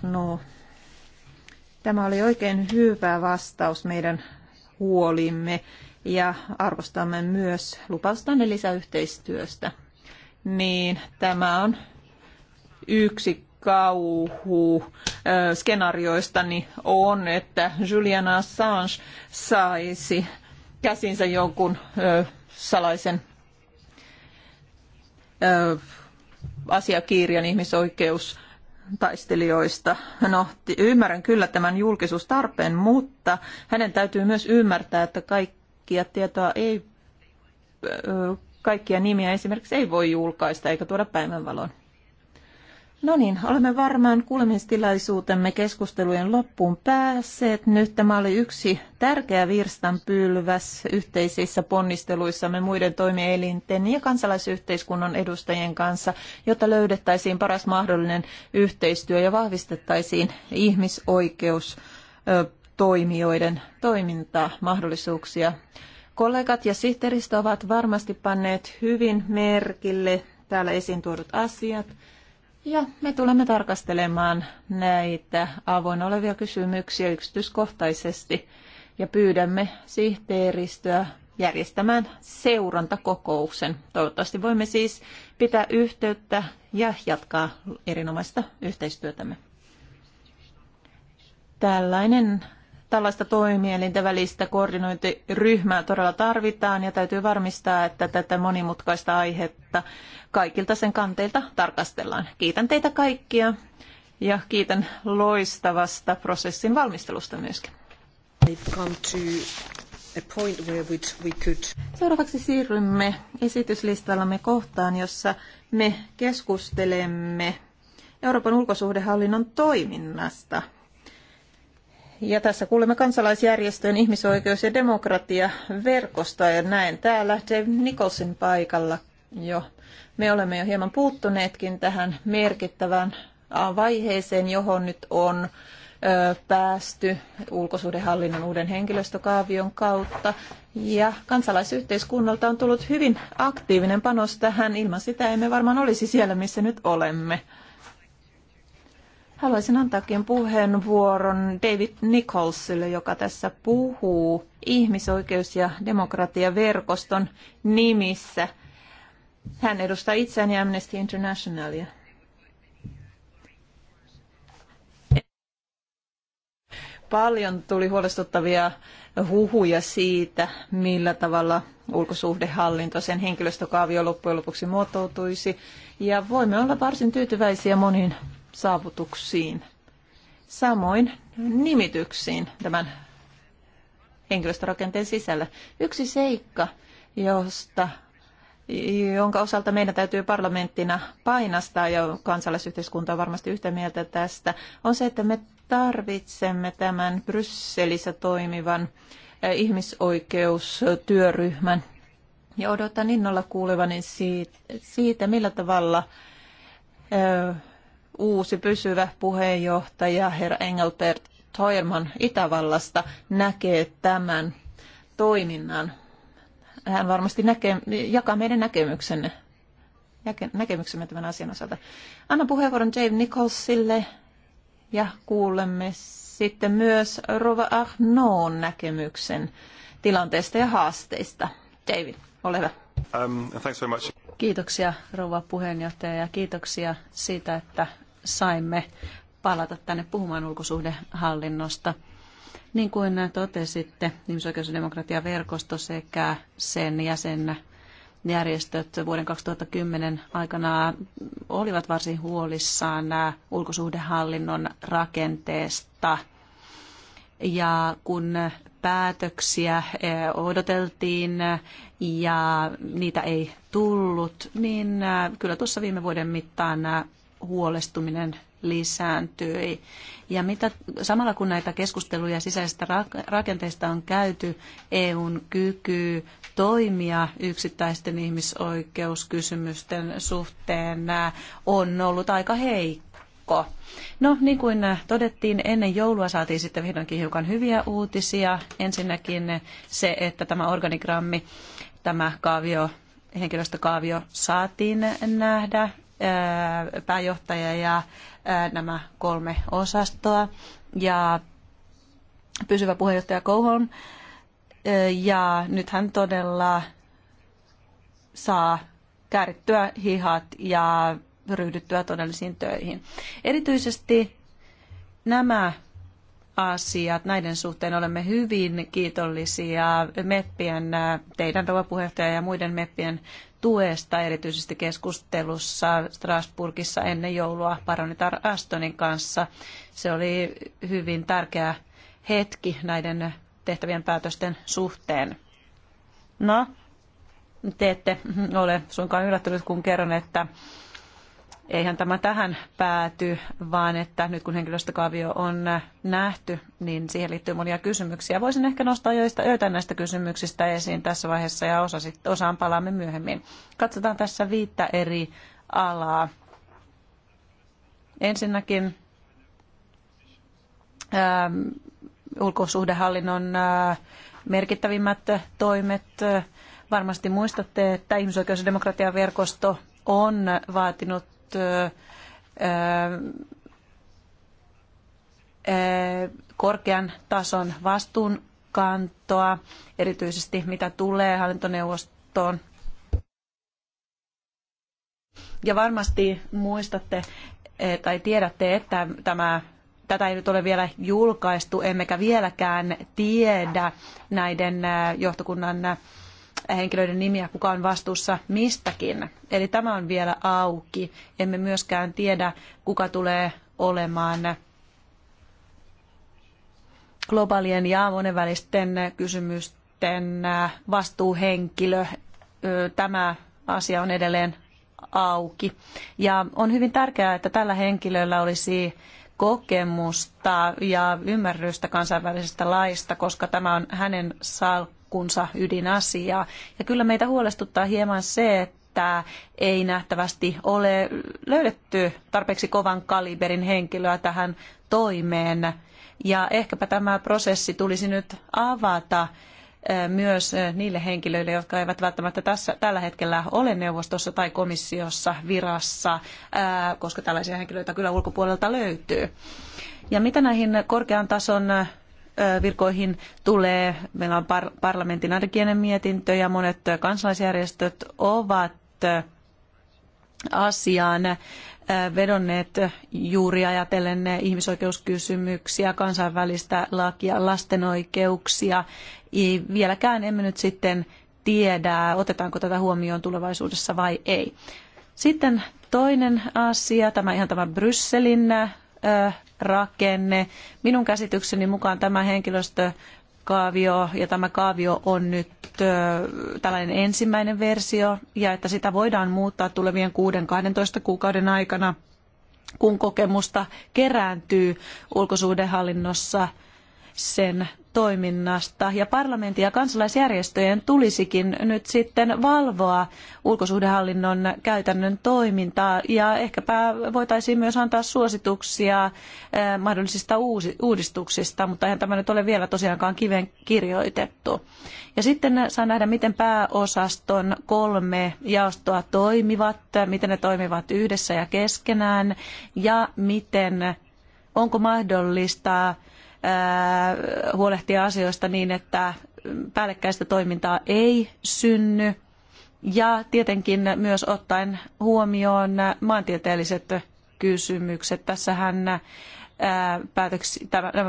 Tämä oli oikein hyvä vastaus meidän huolimme ja arvostamme myös lupaustanne lisäyhteistyöstä. Niin tämä on yksi kauhu skenaarioistani on, että Julian Assange saisi käsinsä jonkun salaisen asiakirjan ihmisoikeus taistelijoista. No, ymmärrän kyllä tämän julkisuustarpeen, mutta hänen täytyy myös ymmärtää, että kaikkia tietoa ei, kaikkia nimiä esimerkiksi ei voi julkaista eikä tuoda päivänvaloon. No niin, olemme varmaan kuulemistilaisuutemme keskustelujen loppuun päässeet. Nyt tämä oli yksi tärkeä virstanpylväs yhteisissä ponnisteluissamme muiden toimielinten ja kansalaisyhteiskunnan edustajien kanssa, jotta löydettäisiin paras mahdollinen yhteistyö ja vahvistettaisiin ihmisoikeustoimijoiden toimintaa, mahdollisuuksia. Kollegat ja sihteeristö ovat varmasti panneet hyvin merkille täällä esiin tuodut asiat. Ja me tulemme tarkastelemaan näitä avoin olevia kysymyksiä yksityiskohtaisesti ja pyydämme sihteeristöä järjestämään seurantakokouksen. Toivottavasti voimme siis pitää yhteyttä ja jatkaa erinomaista yhteistyötämme. Tällainen tällaista toimielintä välistä koordinointiryhmää todella tarvitaan ja täytyy varmistaa, että tätä monimutkaista aihetta kaikilta sen kanteilta tarkastellaan. Kiitän teitä kaikkia ja kiitän loistavasta prosessin valmistelusta myöskin. Seuraavaksi siirrymme esityslistallamme kohtaan, jossa me keskustelemme Euroopan ulkosuhdehallinnon toiminnasta – ja tässä kuulemme kansalaisjärjestöjen ihmisoikeus- ja demokratiaverkosta ja näen täällä Dave Nicholsin paikalla jo. Me olemme jo hieman puuttuneetkin tähän merkittävään vaiheeseen, johon nyt on päästy ulkosuhdehallinnon uuden henkilöstökaavion kautta. Ja kansalaisyhteiskunnalta on tullut hyvin aktiivinen panos tähän. Ilman sitä emme varmaan olisi siellä, missä nyt olemme. Haluaisin antaa puheenvuoron David Nicholsille, joka tässä puhuu ihmisoikeus- ja demokratiaverkoston nimissä. Hän edustaa itseään ja Amnesty Internationalia. Paljon tuli huolestuttavia huhuja siitä, millä tavalla ulkosuhdehallinto, sen henkilöstökaavio loppujen lopuksi muotoutuisi. Ja voimme olla varsin tyytyväisiä moniin saavutuksiin, samoin nimityksiin tämän henkilöstörakenteen sisällä. Yksi seikka, josta jonka osalta meidän täytyy parlamenttina painastaa, ja kansalaisyhteiskunta on varmasti yhtä mieltä tästä, on se, että me tarvitsemme tämän Brysselissä toimivan ihmisoikeustyöryhmän. Ja odotan innolla kuulevani siitä, siitä millä tavalla uusi pysyvä puheenjohtaja, herra Engelbert Toirman Itävallasta, näkee tämän toiminnan. Hän varmasti näkee, jakaa meidän näkemyksenne, näkemyksemme tämän asian osalta. Anna puheenvuoron Dave Nicholsille ja kuulemme sitten myös Rova Arnon näkemyksen tilanteesta ja haasteista. David, ole hyvä. Um, Kiitoksia rouva puheenjohtaja ja kiitoksia siitä, että saimme palata tänne puhumaan ulkosuhdehallinnosta. Niin kuin totesitte, ihmisoikeus- ja demokratiaverkosto sekä sen jäsen järjestöt vuoden 2010 aikana olivat varsin huolissaan ulkosuhdehallinnon rakenteesta. Ja kun päätöksiä eh, odoteltiin ja niitä ei tullut, niin eh, kyllä tuossa viime vuoden mittaan eh, huolestuminen lisääntyi. Ja mitä, samalla kun näitä keskusteluja sisäisistä rakenteista on käyty, EUn kyky toimia yksittäisten ihmisoikeuskysymysten suhteen äh, on ollut aika heikko. No niin kuin äh, todettiin, ennen joulua saatiin sitten vihdoinkin hiukan hyviä uutisia. Ensinnäkin se, että tämä organigrammi, tämä kaavio henkilöstökaavio saatiin nähdä pääjohtaja ja nämä kolme osastoa ja pysyvä puheenjohtaja Kouhon. Ja nyt hän todella saa käärittyä hihat ja ryhdyttyä todellisiin töihin. Erityisesti nämä asiat. Näiden suhteen olemme hyvin kiitollisia meppien, äh, teidän rouva puheenjohtaja ja muiden meppien tuesta, erityisesti keskustelussa Strasburgissa ennen joulua paronitar Astonin kanssa. Se oli hyvin tärkeä hetki näiden tehtävien päätösten suhteen. No, te ette [LAUGHS] ole suinkaan yllättynyt, kun kerron, että eihän tämä tähän pääty, vaan että nyt kun henkilöstökaavio on nähty, niin siihen liittyy monia kysymyksiä. Voisin ehkä nostaa joista, öitä näistä kysymyksistä esiin tässä vaiheessa ja osa, osaan palaamme myöhemmin. Katsotaan tässä viittä eri alaa. Ensinnäkin ähm, ulkosuhdehallinnon äh, merkittävimmät toimet. Varmasti muistatte, että ihmisoikeus- ja demokratiaverkosto on vaatinut Äh, äh, äh, korkean tason vastuunkantoa, erityisesti mitä tulee hallintoneuvostoon. Ja varmasti muistatte tai tiedätte, että tämä tätä ei nyt ole vielä julkaistu, emmekä vieläkään tiedä näiden johtokunnan henkilöiden nimiä, kuka on vastuussa mistäkin. Eli tämä on vielä auki. Emme myöskään tiedä, kuka tulee olemaan globaalien ja monenvälisten kysymysten vastuuhenkilö. Tämä asia on edelleen auki. Ja on hyvin tärkeää, että tällä henkilöllä olisi kokemusta ja ymmärrystä kansainvälisestä laista, koska tämä on hänen salkkunsa salkkunsa ydinasia. Ja kyllä meitä huolestuttaa hieman se, että ei nähtävästi ole löydetty tarpeeksi kovan kaliberin henkilöä tähän toimeen. Ja ehkäpä tämä prosessi tulisi nyt avata myös niille henkilöille, jotka eivät välttämättä tässä, tällä hetkellä ole neuvostossa tai komissiossa virassa, koska tällaisia henkilöitä kyllä ulkopuolelta löytyy. Ja mitä näihin korkean tason virkoihin tulee. Meillä on par- parlamentin arkinen mietintö ja monet kansalaisjärjestöt ovat asiaan äh, vedonneet juuri ajatellen ihmisoikeuskysymyksiä, kansainvälistä lakia, lasten oikeuksia. Vieläkään emme nyt sitten tiedä, otetaanko tätä huomioon tulevaisuudessa vai ei. Sitten toinen asia, tämä ihan tämä Brysselin äh, rakenne. Minun käsitykseni mukaan tämä henkilöstökaavio ja tämä kaavio on nyt tällainen ensimmäinen versio ja että sitä voidaan muuttaa tulevien 6-12 kuukauden aikana, kun kokemusta kerääntyy ulkosuhdehallinnossa sen toiminnasta ja parlamentin ja kansalaisjärjestöjen tulisikin nyt sitten valvoa ulkosuhdehallinnon käytännön toimintaa ja ehkäpä voitaisiin myös antaa suosituksia eh, mahdollisista uudistuksista, mutta eihän tämä nyt ole vielä tosiaankaan kiven kirjoitettu. Ja sitten saa nähdä, miten pääosaston kolme jaostoa toimivat, miten ne toimivat yhdessä ja keskenään ja miten onko mahdollista huolehtia asioista niin, että päällekkäistä toimintaa ei synny ja tietenkin myös ottaen huomioon maantieteelliset kysymykset. Tässähän nämä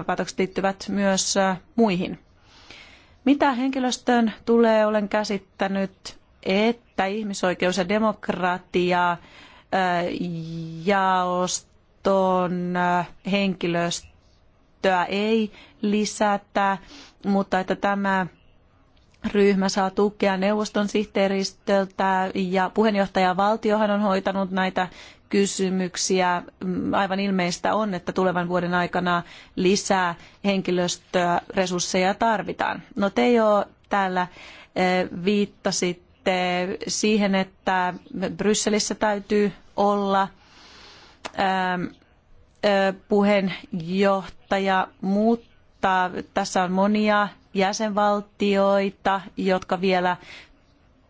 päätökset liittyvät myös muihin. Mitä henkilöstöön tulee, olen käsittänyt, että ihmisoikeus- ja demokratia jaoston henkilöstö käyttöä ei lisätä, mutta että tämä ryhmä saa tukea neuvoston sihteeristöltä ja puheenjohtajavaltiohan on hoitanut näitä kysymyksiä. Aivan ilmeistä on, että tulevan vuoden aikana lisää henkilöstöä, resursseja tarvitaan. No te jo täällä eh, viittasitte siihen, että Brysselissä täytyy olla eh, puheenjohtaja, mutta tässä on monia jäsenvaltioita, jotka vielä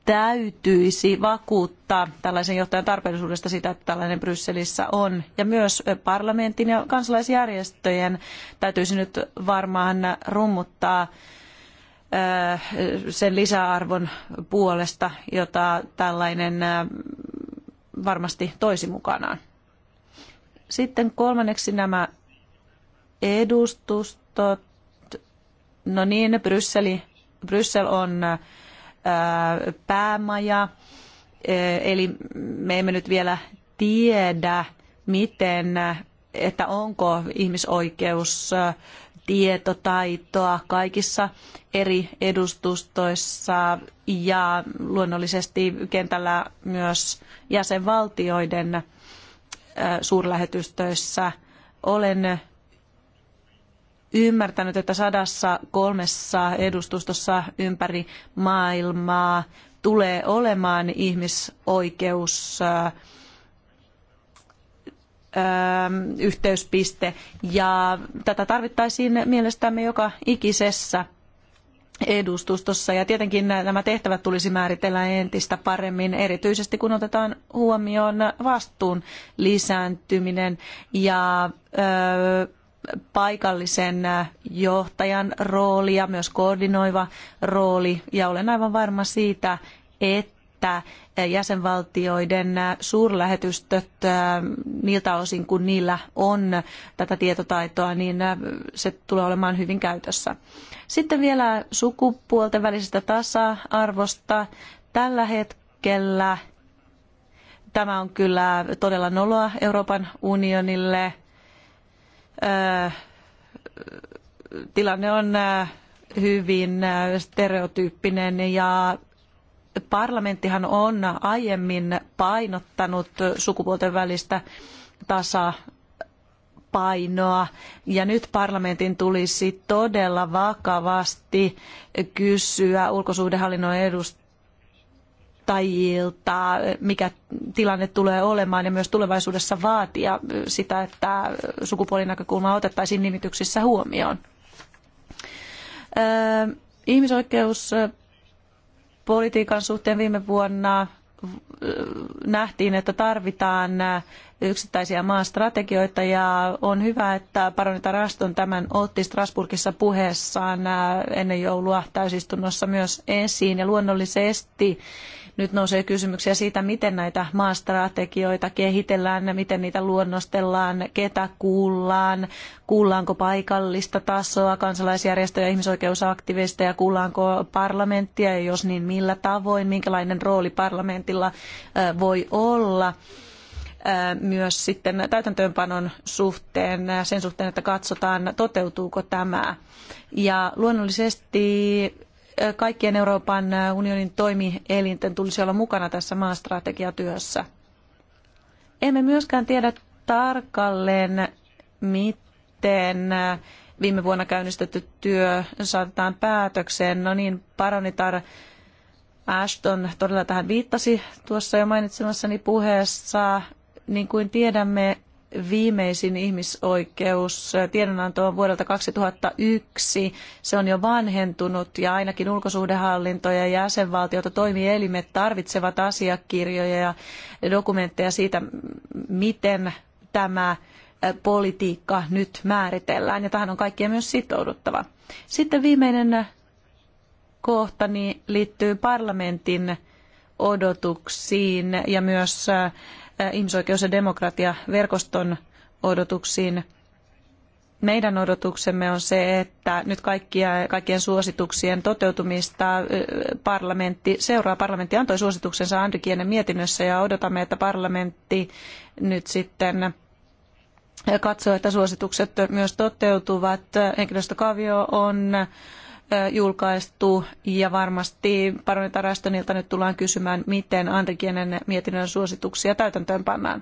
täytyisi vakuuttaa tällaisen johtajan tarpeellisuudesta sitä, että tällainen Brysselissä on. Ja myös parlamentin ja kansalaisjärjestöjen täytyisi nyt varmaan rummuttaa sen lisäarvon puolesta, jota tällainen varmasti toisi mukanaan. Sitten kolmanneksi nämä edustustot. No niin, Brysseli, Bryssel on ää, päämaja, eli me emme nyt vielä tiedä, miten, että onko ihmisoikeus tietotaitoa kaikissa eri edustustoissa ja luonnollisesti kentällä myös jäsenvaltioiden suurlähetystöissä. Olen ymmärtänyt, että sadassa kolmessa edustustossa ympäri maailmaa tulee olemaan ihmisoikeus yhteyspiste ja tätä tarvittaisiin mielestämme joka ikisessä edustustossa. Ja tietenkin nämä tehtävät tulisi määritellä entistä paremmin, erityisesti kun otetaan huomioon vastuun lisääntyminen ja ö, paikallisen johtajan rooli ja myös koordinoiva rooli. Ja olen aivan varma siitä, että jäsenvaltioiden suurlähetystöt niiltä osin, kun niillä on tätä tietotaitoa, niin se tulee olemaan hyvin käytössä. Sitten vielä sukupuolten välisestä tasa-arvosta. Tällä hetkellä tämä on kyllä todella noloa Euroopan unionille. Tilanne on hyvin stereotyyppinen ja parlamenttihan on aiemmin painottanut sukupuolten välistä tasa painoa. Ja nyt parlamentin tulisi todella vakavasti kysyä ulkosuhdehallinnon edustajilta, mikä tilanne tulee olemaan ja myös tulevaisuudessa vaatia sitä, että sukupuolinäkökulma otettaisiin nimityksissä huomioon. Ihmisoikeus politiikan suhteen viime vuonna äh, nähtiin, että tarvitaan äh, yksittäisiä maastrategioita ja on hyvä, että paronitar raston tämän otti Strasbourgissa puheessaan äh, ennen joulua täysistunnossa myös esiin ja luonnollisesti nyt nousee kysymyksiä siitä, miten näitä maastrategioita kehitellään, miten niitä luonnostellaan, ketä kuullaan, kuullaanko paikallista tasoa, kansalaisjärjestöjä, ihmisoikeusaktivisteja, kuullaanko parlamenttia ja jos niin millä tavoin, minkälainen rooli parlamentilla voi olla myös sitten täytäntöönpanon suhteen, sen suhteen, että katsotaan toteutuuko tämä. Ja luonnollisesti kaikkien Euroopan unionin toimielinten tulisi olla mukana tässä maastrategiatyössä. Emme myöskään tiedä tarkalleen, miten viime vuonna käynnistetty työ saatetaan päätökseen. No niin, paronitar Ashton todella tähän viittasi tuossa jo mainitsemassani puheessa. Niin kuin tiedämme, viimeisin ihmisoikeus. Tiedonanto on vuodelta 2001. Se on jo vanhentunut ja ainakin ulkosuhdehallinto ja jäsenvaltiota toimielimet tarvitsevat asiakirjoja ja dokumentteja siitä, miten tämä politiikka nyt määritellään. Ja tähän on kaikkien myös sitouduttava. Sitten viimeinen kohtani niin liittyy parlamentin odotuksiin ja myös ihmisoikeus- ja demokratiaverkoston odotuksiin. Meidän odotuksemme on se, että nyt kaikkia, kaikkien suosituksien toteutumista parlamentti seuraa. Parlamentti antoi suosituksensa Andrikienen mietinnössä ja odotamme, että parlamentti nyt sitten katsoo, että suositukset myös toteutuvat. Henkilöstökavio on julkaistu ja varmasti parlamentaari Astonilta nyt tullaan kysymään, miten Andrikienen mietinnön suosituksia täytäntöönpannaan.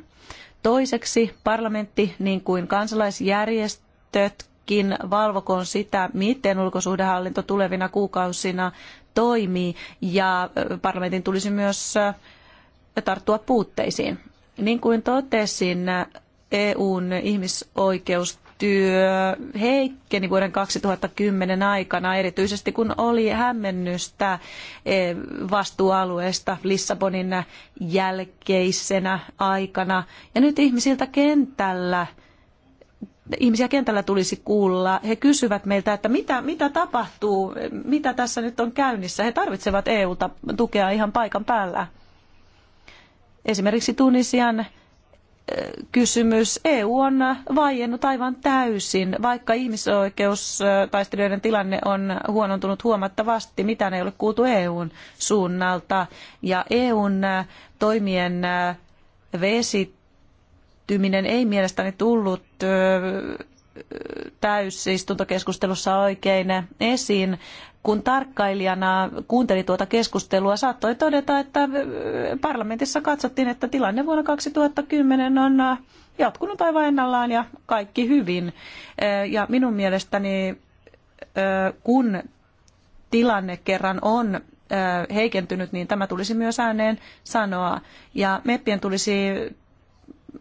Toiseksi parlamentti, niin kuin kansalaisjärjestötkin, valvokoon sitä, miten ulkosuhdehallinto tulevina kuukausina toimii ja parlamentin tulisi myös tarttua puutteisiin. Niin kuin totesin, EUn ihmisoikeus työ heikkeni vuoden 2010 aikana, erityisesti kun oli hämmennystä eh, vastuualueesta Lissabonin jälkeisenä aikana. Ja nyt ihmisiltä kentällä ihmisiä kentällä tulisi kuulla. He kysyvät meiltä, että mitä, mitä tapahtuu, mitä tässä nyt on käynnissä. He tarvitsevat EU-tukea ihan paikan päällä. Esimerkiksi Tunisian kysymys. EU on vaiennut aivan täysin, vaikka ihmisoikeustaistelijoiden tilanne on huonontunut huomattavasti, mitä ei ole kuultu EUn suunnalta. Ja EUn toimien vesittyminen ei mielestäni tullut täysistuntokeskustelussa oikein esiin kun tarkkailijana kuunteli tuota keskustelua, saattoi todeta, että parlamentissa katsottiin, että tilanne vuonna 2010 on jatkunut aivan ennallaan ja kaikki hyvin. Ja minun mielestäni, kun tilanne kerran on heikentynyt, niin tämä tulisi myös ääneen sanoa. Ja meppien tulisi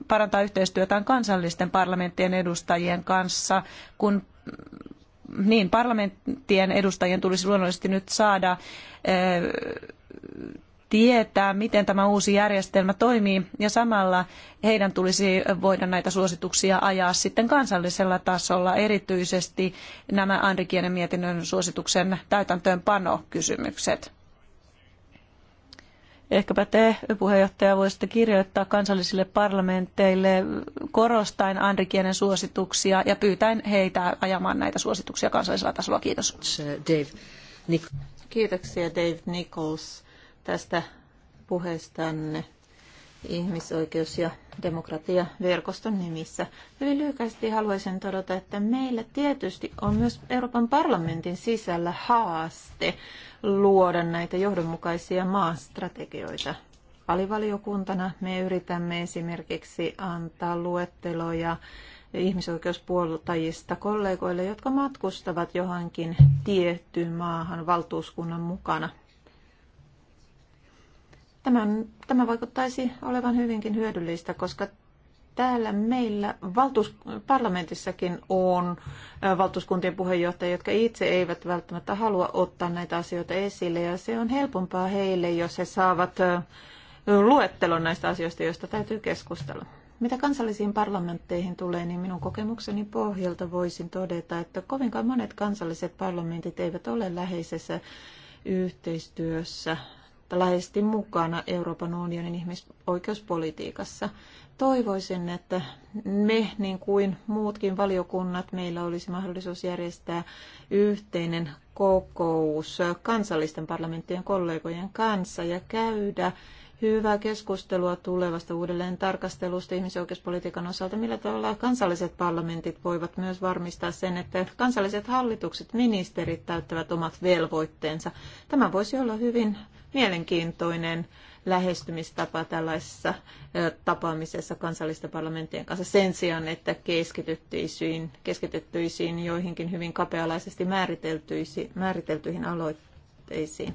parantaa yhteistyötään kansallisten parlamenttien edustajien kanssa, kun niin parlamenttien edustajien tulisi luonnollisesti nyt saada eh, tietää, miten tämä uusi järjestelmä toimii ja samalla heidän tulisi voida näitä suosituksia ajaa sitten kansallisella tasolla, erityisesti nämä Andrikienen mietinnön suosituksen täytäntöönpanokysymykset. Ehkäpä te, puheenjohtaja, voisitte kirjoittaa kansallisille parlamenteille korostain Andrikienen suosituksia ja pyytäen heitä ajamaan näitä suosituksia kansallisella tasolla. Kiitos. Dave. Nichols, Kiitoksia Dave Nichols tästä puheestanne ihmisoikeus- ja demokratiaverkoston nimissä. Hyvin lyhyesti haluaisin todeta, että meillä tietysti on myös Euroopan parlamentin sisällä haaste luoda näitä johdonmukaisia maastrategioita. Alivaliokuntana me yritämme esimerkiksi antaa luetteloja ihmisoikeuspuoltajista kollegoille, jotka matkustavat johonkin tiettyyn maahan valtuuskunnan mukana – Tämän, tämä vaikuttaisi olevan hyvinkin hyödyllistä, koska täällä meillä valtuus, parlamentissakin on valtuuskuntien puheenjohtajia, jotka itse eivät välttämättä halua ottaa näitä asioita esille. Ja se on helpompaa heille, jos he saavat luettelon näistä asioista, joista täytyy keskustella. Mitä kansallisiin parlamentteihin tulee, niin minun kokemukseni pohjalta voisin todeta, että kovinkaan monet kansalliset parlamentit eivät ole läheisessä yhteistyössä läheisesti mukana Euroopan unionin ihmisoikeuspolitiikassa. Toivoisin, että me, niin kuin muutkin valiokunnat, meillä olisi mahdollisuus järjestää yhteinen kokous kansallisten parlamenttien kollegojen kanssa ja käydä hyvää keskustelua tulevasta uudelleen tarkastelusta ihmisoikeuspolitiikan osalta, millä tavalla kansalliset parlamentit voivat myös varmistaa sen, että kansalliset hallitukset, ministerit täyttävät omat velvoitteensa. Tämä voisi olla hyvin mielenkiintoinen lähestymistapa tällaisessa tapaamisessa kansallisten parlamenttien kanssa sen sijaan, että keskityttyisiin, keskityttyisiin joihinkin hyvin kapealaisesti määriteltyihin aloitteisiin.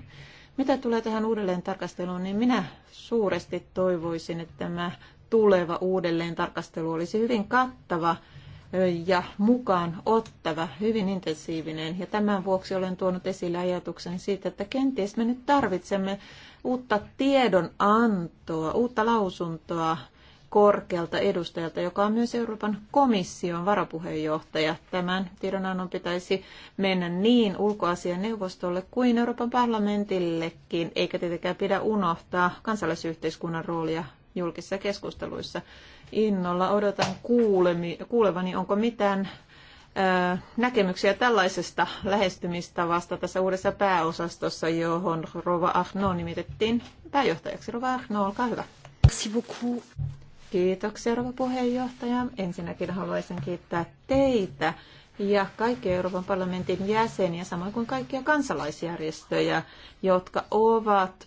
Mitä tulee tähän uudelleen tarkasteluun, niin minä suuresti toivoisin, että tämä tuleva uudelleen tarkastelu olisi hyvin kattava ja mukaan ottava, hyvin intensiivinen. Ja tämän vuoksi olen tuonut esille ajatuksen siitä, että kenties me nyt tarvitsemme uutta tiedonantoa, uutta lausuntoa korkealta edustajalta, joka on myös Euroopan komission varapuheenjohtaja. Tämän tiedonannon pitäisi mennä niin ulkoasian neuvostolle kuin Euroopan parlamentillekin, eikä tietenkään pidä unohtaa kansalaisyhteiskunnan roolia julkisissa keskusteluissa. Innolla odotan kuulemi, kuulevani, onko mitään näkemyksiä tällaisesta lähestymistavasta tässä uudessa pääosastossa, johon Rova Ahno nimitettiin pääjohtajaksi. Rova Ahno, olkaa hyvä. Kiitoksia, Rova puheenjohtaja. Ensinnäkin haluaisin kiittää teitä ja kaikkia Euroopan parlamentin jäseniä, samoin kuin kaikkia kansalaisjärjestöjä, jotka ovat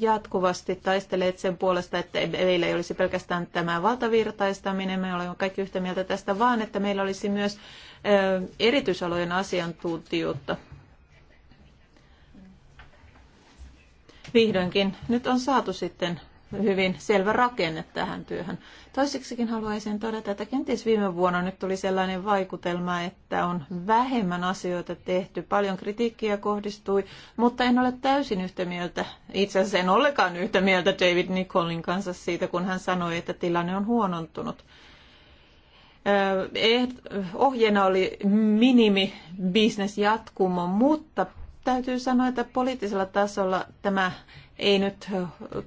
jatkuvasti taisteleet sen puolesta, että meillä ei olisi pelkästään tämä valtavirtaistaminen, me olemme kaikki yhtä mieltä tästä, vaan että meillä olisi myös erityisalojen asiantuntijuutta. Vihdoinkin nyt on saatu sitten hyvin selvä rakenne tähän työhön. Toiseksikin haluaisin todeta, että kenties viime vuonna nyt tuli sellainen vaikutelma, että on vähemmän asioita tehty, paljon kritiikkiä kohdistui, mutta en ole täysin yhtä mieltä, itse asiassa en ollenkaan yhtä mieltä David Nicolin kanssa siitä, kun hän sanoi, että tilanne on huonontunut. Eh, ohjeena oli minimi jatkumo, mutta täytyy sanoa, että poliittisella tasolla tämä ei nyt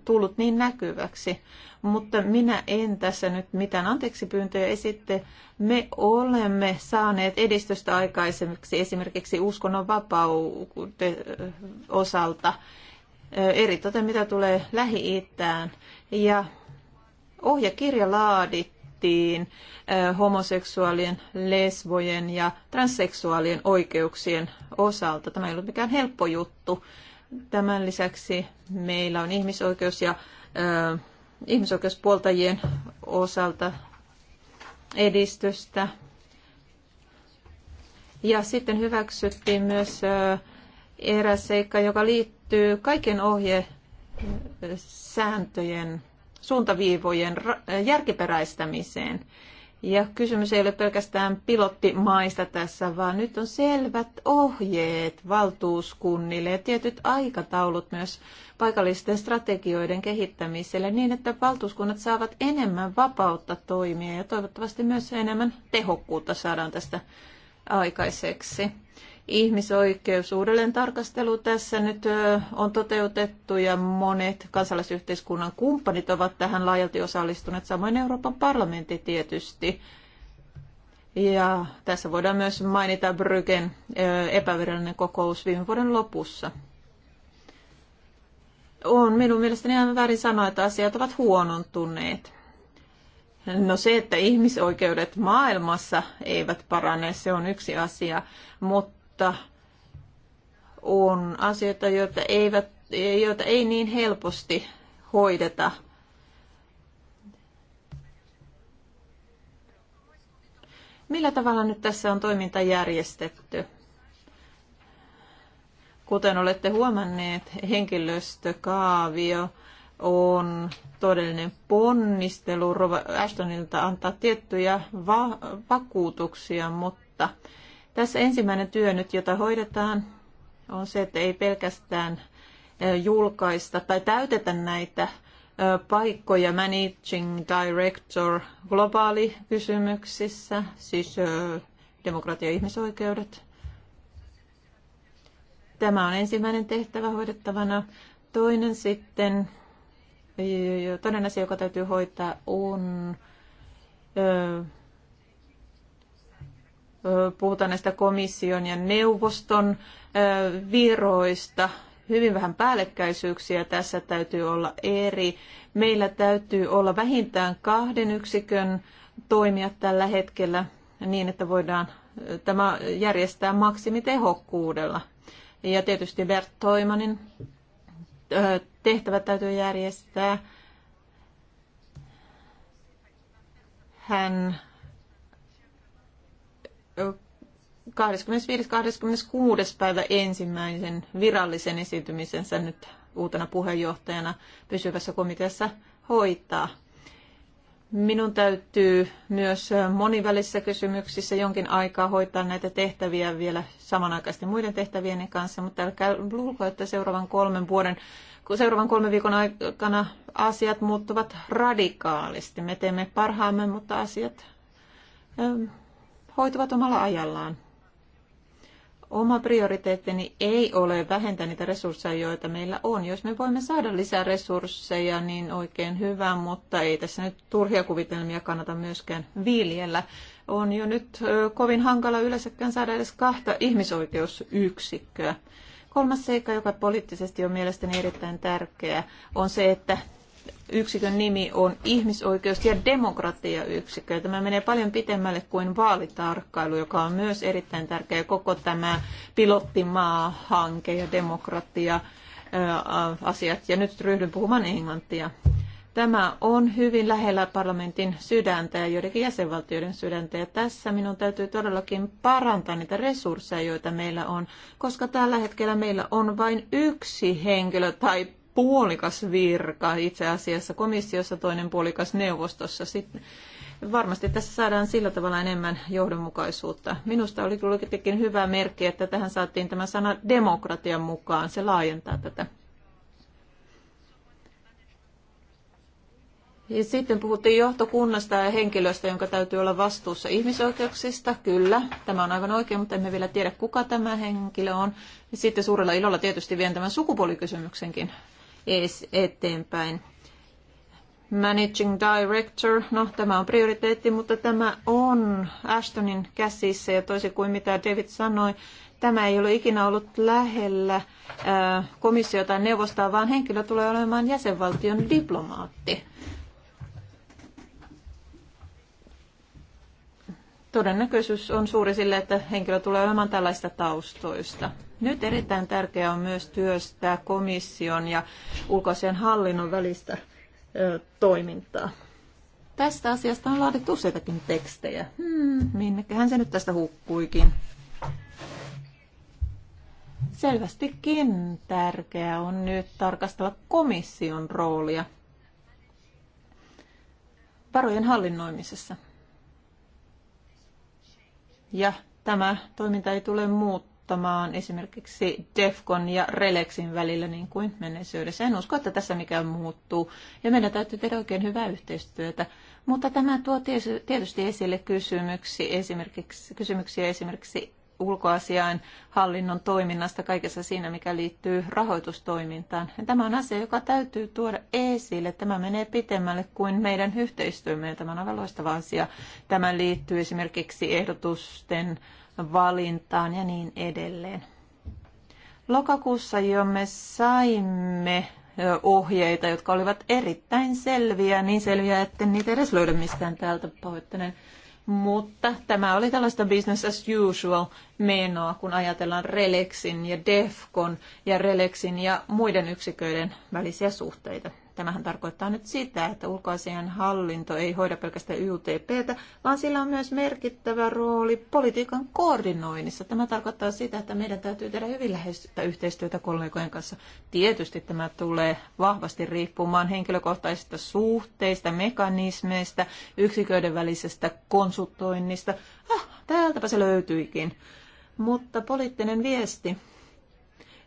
tullut niin näkyväksi, mutta minä en tässä nyt mitään anteeksi pyyntöjä esitte. Me olemme saaneet edistystä aikaisemmiksi esimerkiksi uskonnon vapauden osalta, eritoten mitä tulee Lähi-Itään. Ja ohjekirja laadit huolehdittiin homoseksuaalien, lesbojen ja transseksuaalien oikeuksien osalta. Tämä ei ollut mikään helppo juttu. Tämän lisäksi meillä on ihmisoikeus- ja äh, ihmisoikeuspuoltajien osalta edistystä. Ja sitten hyväksyttiin myös äh, eräs seikka, joka liittyy kaiken ohje sääntöjen suuntaviivojen äh, järkiperäistämiseen. Ja kysymys ei ole pelkästään pilottimaista tässä, vaan nyt on selvät ohjeet valtuuskunnille ja tietyt aikataulut myös paikallisten strategioiden kehittämiselle niin, että valtuuskunnat saavat enemmän vapautta toimia ja toivottavasti myös enemmän tehokkuutta saadaan tästä aikaiseksi ihmisoikeus uudelleen tarkastelu tässä nyt on toteutettu ja monet kansalaisyhteiskunnan kumppanit ovat tähän laajalti osallistuneet, samoin Euroopan parlamentti tietysti. Ja tässä voidaan myös mainita Bryggen epävirallinen kokous viime vuoden lopussa. On minun mielestäni aivan väärin sanoa, että asiat ovat huonontuneet. No se, että ihmisoikeudet maailmassa eivät parane, se on yksi asia, mutta mutta on asioita, joita, eivät, joita ei niin helposti hoideta. Millä tavalla nyt tässä on toiminta järjestetty? Kuten olette huomanneet, henkilöstökaavio on todellinen ponnistelu Ashtonilta antaa tiettyjä va- vakuutuksia, mutta tässä ensimmäinen työ nyt, jota hoidetaan, on se, että ei pelkästään julkaista tai täytetä näitä paikkoja managing director globaali kysymyksissä, siis demokratia- ja ihmisoikeudet. Tämä on ensimmäinen tehtävä hoidettavana. Toinen sitten, toinen asia, joka täytyy hoitaa, on puhutaan näistä komission ja neuvoston viroista. Hyvin vähän päällekkäisyyksiä tässä täytyy olla eri. Meillä täytyy olla vähintään kahden yksikön toimia tällä hetkellä niin, että voidaan tämä järjestää maksimitehokkuudella. Ja tietysti Bert Toimanin tehtävä täytyy järjestää. Hän 25-26. päivä ensimmäisen virallisen esiintymisensä nyt uutena puheenjohtajana pysyvässä komiteassa hoitaa. Minun täytyy myös monivälisissä kysymyksissä jonkin aikaa hoitaa näitä tehtäviä vielä samanaikaisesti muiden tehtävieni kanssa, mutta älkää luulko, että seuraavan kolmen vuoden seuraavan kolmen viikon aikana asiat muuttuvat radikaalisti. Me teemme parhaamme, mutta asiat ähm, hoituvat omalla ajallaan. Oma prioriteettini ei ole vähentää niitä resursseja, joita meillä on. Jos me voimme saada lisää resursseja, niin oikein hyvä, mutta ei tässä nyt turhia kuvitelmia kannata myöskään viljellä. On jo nyt kovin hankala yleensäkään saada edes kahta ihmisoikeusyksikköä. Kolmas seikka, joka poliittisesti on mielestäni erittäin tärkeä, on se, että yksikön nimi on ihmisoikeus- ja demokratiayksikkö. Ja tämä menee paljon pitemmälle kuin vaalitarkkailu, joka on myös erittäin tärkeä. Koko tämä pilottimaa-hanke ja demokratia asiat. Ja nyt ryhdyn puhumaan englantia. Tämä on hyvin lähellä parlamentin sydäntä ja joidenkin jäsenvaltioiden sydäntä. Ja tässä minun täytyy todellakin parantaa niitä resursseja, joita meillä on, koska tällä hetkellä meillä on vain yksi henkilö tai puolikas virka itse asiassa komissiossa, toinen puolikas neuvostossa. Sitten varmasti tässä saadaan sillä tavalla enemmän johdonmukaisuutta. Minusta oli kuitenkin hyvä merkki, että tähän saatiin tämä sana demokratian mukaan. Se laajentaa tätä. Ja sitten puhuttiin johtokunnasta ja henkilöstä, jonka täytyy olla vastuussa ihmisoikeuksista. Kyllä, tämä on aivan oikein, mutta emme vielä tiedä, kuka tämä henkilö on. Ja sitten suurella ilolla tietysti vien tämän sukupuolikysymyksenkin eteenpäin. Managing Director, no tämä on prioriteetti, mutta tämä on Ashtonin käsissä ja toisin kuin mitä David sanoi, tämä ei ole ikinä ollut lähellä komissiota tai neuvostoa, vaan henkilö tulee olemaan jäsenvaltion diplomaatti. Todennäköisyys on suuri sille, että henkilö tulee olemaan tällaista taustoista. Nyt erittäin tärkeää on myös työstää komission ja ulkoisen hallinnon välistä toimintaa. Tästä asiasta on laadittu useitakin tekstejä. Hmm, minnekähän se nyt tästä hukkuikin? Selvästikin tärkeää on nyt tarkastella komission roolia varojen hallinnoimisessa. Ja tämä toiminta ei tule muut, erottamaan esimerkiksi DEFCON ja RELEXin välillä niin kuin menneisyydessä. En usko, että tässä mikään muuttuu ja meidän täytyy tehdä oikein hyvää yhteistyötä. Mutta tämä tuo tietysti esille kysymyksiä esimerkiksi, kysymyksiä esimerkiksi ulkoasiain hallinnon toiminnasta kaikessa siinä, mikä liittyy rahoitustoimintaan. Ja tämä on asia, joka täytyy tuoda esille. Tämä menee pitemmälle kuin meidän yhteistyömme tämä on aivan loistava asia. Tämä liittyy esimerkiksi ehdotusten valintaan ja niin edelleen. Lokakuussa jo me saimme ohjeita, jotka olivat erittäin selviä, niin selviä, että niitä edes löydä mistään täältä pahoittelen. Mutta tämä oli tällaista business as usual menoa, kun ajatellaan Relexin ja Defcon ja Relexin ja muiden yksiköiden välisiä suhteita. Tämähän tarkoittaa nyt sitä, että ulkoasian hallinto ei hoida pelkästään YTPtä, vaan sillä on myös merkittävä rooli politiikan koordinoinnissa. Tämä tarkoittaa sitä, että meidän täytyy tehdä hyvin läheistä yhteistyötä kollegojen kanssa. Tietysti tämä tulee vahvasti riippumaan henkilökohtaisista suhteista, mekanismeista, yksiköiden välisestä konsultoinnista. Ah, täältäpä se löytyikin. Mutta poliittinen viesti,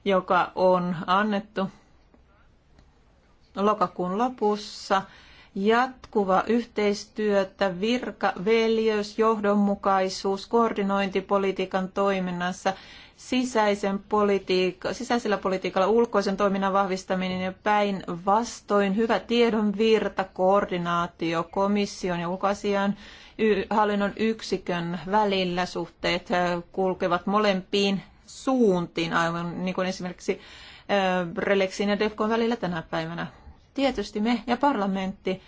joka on annettu lokakuun lopussa jatkuva yhteistyötä, virka, veljeys, johdonmukaisuus, koordinointipolitiikan toiminnassa, sisäisen politiikka, sisäisellä politiikalla ulkoisen toiminnan vahvistaminen ja päinvastoin hyvä tiedon virta, koordinaatio komission ja ulkoasian hallinnon yksikön välillä suhteet kulkevat molempiin suuntiin, aivan niin kuin esimerkiksi Relexin ja Defcon välillä tänä päivänä Tietysti me ja parlamentti,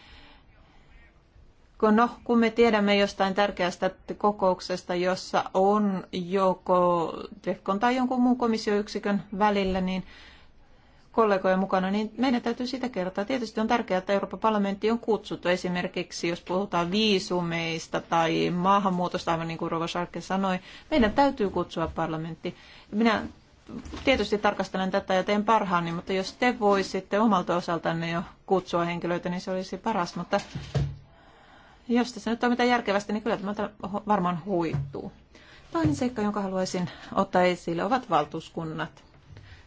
kun, no, kun me tiedämme jostain tärkeästä kokouksesta, jossa on joko DEFCON tai jonkun muun komissioyksikön välillä, niin kollegoja mukana, niin meidän täytyy sitä kertoa. Tietysti on tärkeää, että Euroopan parlamentti on kutsuttu esimerkiksi, jos puhutaan viisumeista tai maahanmuutosta, aivan niin kuin Rova sarkke sanoi. Meidän täytyy kutsua parlamentti. Minä tietysti tarkastelen tätä ja teen parhaani, mutta jos te voisitte omalta osaltanne jo kutsua henkilöitä, niin se olisi paras. Mutta jos tässä nyt on mitään järkevästi, niin kyllä tämä varmaan huittuu. Toinen seikka, jonka haluaisin ottaa esille, ovat valtuuskunnat.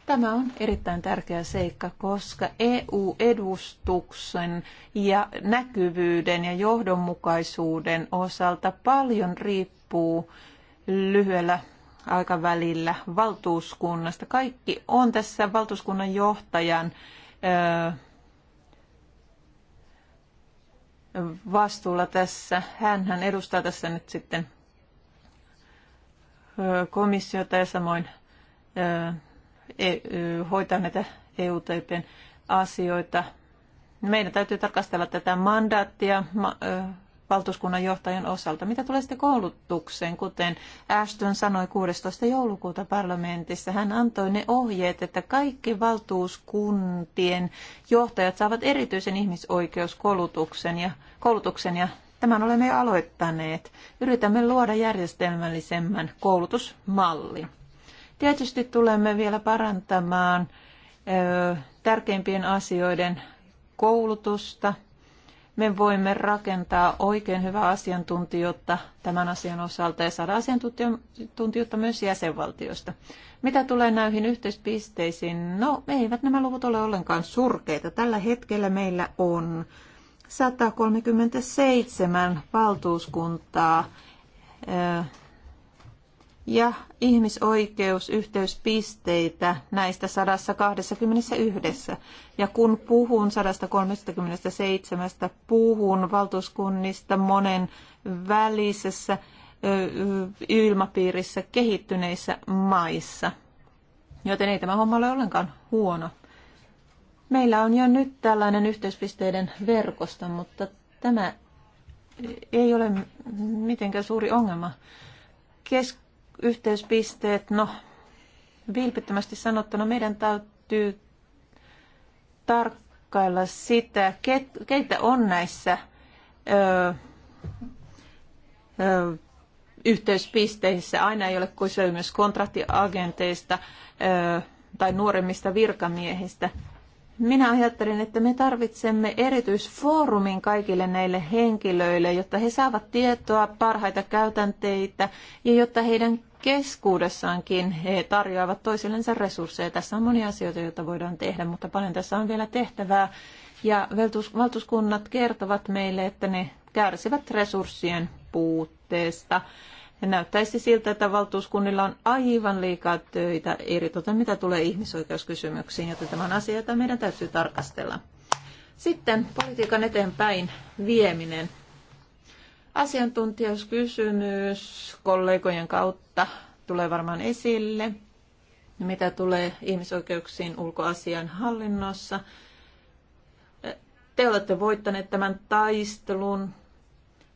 Tämä on erittäin tärkeä seikka, koska EU-edustuksen ja näkyvyyden ja johdonmukaisuuden osalta paljon riippuu lyhyellä aikavälillä valtuuskunnasta. Kaikki on tässä valtuuskunnan johtajan vastuulla tässä. hän edustaa tässä nyt sitten komissiota ja samoin e, hoitaa näitä EU-tyypien asioita. Meidän täytyy tarkastella tätä mandaattia valtuuskunnan johtajan osalta. Mitä tulee sitten koulutukseen, kuten Ashton sanoi 16. joulukuuta parlamentissa, hän antoi ne ohjeet, että kaikki valtuuskuntien johtajat saavat erityisen ihmisoikeuskoulutuksen ja, koulutuksen ja Tämän olemme jo aloittaneet. Yritämme luoda järjestelmällisemmän koulutusmallin. Tietysti tulemme vielä parantamaan ö, tärkeimpien asioiden koulutusta – me voimme rakentaa oikein hyvää asiantuntijuutta tämän asian osalta ja saada asiantuntijuutta myös jäsenvaltiosta. Mitä tulee näihin yhteispisteisiin? No, eivät nämä luvut ole ollenkaan surkeita. Tällä hetkellä meillä on 137 valtuuskuntaa ja ihmisoikeusyhteyspisteitä näistä 121. Ja kun puhun 137, puhun valtuuskunnista monen välisessä ilmapiirissä kehittyneissä maissa. Joten ei tämä homma ole ollenkaan huono. Meillä on jo nyt tällainen yhteyspisteiden verkosto, mutta tämä ei ole mitenkään suuri ongelma. Kesk- yhteyspisteet, no vilpittömästi sanottuna meidän täytyy tarkkailla sitä, keitä on näissä ö, ö, yhteyspisteissä. Aina ei ole myös kontraktiagenteista ö, tai nuoremmista virkamiehistä. Minä ajattelin, että me tarvitsemme erityisfoorumin kaikille näille henkilöille, jotta he saavat tietoa, parhaita käytänteitä ja jotta heidän keskuudessaankin he tarjoavat toisillensa resursseja. Tässä on monia asioita, joita voidaan tehdä, mutta paljon tässä on vielä tehtävää. Ja valtuuskunnat kertovat meille, että ne kärsivät resurssien puutteesta. Ja näyttäisi siltä, että valtuuskunnilla on aivan liikaa töitä, eritoten mitä tulee ihmisoikeuskysymyksiin, joten tämä on asia, jota meidän täytyy tarkastella. Sitten politiikan eteenpäin vieminen asiantuntijuuskysymys kollegojen kautta tulee varmaan esille, mitä tulee ihmisoikeuksiin ulkoasian hallinnossa. Te olette voittaneet tämän taistelun.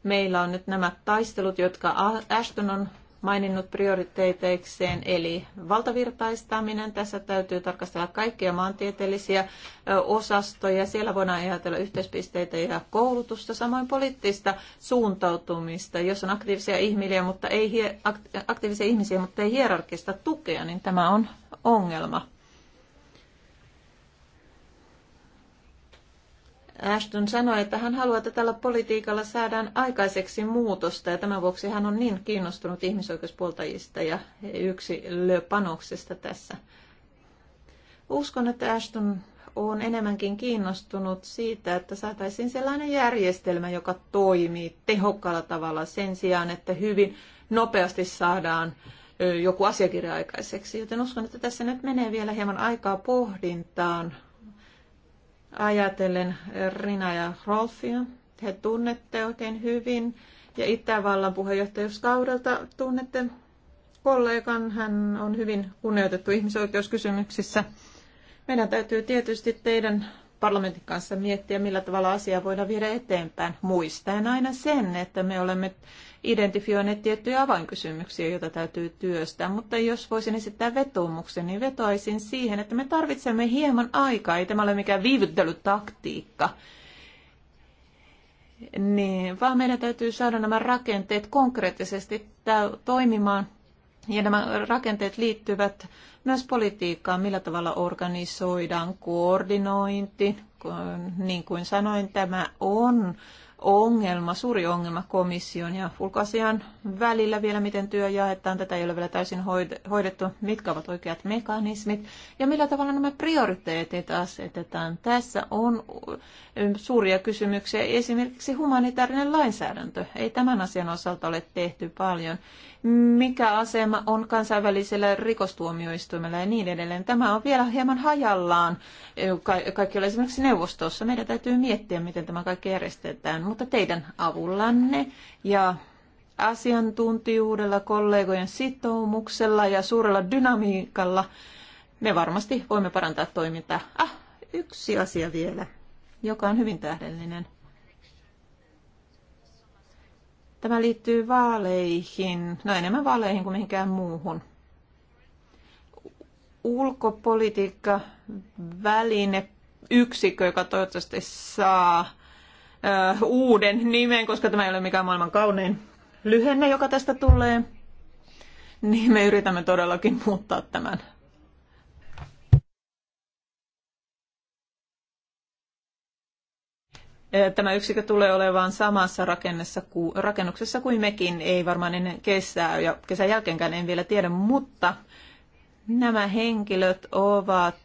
Meillä on nyt nämä taistelut, jotka Ashton on maininnut prioriteeteikseen, eli valtavirtaistaminen. Tässä täytyy tarkastella kaikkia maantieteellisiä osastoja. Siellä voidaan ajatella yhteispisteitä ja koulutusta, samoin poliittista suuntautumista. Jos on aktiivisia ihmisiä, mutta ei, aktiivisia ihmisiä, mutta ei hierarkista tukea, niin tämä on ongelma. Ashton sanoi, että hän haluaa, että tällä politiikalla saadaan aikaiseksi muutosta ja tämän vuoksi hän on niin kiinnostunut ihmisoikeuspuoltajista ja yksi panoksesta tässä. Uskon, että Ashton on enemmänkin kiinnostunut siitä, että saataisiin sellainen järjestelmä, joka toimii tehokkaalla tavalla sen sijaan, että hyvin nopeasti saadaan joku asiakirja aikaiseksi. Joten uskon, että tässä nyt menee vielä hieman aikaa pohdintaan ajatellen Rina ja Rolfia. He tunnette oikein hyvin ja Itävallan puheenjohtajuuskaudelta tunnette kollegan. Hän on hyvin kunnioitettu ihmisoikeuskysymyksissä. Meidän täytyy tietysti teidän parlamentin kanssa miettiä, millä tavalla asiaa voidaan viedä eteenpäin. Muistaen aina sen, että me olemme identifioineet tiettyjä avainkysymyksiä, joita täytyy työstää. Mutta jos voisin esittää vetoomuksen, niin vetoaisin siihen, että me tarvitsemme hieman aikaa. Ei tämä ole mikään viivyttelytaktiikka. Niin, vaan meidän täytyy saada nämä rakenteet konkreettisesti toimimaan. Ja nämä rakenteet liittyvät myös politiikkaan, millä tavalla organisoidaan koordinointi. Niin kuin sanoin, tämä on ongelma, suuri ongelma komission ja ulkoasian välillä vielä, miten työ jaetaan. Tätä ei ole vielä täysin hoidettu, mitkä ovat oikeat mekanismit ja millä tavalla nämä prioriteetit asetetaan. Tässä on suuria kysymyksiä, esimerkiksi humanitaarinen lainsäädäntö. Ei tämän asian osalta ole tehty paljon mikä asema on kansainvälisellä rikostuomioistuimella ja niin edelleen. Tämä on vielä hieman hajallaan ka- kaikilla esimerkiksi neuvostossa. Meidän täytyy miettiä, miten tämä kaikki järjestetään, mutta teidän avullanne ja asiantuntijuudella, kollegojen sitoumuksella ja suurella dynamiikalla me varmasti voimme parantaa toimintaa. Ah, yksi asia vielä, joka on hyvin tähdellinen – Tämä liittyy vaaleihin, no enemmän vaaleihin kuin mihinkään muuhun. Ulkopolitiikka väline yksikkö, joka toivottavasti saa ö, uuden nimen, koska tämä ei ole mikään maailman kaunein lyhenne, joka tästä tulee, niin me yritämme todellakin muuttaa tämän tämä yksikö tulee olemaan samassa rakennuksessa kuin mekin, ei varmaan ennen kesää ja kesän jälkeenkään en vielä tiedä, mutta nämä henkilöt ovat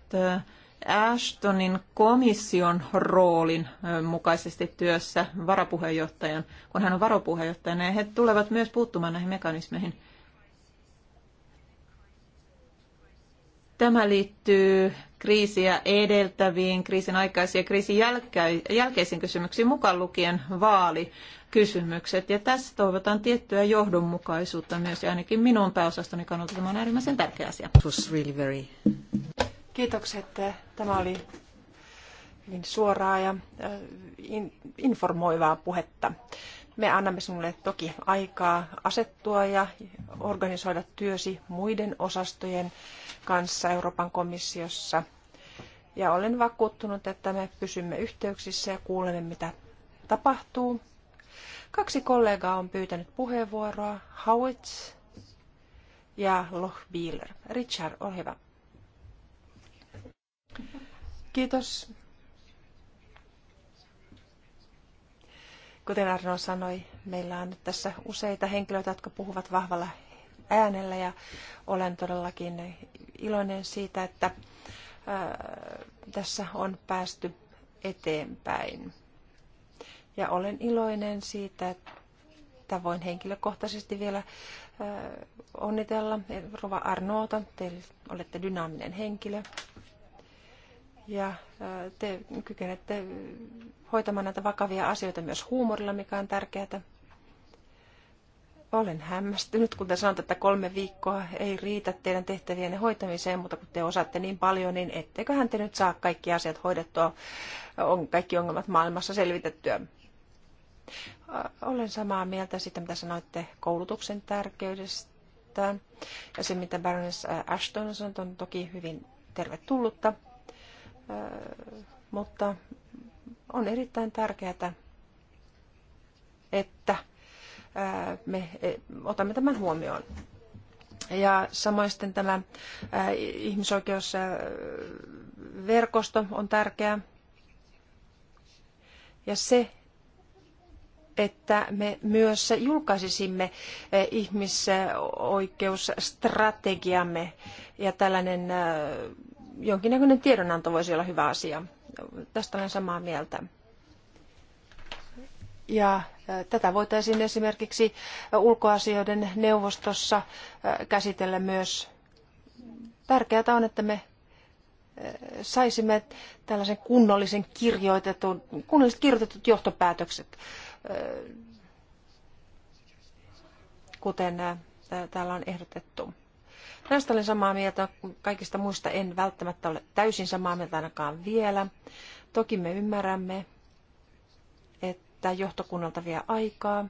Ashtonin komission roolin mukaisesti työssä varapuheenjohtajan, kun hän on varapuheenjohtajana, ja he tulevat myös puuttumaan näihin mekanismeihin. Tämä liittyy kriisiä edeltäviin, kriisin aikaisiin ja kriisin jälkeisiin kysymyksiin mukaan lukien vaalikysymykset. Ja tässä toivotan tiettyä johdonmukaisuutta myös ja ainakin minun pääosastoni kannalta tämä on äärimmäisen tärkeä asia. Kiitokset. Tämä oli hyvin suoraa ja äh, informoivaa puhetta. Me annamme sinulle toki aikaa asettua ja organisoida työsi muiden osastojen kanssa Euroopan komissiossa. Ja olen vakuuttunut, että me pysymme yhteyksissä ja kuulemme, mitä tapahtuu. Kaksi kollegaa on pyytänyt puheenvuoroa, Howitz ja Lochbieler. Richard, ole hyvä. Kiitos. Kuten Arno sanoi, meillä on nyt tässä useita henkilöitä, jotka puhuvat vahvalla äänellä ja olen todellakin iloinen siitä, että äh, tässä on päästy eteenpäin. Ja olen iloinen siitä, että voin henkilökohtaisesti vielä äh, onnitella Rova Arnoota. Te olette dynaaminen henkilö ja äh, te kykenette hoitamaan näitä vakavia asioita myös huumorilla, mikä on tärkeää. Olen hämmästynyt, kun te sanotte, että kolme viikkoa ei riitä teidän tehtävienne hoitamiseen, mutta kun te osaatte niin paljon, niin etteiköhän te nyt saa kaikki asiat hoidettua, on kaikki ongelmat maailmassa selvitettyä. Olen samaa mieltä siitä, mitä sanoitte koulutuksen tärkeydestä. Ja se, mitä Baroness Ashton on on toki hyvin tervetullutta. Mutta on erittäin tärkeää, että me e, otamme tämän huomioon. Ja samoin sitten tämä ihmisoikeusverkosto on tärkeä. Ja se, että me myös julkaisisimme ihmisoikeusstrategiamme ja tällainen jonkinnäköinen tiedonanto voisi olla hyvä asia. Tästä olen samaa mieltä. Ja tätä voitaisiin esimerkiksi ulkoasioiden neuvostossa käsitellä myös. Tärkeää on, että me saisimme tällaisen kunnollisen kirjoitetun, kunnolliset kirjoitetut johtopäätökset, kuten täällä on ehdotettu. Näistä olen samaa mieltä, kaikista muista en välttämättä ole täysin samaa mieltä ainakaan vielä. Toki me ymmärrämme, tämä johtokunnalta vie aikaa,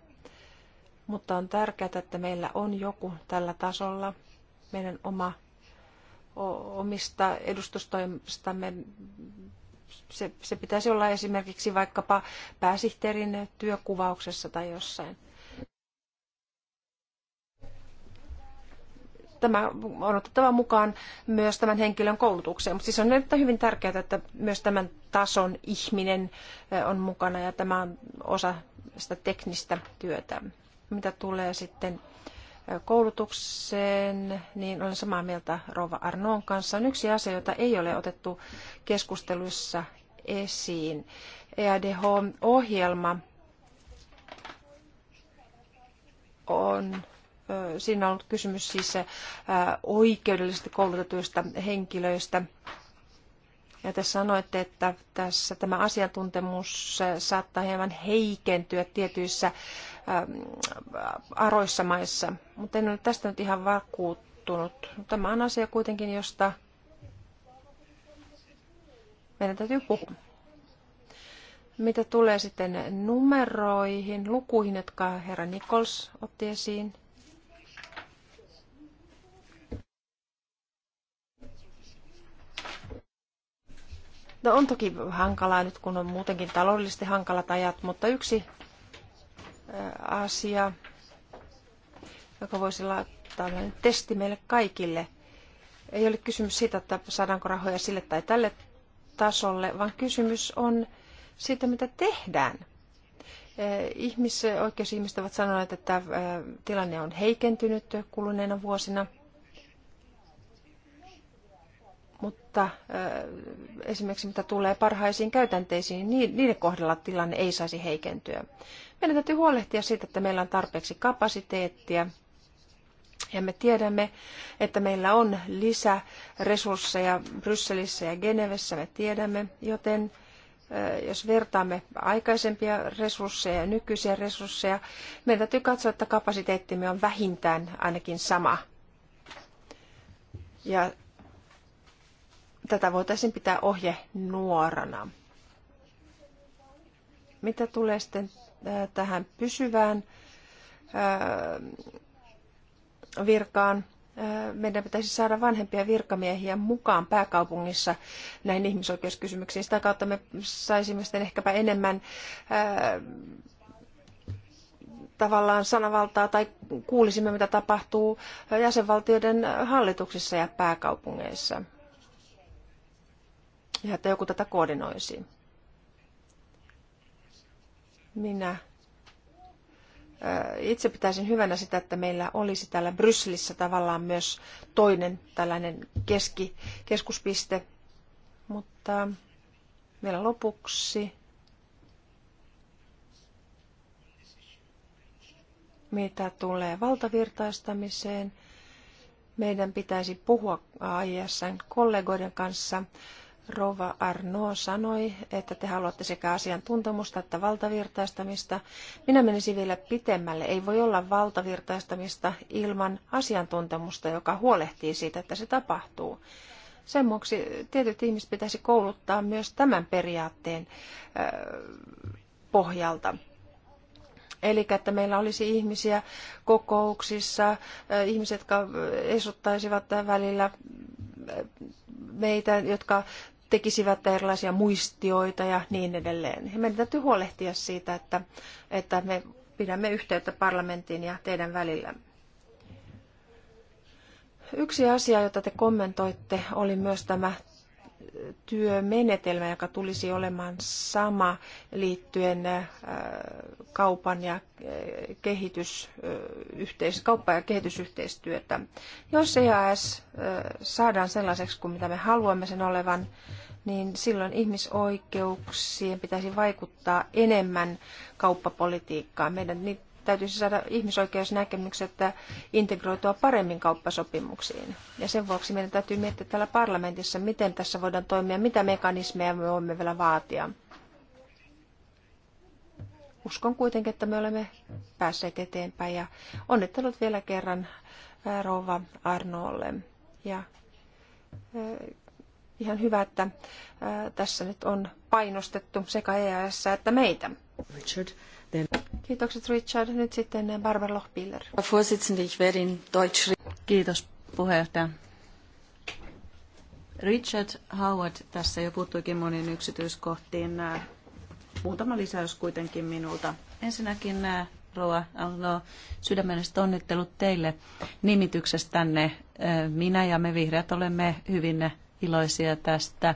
mutta on tärkeää, että meillä on joku tällä tasolla, meidän oma omista edustustoimistamme. Se, se pitäisi olla esimerkiksi vaikkapa pääsihteerin työkuvauksessa tai jossain. tämä on otettava mukaan myös tämän henkilön koulutukseen. Mutta siis on erittäin hyvin tärkeää, että myös tämän tason ihminen on mukana ja tämä on osa sitä teknistä työtä. Mitä tulee sitten koulutukseen, niin olen samaa mieltä Rova Arnoon kanssa. On yksi asia, jota ei ole otettu keskusteluissa esiin. EADH-ohjelma on siinä on kysymys siis oikeudellisesti koulutetuista henkilöistä. Ja te sanoitte, että tässä tämä asiantuntemus saattaa hieman heikentyä tietyissä aroissa maissa, mutta en ole tästä nyt ihan vakuuttunut. Tämä on asia kuitenkin, josta meidän täytyy puhua. Mitä tulee sitten numeroihin, lukuihin, jotka herra Nikols otti esiin – No on toki hankalaa nyt, kun on muutenkin taloudellisesti hankalat ajat, mutta yksi asia, joka voisi laittaa testi meille kaikille, ei ole kysymys siitä, että saadaanko rahoja sille tai tälle tasolle, vaan kysymys on siitä, mitä tehdään. Ihmis, oikeusihmiset ovat sanoneet, että tilanne on heikentynyt kuluneena vuosina – mutta esimerkiksi mitä tulee parhaisiin käytänteisiin, niin niiden kohdalla tilanne ei saisi heikentyä. Meidän täytyy huolehtia siitä, että meillä on tarpeeksi kapasiteettia. Ja me tiedämme, että meillä on lisäresursseja Brysselissä ja Genevessä, me tiedämme, joten jos vertaamme aikaisempia resursseja ja nykyisiä resursseja, meidän täytyy katsoa, että kapasiteettimme on vähintään ainakin sama. Ja tätä voitaisiin pitää ohje nuorana. Mitä tulee sitten tähän pysyvään virkaan, meidän pitäisi saada vanhempia virkamiehiä mukaan pääkaupungissa näihin ihmisoikeuskysymyksiin. Sitä kautta me saisimme sitten ehkäpä enemmän tavallaan sanavaltaa tai kuulisimme, mitä tapahtuu jäsenvaltioiden hallituksissa ja pääkaupungeissa ja että joku tätä koordinoisi. Minä itse pitäisin hyvänä sitä, että meillä olisi täällä Brysselissä tavallaan myös toinen tällainen keski, keskuspiste. Mutta vielä lopuksi mitä tulee valtavirtaistamiseen, meidän pitäisi puhua AISn kollegoiden kanssa Rova Arno sanoi, että te haluatte sekä asiantuntemusta että valtavirtaistamista. Minä menisin vielä pitemmälle. Ei voi olla valtavirtaistamista ilman asiantuntemusta, joka huolehtii siitä, että se tapahtuu. Sen vuoksi tietyt ihmiset pitäisi kouluttaa myös tämän periaatteen pohjalta. Eli että meillä olisi ihmisiä kokouksissa, ihmiset, jotka esuttaisivat välillä meitä, jotka tekisivät erilaisia muistioita ja niin edelleen. Ja meidän täytyy huolehtia siitä, että, että me pidämme yhteyttä parlamentin ja teidän välillä. Yksi asia, jota te kommentoitte, oli myös tämä työmenetelmä, joka tulisi olemaan sama liittyen äh, kaupan ja, äh, kehitysyhteis- äh, kauppa- ja kehitysyhteistyötä. Jos EAS saadaan sellaiseksi kuin mitä me haluamme sen olevan, niin silloin ihmisoikeuksien pitäisi vaikuttaa enemmän kauppapolitiikkaan. Meidän täytyisi saada ihmisoikeusnäkemykset integroitua paremmin kauppasopimuksiin. Ja sen vuoksi meidän täytyy miettiä täällä parlamentissa, miten tässä voidaan toimia, mitä mekanismeja me voimme vielä vaatia. Uskon kuitenkin, että me olemme päässeet eteenpäin ja onnittelut vielä kerran rouva Arnolle. Ja ihan hyvä, että tässä nyt on painostettu sekä EAS että meitä. Richard, then... Kiitokset Richard. Nyt sitten Barbara Lochbiller. Kiitos puheenjohtaja. Richard Howard tässä jo puuttuikin moniin yksityiskohtiin. Muutama lisäys kuitenkin minulta. Ensinnäkin nämä Roa Alno, sydämelliset onnittelut teille nimityksestänne. Minä ja me vihreät olemme hyvin iloisia tästä.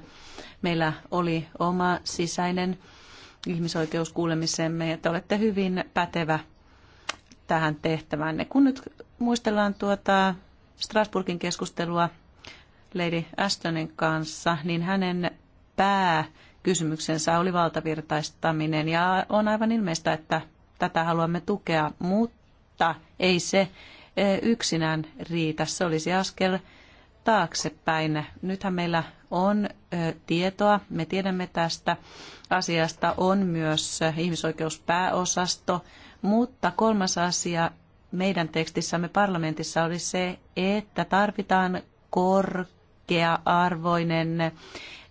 Meillä oli oma sisäinen ihmisoikeuskuulemisemme, te olette hyvin pätevä tähän tehtävänne. Kun nyt muistellaan tuota Strasburgin keskustelua Lady Ashtonin kanssa, niin hänen pääkysymyksensä oli valtavirtaistaminen ja on aivan ilmeistä, että tätä haluamme tukea, mutta ei se eh, yksinään riitä. Se olisi askel taaksepäin. Nythän meillä on tietoa, me tiedämme tästä asiasta, on myös ihmisoikeuspääosasto, mutta kolmas asia meidän tekstissämme parlamentissa oli se, että tarvitaan korkea-arvoinen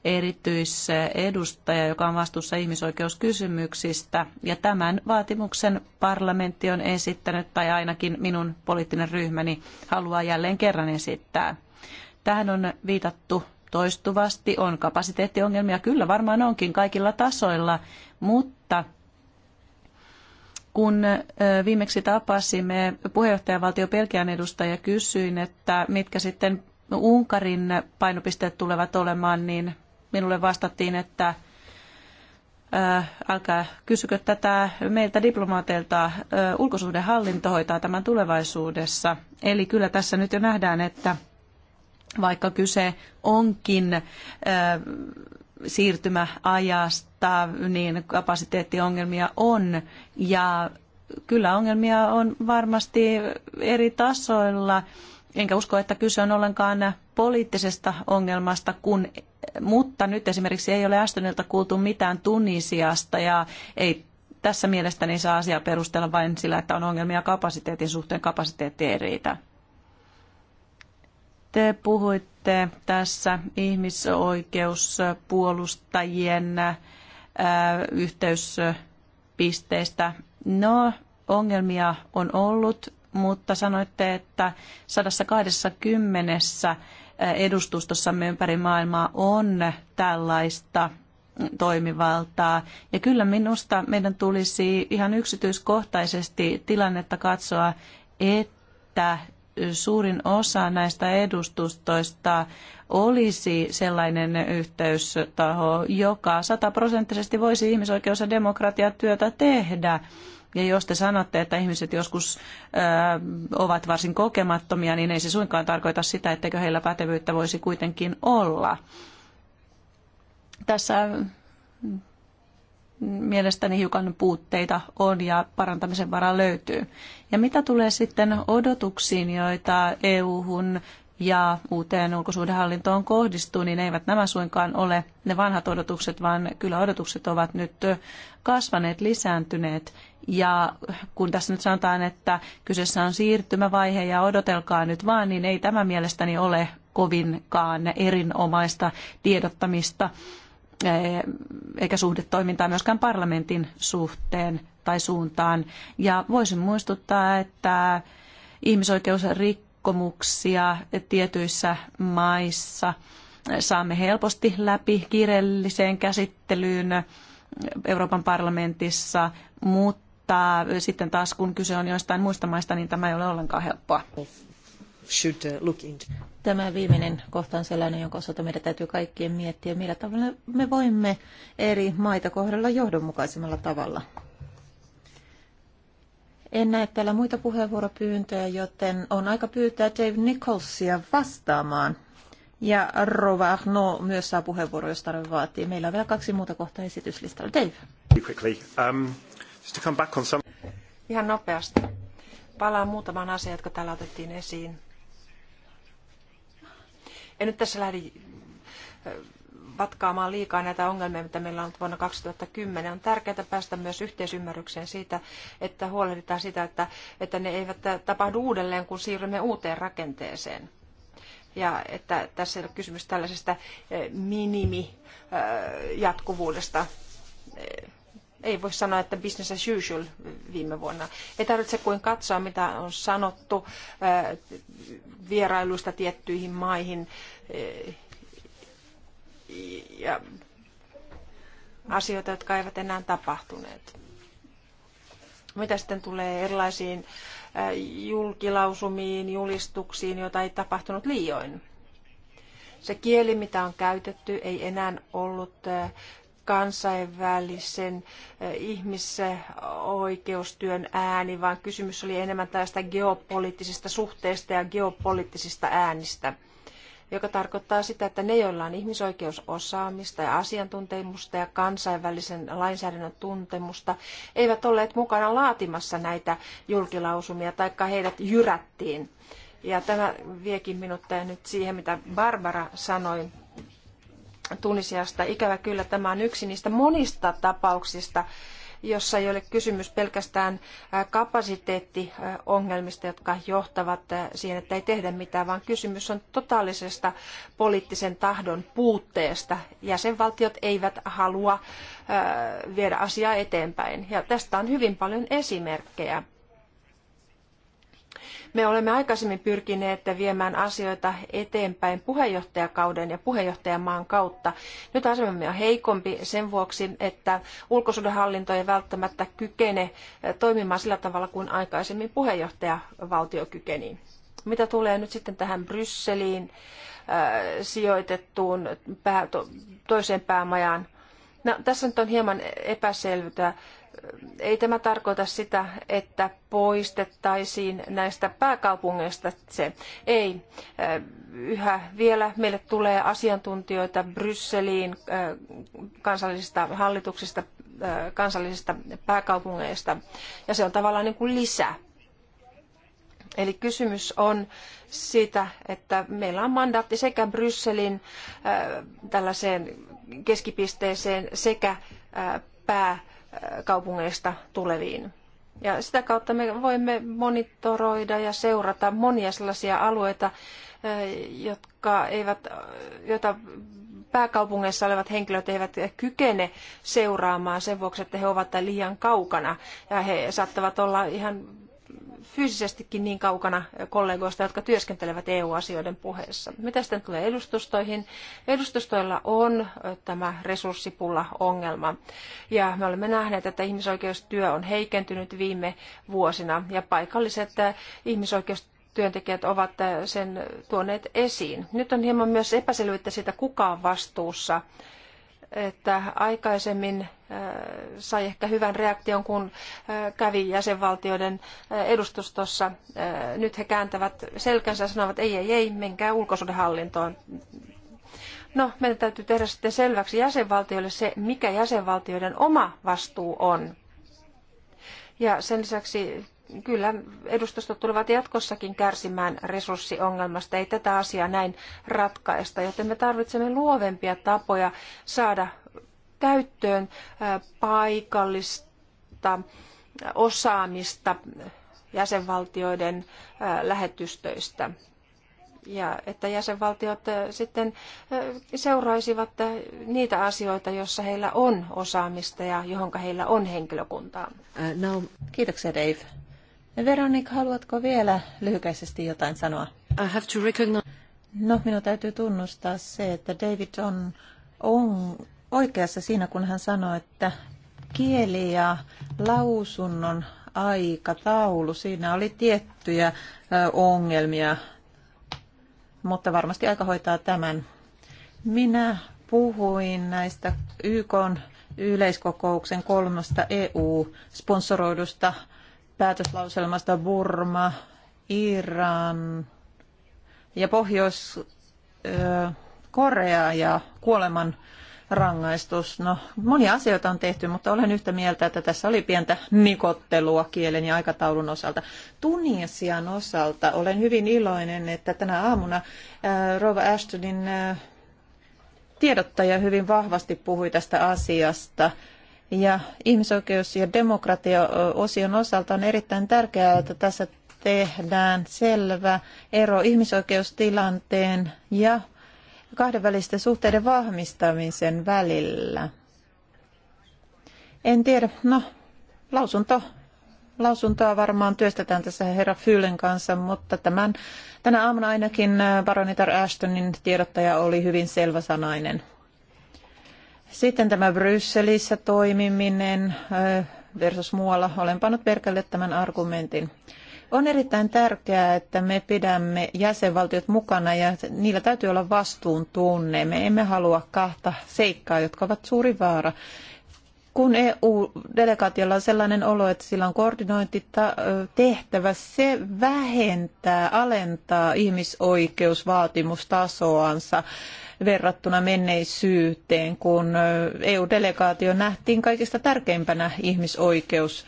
erityisedustaja, joka on vastuussa ihmisoikeuskysymyksistä. Ja tämän vaatimuksen parlamentti on esittänyt, tai ainakin minun poliittinen ryhmäni haluaa jälleen kerran esittää. Tähän on viitattu toistuvasti, on kapasiteettiongelmia, kyllä varmaan onkin kaikilla tasoilla, mutta kun viimeksi tapasimme puheenjohtajavaltio Belgian edustajia, kysyin, että mitkä sitten Unkarin painopisteet tulevat olemaan, niin minulle vastattiin, että älkää kysykö tätä meiltä diplomaateilta, ulkosuhdehallinto hoitaa tämän tulevaisuudessa. Eli kyllä tässä nyt jo nähdään, että vaikka kyse onkin siirtymäajasta, niin kapasiteettiongelmia on ja kyllä ongelmia on varmasti eri tasoilla. Enkä usko, että kyse on ollenkaan poliittisesta ongelmasta, kun, mutta nyt esimerkiksi ei ole Astonilta kuultu mitään Tunisiasta ja ei tässä mielestäni saa asiaa perustella vain sillä, että on ongelmia kapasiteetin suhteen, kapasiteetti ei riitä. Te puhuitte tässä ihmisoikeuspuolustajien äh, yhteyspisteistä. No, ongelmia on ollut, mutta sanoitte, että 120 äh, edustustossamme ympäri maailmaa on tällaista toimivaltaa. Ja kyllä minusta meidän tulisi ihan yksityiskohtaisesti tilannetta katsoa, että suurin osa näistä edustustoista olisi sellainen yhteystaho, joka sataprosenttisesti voisi ihmisoikeus- ja demokratiatyötä tehdä. Ja jos te sanotte, että ihmiset joskus ö, äh, ovat varsin kokemattomia, niin ei se suinkaan tarkoita sitä, etteikö heillä pätevyyttä voisi kuitenkin olla. Tässä mielestäni hiukan puutteita on ja parantamisen varaa löytyy. Ja mitä tulee sitten odotuksiin, joita EU-hun ja uuteen ulkosuhdehallintoon kohdistuu, niin eivät nämä suinkaan ole ne vanhat odotukset, vaan kyllä odotukset ovat nyt kasvaneet, lisääntyneet. Ja kun tässä nyt sanotaan, että kyseessä on siirtymävaihe ja odotelkaa nyt vaan, niin ei tämä mielestäni ole kovinkaan erinomaista tiedottamista Eh, eikä suhdetoimintaa myöskään parlamentin suhteen tai suuntaan. Ja voisin muistuttaa, että ihmisoikeusrikkomuksia tietyissä maissa saamme helposti läpi kiireelliseen käsittelyyn Euroopan parlamentissa, mutta sitten taas kun kyse on joistain muista maista, niin tämä ei ole ollenkaan helppoa should uh, look into. Tämä viimeinen kohta on sellainen, jonka osalta meidän täytyy kaikkien miettiä, millä tavalla me voimme eri maita kohdella johdonmukaisemmalla tavalla. En näe täällä muita puheenvuoropyyntöjä, joten on aika pyytää Dave Nicholsia vastaamaan. Ja Rova Arno myös saa puheenvuoro, jos tarve vaatii. Meillä on vielä kaksi muuta kohtaa esityslistalla. Dave. Um, Ihan nopeasti. Palaan muutamaan asiaan, jotka täällä otettiin esiin. En nyt tässä lähde vatkaamaan liikaa näitä ongelmia, mitä meillä on ollut vuonna 2010. On tärkeää päästä myös yhteisymmärrykseen siitä, että huolehditaan sitä, että, että ne eivät tapahdu uudelleen, kun siirrymme uuteen rakenteeseen. Ja että tässä ei ole kysymys tällaisesta minimijatkuvuudesta. jatkuvuudesta ei voi sanoa, että business as usual viime vuonna. Ei tarvitse kuin katsoa, mitä on sanottu äh, vierailuista tiettyihin maihin äh, ja asioita, jotka eivät enää tapahtuneet. Mitä sitten tulee erilaisiin äh, julkilausumiin, julistuksiin, joita ei tapahtunut liioin? Se kieli, mitä on käytetty, ei enää ollut kansainvälisen ihmisoikeustyön ääni, vaan kysymys oli enemmän tästä geopoliittisista suhteista ja geopoliittisista äänistä joka tarkoittaa sitä, että ne, joilla on ihmisoikeusosaamista ja asiantuntemusta ja kansainvälisen lainsäädännön tuntemusta, eivät olleet mukana laatimassa näitä julkilausumia, taikka heidät jyrättiin. Ja tämä viekin minut nyt siihen, mitä Barbara sanoi Tunisiasta. Ikävä kyllä tämä on yksi niistä monista tapauksista, jossa ei ole kysymys pelkästään kapasiteettiongelmista, jotka johtavat siihen, että ei tehdä mitään, vaan kysymys on totaalisesta poliittisen tahdon puutteesta. Jäsenvaltiot eivät halua viedä asiaa eteenpäin. Ja tästä on hyvin paljon esimerkkejä. Me olemme aikaisemmin pyrkineet viemään asioita eteenpäin puheenjohtajakauden ja puheenjohtajamaan kautta. Nyt asemamme on heikompi sen vuoksi, että ulkosuudenhallinto ei välttämättä kykene toimimaan sillä tavalla kuin aikaisemmin puheenjohtajavaltio kykeni. Mitä tulee nyt sitten tähän Brysseliin äh, sijoitettuun toiseen päämajaan, No, tässä nyt on hieman epäselvyyttä. Ei tämä tarkoita sitä, että poistettaisiin näistä pääkaupungeista se. Ei. Äh, yhä vielä meille tulee asiantuntijoita Brysseliin äh, kansallisista hallituksista, äh, kansallisista pääkaupungeista. Ja se on tavallaan niin kuin lisä Eli kysymys on siitä, että meillä on mandaatti sekä Brysselin äh, tällaiseen keskipisteeseen sekä äh, pääkaupungeista tuleviin. Ja sitä kautta me voimme monitoroida ja seurata monia sellaisia alueita, äh, jotka eivät, joita pääkaupungeissa olevat henkilöt eivät kykene seuraamaan sen vuoksi, että he ovat liian kaukana ja he saattavat olla ihan fyysisestikin niin kaukana kollegoista, jotka työskentelevät EU-asioiden puheessa. Mitä sitten tulee edustustoihin? Edustustoilla on tämä resurssipulla-ongelma. Ja me olemme nähneet, että ihmisoikeustyö on heikentynyt viime vuosina ja paikalliset ihmisoikeus työntekijät ovat sen tuoneet esiin. Nyt on hieman myös epäselvyyttä siitä, kuka on vastuussa että aikaisemmin äh, sai ehkä hyvän reaktion, kun äh, kävi jäsenvaltioiden äh, edustustossa. Nyt he kääntävät selkänsä ja sanovat, ei, ei, ei, menkää ulkosuhdehallintoon. No, meidän täytyy tehdä sitten selväksi jäsenvaltioille se, mikä jäsenvaltioiden oma vastuu on. Ja sen lisäksi kyllä edustustot tulevat jatkossakin kärsimään resurssiongelmasta. Ei tätä asiaa näin ratkaista, joten me tarvitsemme luovempia tapoja saada käyttöön paikallista osaamista jäsenvaltioiden lähetystöistä. Ja että jäsenvaltiot sitten seuraisivat niitä asioita, joissa heillä on osaamista ja johonka heillä on henkilökuntaa. Uh, no. Kiitoksia Dave. Veronik, haluatko vielä lyhykäisesti jotain sanoa? I have to recognize... No, minun täytyy tunnustaa se, että David on, on oikeassa siinä, kun hän sanoi, että kieli ja lausunnon aikataulu, siinä oli tiettyjä ongelmia, mutta varmasti aika hoitaa tämän. Minä puhuin näistä YK yleiskokouksen kolmesta EU-sponsoroidusta päätöslauselmasta Burma, Iran ja Pohjois-Korea ja kuoleman rangaistus. No, monia asioita on tehty, mutta olen yhtä mieltä, että tässä oli pientä nikottelua kielen ja aikataulun osalta. Tunisian osalta olen hyvin iloinen, että tänä aamuna ää, Rova Ashtonin ää, tiedottaja hyvin vahvasti puhui tästä asiasta ja ihmisoikeus- ja demokratia-osion osalta on erittäin tärkeää, että tässä tehdään selvä ero ihmisoikeustilanteen ja kahdenvälisten suhteiden vahvistamisen välillä. En tiedä, no lausunto, lausuntoa varmaan työstetään tässä herra Fyylen kanssa, mutta tämän, tänä aamuna ainakin baronitar Ashtonin tiedottaja oli hyvin selväsanainen. Sitten tämä Brysselissä toimiminen versus muualla. Olen pannut perkälle tämän argumentin. On erittäin tärkeää, että me pidämme jäsenvaltiot mukana ja niillä täytyy olla tunne. Me emme halua kahta seikkaa, jotka ovat suuri vaara. Kun EU-delegaatiolla on sellainen olo, että sillä on koordinointitehtävä, se vähentää, alentaa ihmisoikeusvaatimustasoansa verrattuna menneisyyteen, kun EU-delegaatio nähtiin kaikista tärkeimpänä ihmisoikeus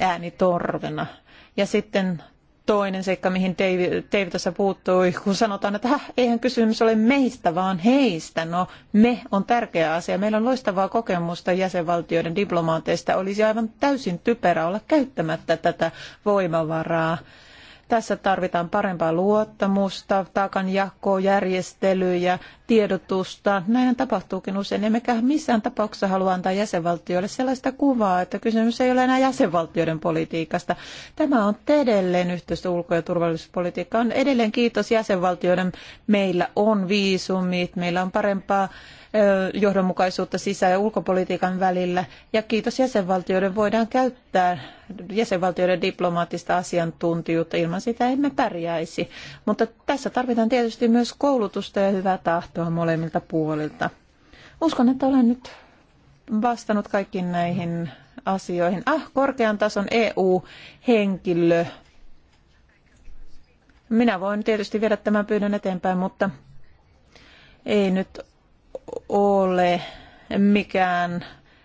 äänitorvena. Ja sitten toinen seikka, mihin Dave, tässä puuttui, kun sanotaan, että häh, eihän kysymys ole meistä, vaan heistä. No, me on tärkeä asia. Meillä on loistavaa kokemusta jäsenvaltioiden diplomaateista. Olisi aivan täysin typerä olla käyttämättä tätä voimavaraa tässä tarvitaan parempaa luottamusta, taakanjakoa, järjestelyjä, tiedotusta. Näin tapahtuukin usein. Emmekä missään tapauksessa halua antaa jäsenvaltioille sellaista kuvaa, että kysymys ei ole enää jäsenvaltioiden politiikasta. Tämä on edelleen yhteistä ulko- ja turvallisuuspolitiikkaa. On edelleen kiitos jäsenvaltioiden. Meillä on viisumit, meillä on parempaa johdonmukaisuutta sisä- ja ulkopolitiikan välillä. Ja kiitos jäsenvaltioiden voidaan käyttää jäsenvaltioiden diplomaattista asiantuntijuutta. Ilman sitä emme pärjäisi. Mutta tässä tarvitaan tietysti myös koulutusta ja hyvää tahtoa molemmilta puolilta. Uskon, että olen nyt vastannut kaikkiin näihin asioihin. Ah, korkean tason EU-henkilö. Minä voin tietysti viedä tämän pyynnön eteenpäin, mutta ei nyt ole mikään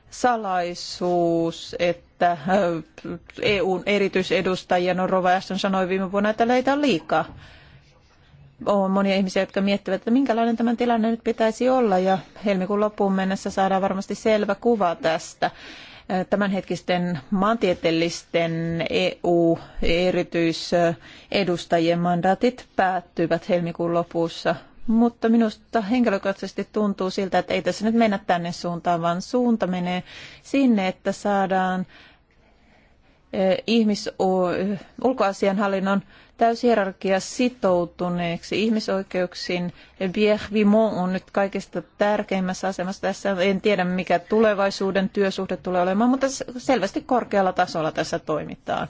salaisuus, että äh, EUn erityisedustajia, no Rova Ashton sanoi viime vuonna, että leitä on liikaa. On monia ihmisiä, jotka miettivät, että minkälainen tämän tilanne nyt pitäisi olla ja helmikuun loppuun mennessä saadaan varmasti selvä kuva tästä äh, tämänhetkisten maantieteellisten EU-erityisedustajien mandaatit päättyvät helmikuun lopussa mutta minusta henkilökohtaisesti tuntuu siltä, että ei tässä nyt mennä tänne suuntaan, vaan suunta menee sinne, että saadaan eh, ihmis- eh, ulkoasianhallinnon täyshierarkia sitoutuneeksi ihmisoikeuksiin. Bieh Vimon on nyt kaikista tärkeimmässä asemassa tässä. En tiedä, mikä tulevaisuuden työsuhde tulee olemaan, mutta selvästi korkealla tasolla tässä toimitaan.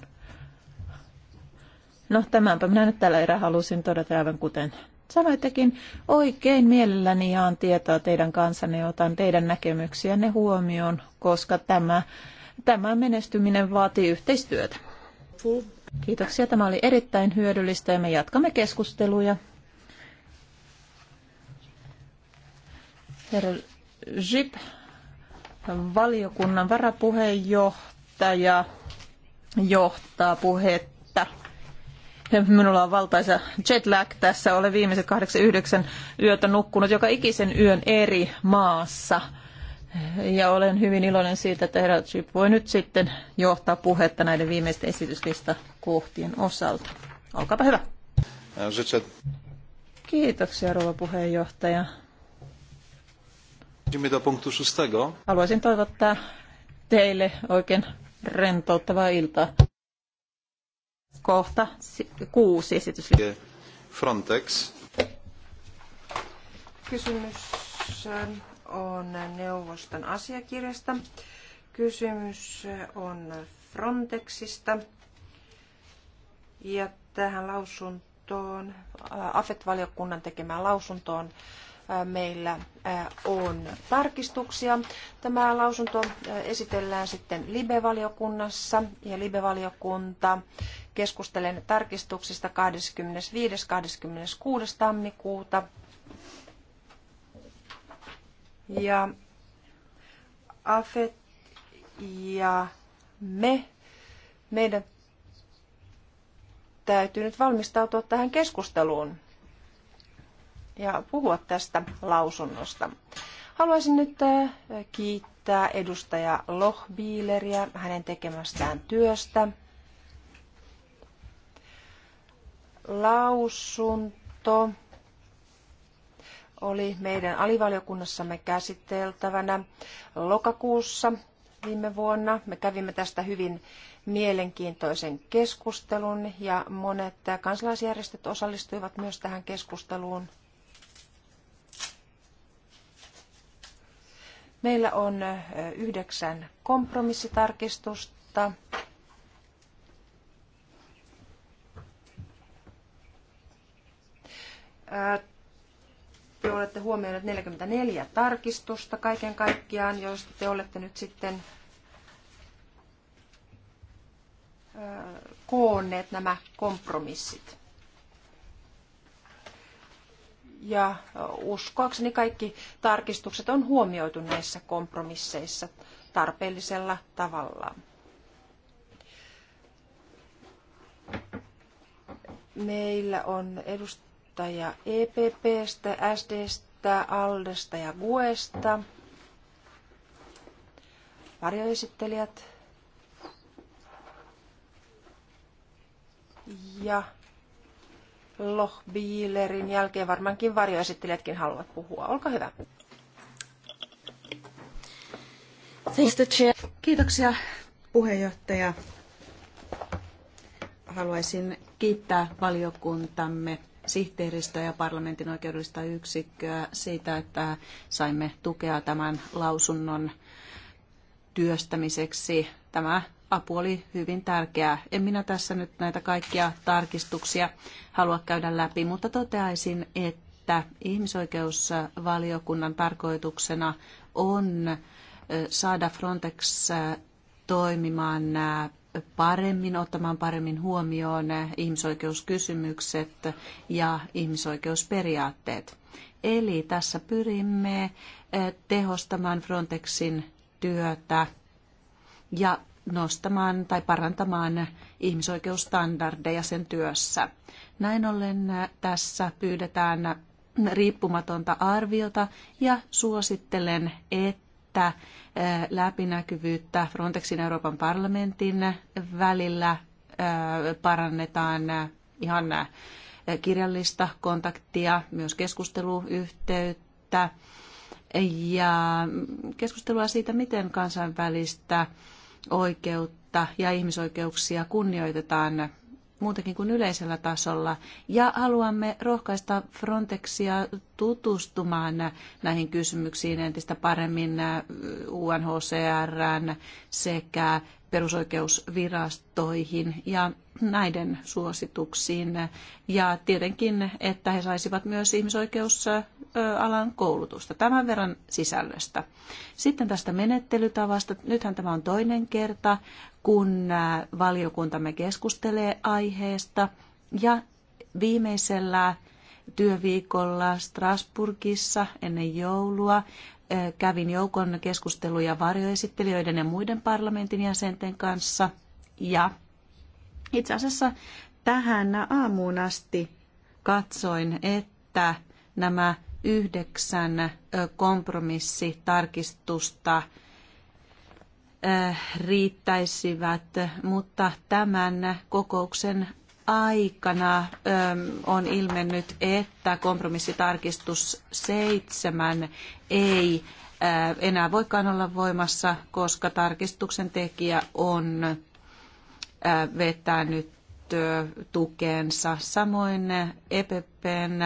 No tämänpä minä nyt tällä erää halusin todeta aivan kuten Sanoittekin oikein mielelläni jaan tietoa teidän kanssanne ja otan teidän näkemyksiänne huomioon, koska tämä, tämä menestyminen vaatii yhteistyötä. Kiitoksia. Tämä oli erittäin hyödyllistä ja me jatkamme keskusteluja. Herra Jip, valiokunnan varapuheenjohtaja johtaa puhetta Minulla on valtaisa jetlag tässä. Olen viimeiset kahdeksan yhdeksän yötä nukkunut joka ikisen yön eri maassa. Ja olen hyvin iloinen siitä, että herra Chip voi nyt sitten johtaa puhetta näiden viimeisten esityslista kohtien osalta. Olkaapa hyvä. Kiitoksia, rouva puheenjohtaja. Haluaisin toivottaa teille oikein rentouttavaa iltaa kohta kuusi esitys. Eh, Frontex. Kysymys on neuvoston asiakirjasta. Kysymys on Frontexista. Ja tähän lausuntoon, äh, AFET-valiokunnan tekemään lausuntoon meillä on tarkistuksia. Tämä lausunto esitellään sitten Libe-valiokunnassa ja Libe-valiokunta keskustelen tarkistuksista 25-26. tammikuuta. Ja AFET ja me, meidän täytyy nyt valmistautua tähän keskusteluun ja puhua tästä lausunnosta. Haluaisin nyt äh, kiittää edustaja Lohbiileriä hänen tekemästään työstä. Lausunto oli meidän alivaliokunnassamme käsiteltävänä lokakuussa viime vuonna. Me kävimme tästä hyvin mielenkiintoisen keskustelun ja monet kansalaisjärjestöt osallistuivat myös tähän keskusteluun. Meillä on yhdeksän kompromissitarkistusta. Te olette huomioineet 44 tarkistusta kaiken kaikkiaan, joista te olette nyt sitten koonneet nämä kompromissit ja uskoakseni kaikki tarkistukset on huomioitu näissä kompromisseissa tarpeellisella tavalla. Meillä on edustaja EPPstä, SDstä, Aldesta ja Guesta. Varjoesittelijät. Ja Lohbiilerin jälkeen varmaankin varjoesittelijätkin haluavat puhua. Olkaa hyvä. Kiitoksia puheenjohtaja. Haluaisin kiittää valiokuntamme sihteeristä ja parlamentin oikeudellista yksikköä siitä, että saimme tukea tämän lausunnon työstämiseksi. Tämä apu oli hyvin tärkeää. En minä tässä nyt näitä kaikkia tarkistuksia halua käydä läpi, mutta toteaisin, että ihmisoikeusvaliokunnan tarkoituksena on saada Frontex toimimaan paremmin, ottamaan paremmin huomioon ihmisoikeuskysymykset ja ihmisoikeusperiaatteet. Eli tässä pyrimme tehostamaan Frontexin työtä ja nostamaan tai parantamaan ihmisoikeusstandardeja sen työssä. Näin ollen tässä pyydetään riippumatonta arviota ja suosittelen, että läpinäkyvyyttä Frontexin Euroopan parlamentin välillä parannetaan ihan kirjallista kontaktia, myös keskusteluyhteyttä ja keskustelua siitä, miten kansainvälistä oikeutta ja ihmisoikeuksia kunnioitetaan muutenkin kuin yleisellä tasolla. Ja haluamme rohkaista Frontexia tutustumaan näihin kysymyksiin entistä paremmin UNHCRn sekä perusoikeusvirastoihin ja näiden suosituksiin. Ja tietenkin, että he saisivat myös ihmisoikeus alan koulutusta. Tämän verran sisällöstä. Sitten tästä menettelytavasta. Nythän tämä on toinen kerta, kun valiokuntamme keskustelee aiheesta. Ja viimeisellä työviikolla Strasburgissa ennen joulua kävin joukon keskusteluja varjoesittelijöiden ja muiden parlamentin jäsenten kanssa. Ja itse asiassa tähän aamuun asti katsoin, että nämä yhdeksän kompromissitarkistusta riittäisivät, mutta tämän kokouksen aikana on ilmennyt, että kompromissitarkistus seitsemän ei enää voikaan olla voimassa, koska tarkistuksen tekijä on vetänyt tukeensa. Samoin EPPn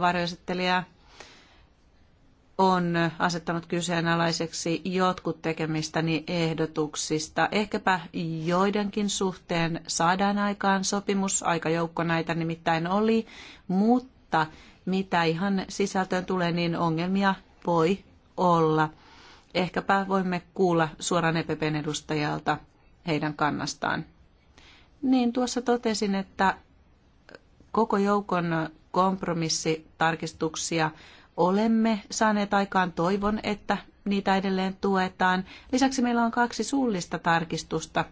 varjoesittelijä on asettanut kyseenalaiseksi jotkut tekemistäni ehdotuksista. Ehkäpä joidenkin suhteen saadaan aikaan sopimus, aika joukko näitä nimittäin oli, mutta mitä ihan sisältöön tulee, niin ongelmia voi olla. Ehkäpä voimme kuulla suoraan EPPn edustajalta heidän kannastaan. Niin tuossa totesin, että koko joukon kompromissitarkistuksia olemme saaneet aikaan. Toivon, että niitä edelleen tuetaan. Lisäksi meillä on kaksi suullista tarkistusta.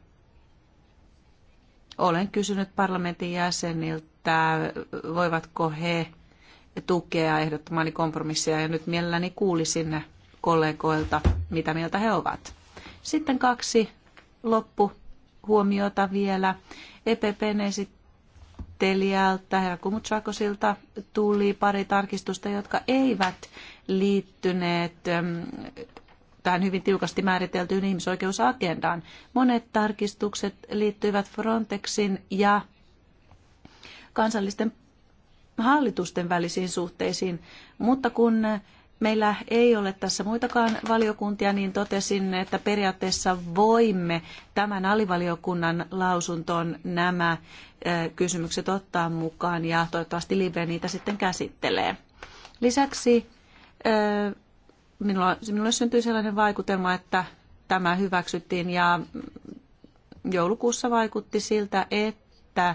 Olen kysynyt parlamentin jäseniltä, voivatko he tukea ehdottomani kompromissia ja nyt mielelläni kuulisin kollegoilta, mitä mieltä he ovat. Sitten kaksi loppuhuomiota vielä. EPPn esit- esittelijältä, herra Kumutsakosilta, tuli pari tarkistusta, jotka eivät liittyneet ähm, tähän hyvin tiukasti määriteltyyn ihmisoikeusagendaan. Monet tarkistukset liittyivät Frontexin ja kansallisten hallitusten välisiin suhteisiin, mutta kun meillä ei ole tässä muitakaan valiokuntia, niin totesin, että periaatteessa voimme tämän alivaliokunnan lausuntoon nämä kysymykset ottaa mukaan ja toivottavasti Libe niitä sitten käsittelee. Lisäksi minulla, minulle syntyi sellainen vaikutelma, että tämä hyväksyttiin ja joulukuussa vaikutti siltä, että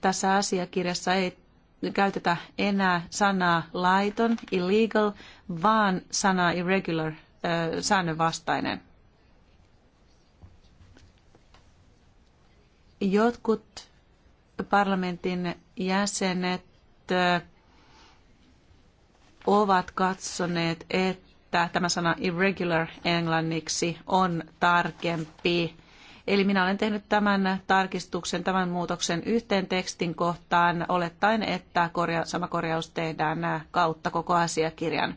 tässä asiakirjassa ei käytetä enää sanaa laiton, illegal, vaan sanaa irregular, säännönvastainen. Jotkut parlamentin jäsenet ovat katsoneet, että tämä sana irregular englanniksi on tarkempi Eli minä olen tehnyt tämän tarkistuksen, tämän muutoksen yhteen tekstin kohtaan, olettaen, että korja- sama korjaus tehdään kautta koko asiakirjan.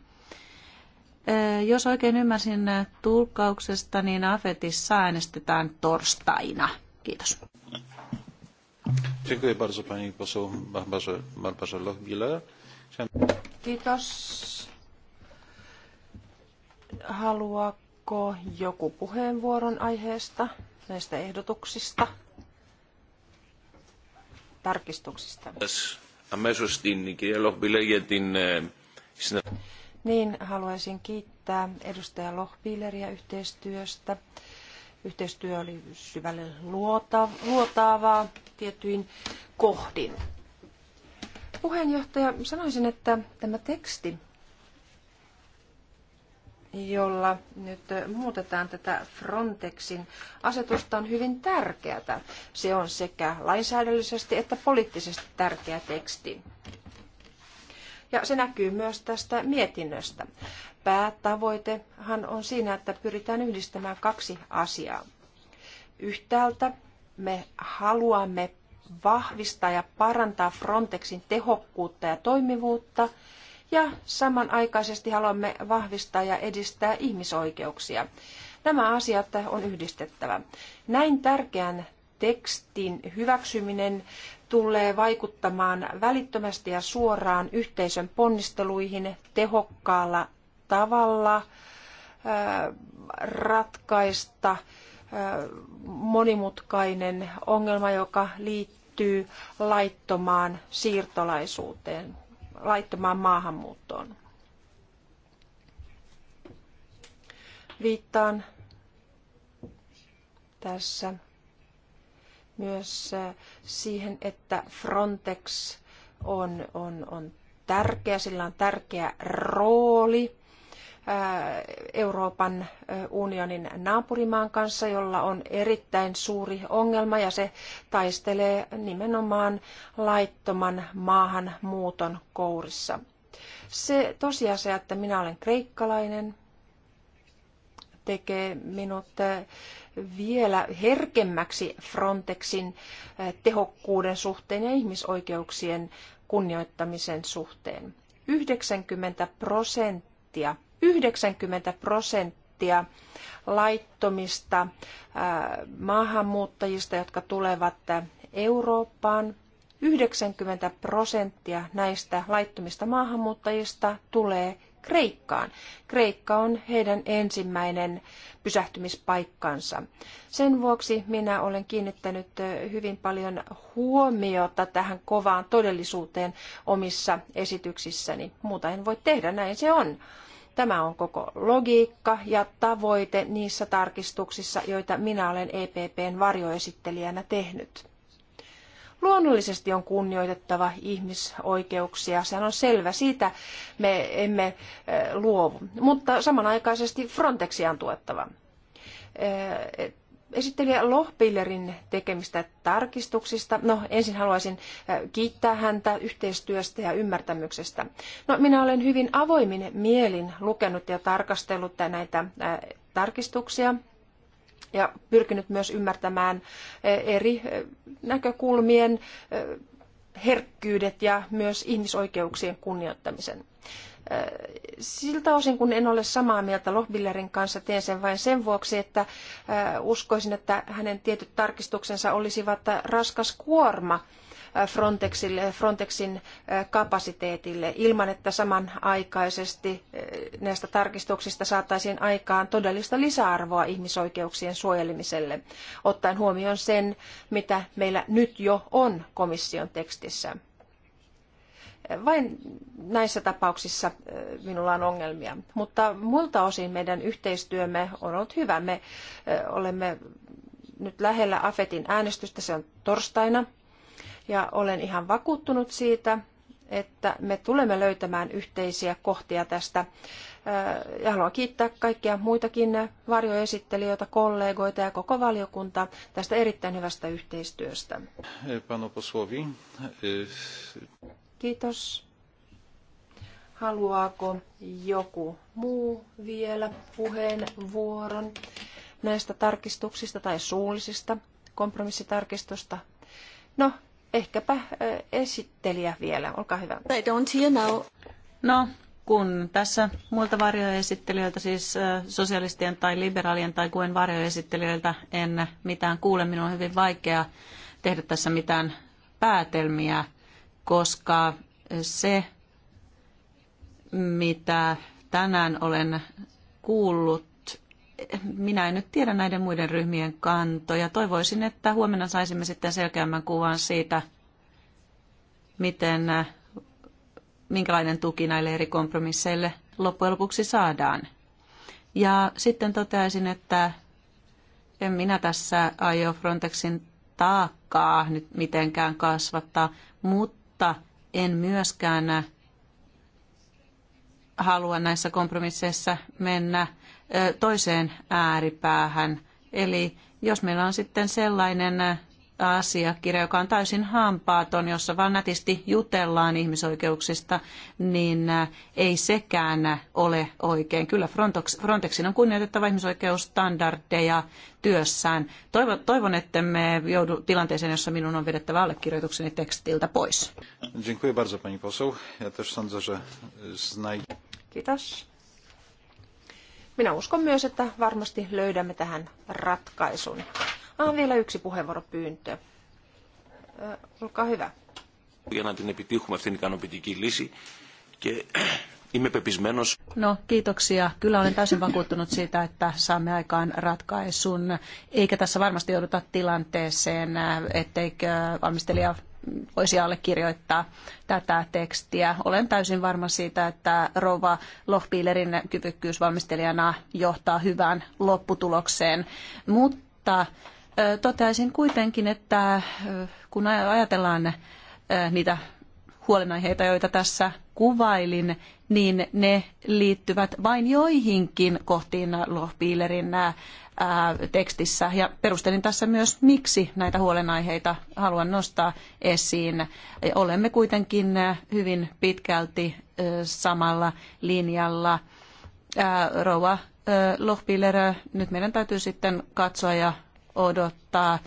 Jos oikein ymmärsin tulkkauksesta, niin AFETissa äänestetään torstaina. Kiitos. Kiitos. Haluaako joku puheenvuoron aiheesta? näistä ehdotuksista, tarkistuksista. Eh, niin, haluaisin kiittää edustaja Lohbileria yhteistyöstä. Yhteistyö oli syvälle luotaavaa tiettyin kohdin. Puheenjohtaja, sanoisin, että tämä teksti jolla nyt muutetaan tätä Frontexin asetusta on hyvin tärkeää. Se on sekä lainsäädännöllisesti että poliittisesti tärkeä teksti. Ja se näkyy myös tästä mietinnöstä. Päätavoitehan on siinä, että pyritään yhdistämään kaksi asiaa. Yhtäältä me haluamme vahvistaa ja parantaa Frontexin tehokkuutta ja toimivuutta – ja samanaikaisesti haluamme vahvistaa ja edistää ihmisoikeuksia. Nämä asiat on yhdistettävä. Näin tärkeän tekstin hyväksyminen tulee vaikuttamaan välittömästi ja suoraan yhteisön ponnisteluihin tehokkaalla tavalla äh, ratkaista äh, monimutkainen ongelma, joka liittyy laittomaan siirtolaisuuteen laittomaan maahanmuuttoon. Viittaan tässä myös äh, siihen, että Frontex on, on, on tärkeä, sillä on tärkeä rooli Äh, Euroopan äh, unionin naapurimaan kanssa, jolla on erittäin suuri ongelma ja se taistelee nimenomaan laittoman maahanmuuton kourissa. Se tosiasia, että minä olen kreikkalainen, tekee minut äh, vielä herkemmäksi Frontexin tehokkuuden suhteen ja ihmisoikeuksien kunnioittamisen suhteen. 90 prosenttia 90 prosenttia laittomista äh, maahanmuuttajista, jotka tulevat äh, Eurooppaan, 90 prosenttia näistä laittomista maahanmuuttajista tulee Kreikkaan. Kreikka on heidän ensimmäinen pysähtymispaikkansa. Sen vuoksi minä olen kiinnittänyt äh, hyvin paljon huomiota tähän kovaan todellisuuteen omissa esityksissäni. Muuta en voi tehdä, näin se on. Tämä on koko logiikka ja tavoite niissä tarkistuksissa, joita minä olen EPPn varjoesittelijänä tehnyt. Luonnollisesti on kunnioitettava ihmisoikeuksia, sehän on selvä, siitä me emme eh, luovu, mutta samanaikaisesti Frontexia on tuettava eh, esittelijä Lohpillerin tekemistä tarkistuksista. No, ensin haluaisin äh, kiittää häntä yhteistyöstä ja ymmärtämyksestä. No, minä olen hyvin avoimin mielin lukenut ja tarkastellut näitä äh, tarkistuksia ja pyrkinyt myös ymmärtämään äh, eri näkökulmien herkkyydet ja myös ihmisoikeuksien kunnioittamisen siltä osin, kun en ole samaa mieltä Lohbillerin kanssa, teen sen vain sen vuoksi, että äh, uskoisin, että hänen tietyt tarkistuksensa olisivat äh, raskas kuorma äh, Frontexille, Frontexin kapasiteetille ilman, että samanaikaisesti näistä tarkistuksista saataisiin aikaan todellista lisäarvoa ihmisoikeuksien suojelemiselle, ottaen huomioon sen, mitä meillä nyt jo on komission tekstissä. Vain näissä tapauksissa minulla on ongelmia, mutta muilta osin meidän yhteistyömme on ollut hyvä. Me olemme nyt lähellä AFETin äänestystä, se on torstaina, ja olen ihan vakuuttunut siitä, että me tulemme löytämään yhteisiä kohtia tästä. Ja haluan kiittää kaikkia muitakin varjoesittelijöitä, kollegoita ja koko valiokunta tästä erittäin hyvästä yhteistyöstä. Pano posłowi. Kiitos. Haluaako joku muu vielä puheenvuoron näistä tarkistuksista tai suullisista kompromissitarkistusta? No, ehkäpä esittelijä vielä. Olkaa hyvä. I don't hear now. No, kun tässä muilta varjoesittelijöiltä, siis sosialistien tai liberaalien tai kuen varjoesittelijöiltä en mitään kuule, minun on hyvin vaikea tehdä tässä mitään päätelmiä koska se, mitä tänään olen kuullut, minä en nyt tiedä näiden muiden ryhmien kantoja. Toivoisin, että huomenna saisimme sitten selkeämmän kuvan siitä, miten, minkälainen tuki näille eri kompromisseille loppujen lopuksi saadaan. Ja sitten toteaisin, että en minä tässä aio Frontexin taakkaa nyt mitenkään kasvattaa, mutta mutta en myöskään halua näissä kompromisseissa mennä toiseen ääripäähän. Eli jos meillä on sitten sellainen asiakirja, joka on täysin hampaaton, jossa vaan nätisti jutellaan ihmisoikeuksista, niin ei sekään ole oikein. Kyllä Frontexin on kunnioitettava ihmisoikeusstandardeja työssään. Toivon, että me joudu tilanteeseen, jossa minun on vedettävä allekirjoitukseni tekstiltä pois. Ja Kiitos. Minä uskon myös, että varmasti löydämme tähän ratkaisun. On vielä yksi puheenvuoropyyntö. Olkaa hyvä. Για την επιτύχουμε αυτήν ικανοποιητική λύση και No kiitoksia. Kyllä olen täysin vakuuttunut siitä, että saamme aikaan ratkaisun. Eikä tässä varmasti jouduta tilanteeseen, etteikö valmistelija voisi allekirjoittaa tätä tekstiä. Olen täysin varma siitä, että Rova Lohpiilerin kyvykkyys valmistelijana johtaa hyvään lopputulokseen, mutta Toteaisin kuitenkin, että kun ajatellaan niitä huolenaiheita, joita tässä kuvailin, niin ne liittyvät vain joihinkin kohtiin Lohpiilerin tekstissä. Ja perustelin tässä myös, miksi näitä huolenaiheita haluan nostaa esiin. Olemme kuitenkin hyvin pitkälti samalla linjalla. Rouva Lohpiiler, nyt meidän täytyy sitten katsoa ja odottaa,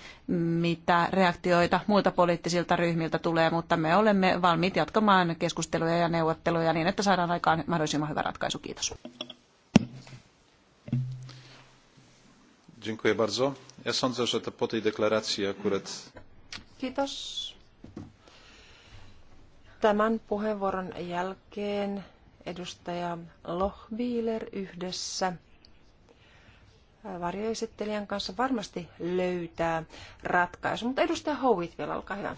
mitä reaktioita muilta poliittisilta ryhmiltä tulee, mutta me olemme valmiit jatkamaan keskusteluja ja neuvotteluja niin, että saadaan aikaan mahdollisimman hyvä ratkaisu. Kiitos. Dziękuję bardzo. Ja sądzę, że to po tej deklaracji akurat... Kiitos. Tämän puheenvuoron jälkeen edustaja Lohbiiler yhdessä varjoesittelijän kanssa varmasti löytää ratkaisu. Mutta edustaja Howitt vielä, olkaa hyvä.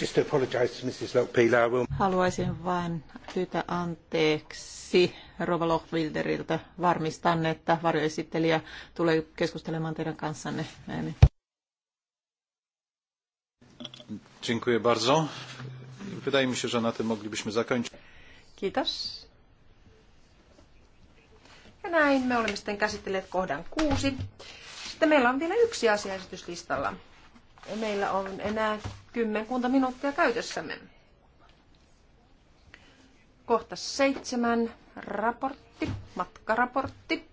Just apologize, Mrs. Haluaisin vain pyytää anteeksi Rova Lochwilderiltä. Varmistan, että varjoesittelijä tulee keskustelemaan teidän kanssanne Näin. Dziękuję bardzo. Wydaje mi się, że na tym moglibyśmy zakończyć. Kiitos. Ja näin me olemme sitten käsitelleet kohdan kuusi. Sitten meillä on vielä yksi asia esityslistalla. Meillä on enää kymmenkunta minuuttia käytössämme. Kohta seitsemän, raportti, matkaraportti.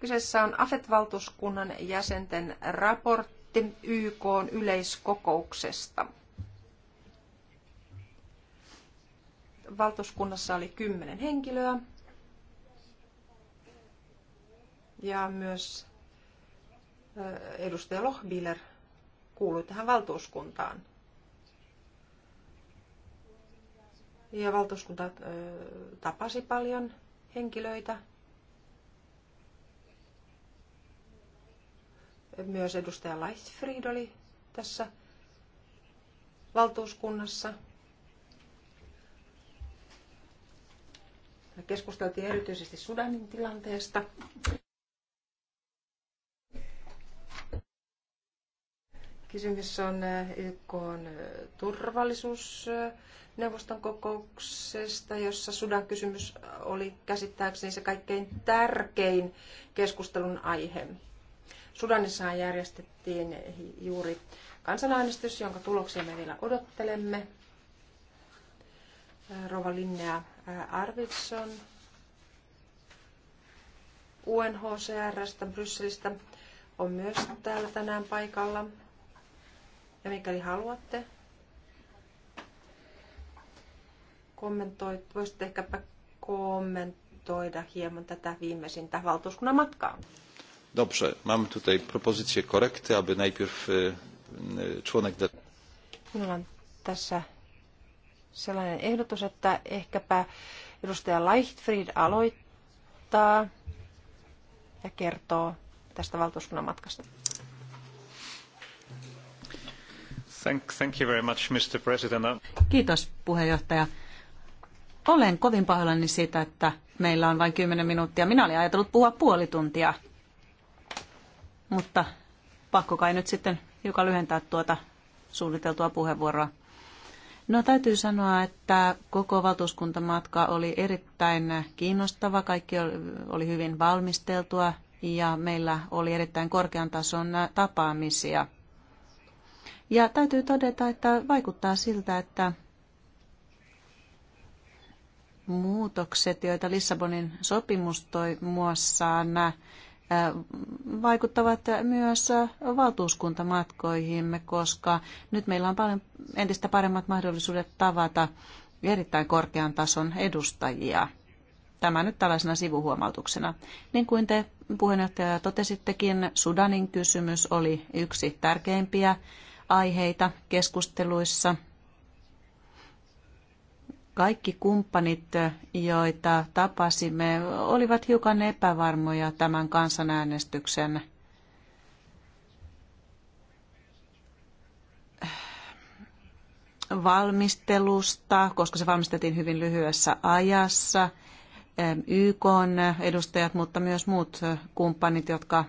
Kyseessä on AFET-valtuuskunnan jäsenten raportti YK yleiskokouksesta. valtuuskunnassa oli kymmenen henkilöä. Ja myös eh, edustaja Lohbiller kuului tähän valtuuskuntaan. Ja valtuuskunta eh, tapasi paljon henkilöitä. Myös edustaja Leisfried oli tässä valtuuskunnassa. keskusteltiin erityisesti Sudanin tilanteesta. Kysymys on eh, YK on eh, turvallisuusneuvoston kokouksesta, jossa Sudan kysymys oli käsittääkseni se kaikkein tärkein keskustelun aihe. Sudanissa järjestettiin juuri kansanäänestys, jonka tuloksia me vielä odottelemme. Eh, Rova Linnea Arvidsson UNHCRstä Brysselistä on myös täällä tänään paikalla. Ja mikäli haluatte, kommentoit, voisitte ehkäpä kommentoida hieman tätä viimeisintä valtuuskunnan matkaa. Dobrze, mam tutaj propozycję korekty, aby najpierw e, członek... Minulla on tässä sellainen ehdotus, että ehkäpä edustaja Leichtfried aloittaa ja kertoo tästä valtuuskunnan matkasta. Thank, thank you very much, Mr. President. Kiitos puheenjohtaja. Olen kovin pahoillani siitä, että meillä on vain 10 minuuttia. Minä olin ajatellut puhua puoli tuntia, mutta pakko kai nyt sitten hiukan lyhentää tuota suunniteltua puheenvuoroa. No täytyy sanoa, että koko valtuuskuntamatka oli erittäin kiinnostava. Kaikki oli hyvin valmisteltua ja meillä oli erittäin korkean tason tapaamisia. Ja täytyy todeta, että vaikuttaa siltä, että muutokset, joita Lissabonin sopimus toi muassaan, vaikuttavat myös valtuuskuntamatkoihimme, koska nyt meillä on paljon entistä paremmat mahdollisuudet tavata erittäin korkean tason edustajia. Tämä nyt tällaisena sivuhuomautuksena. Niin kuin te puheenjohtaja totesittekin, Sudanin kysymys oli yksi tärkeimpiä aiheita keskusteluissa – kaikki kumppanit, joita tapasimme, olivat hiukan epävarmoja tämän kansanäänestyksen valmistelusta, koska se valmisteltiin hyvin lyhyessä ajassa. YK edustajat, mutta myös muut kumppanit, jotka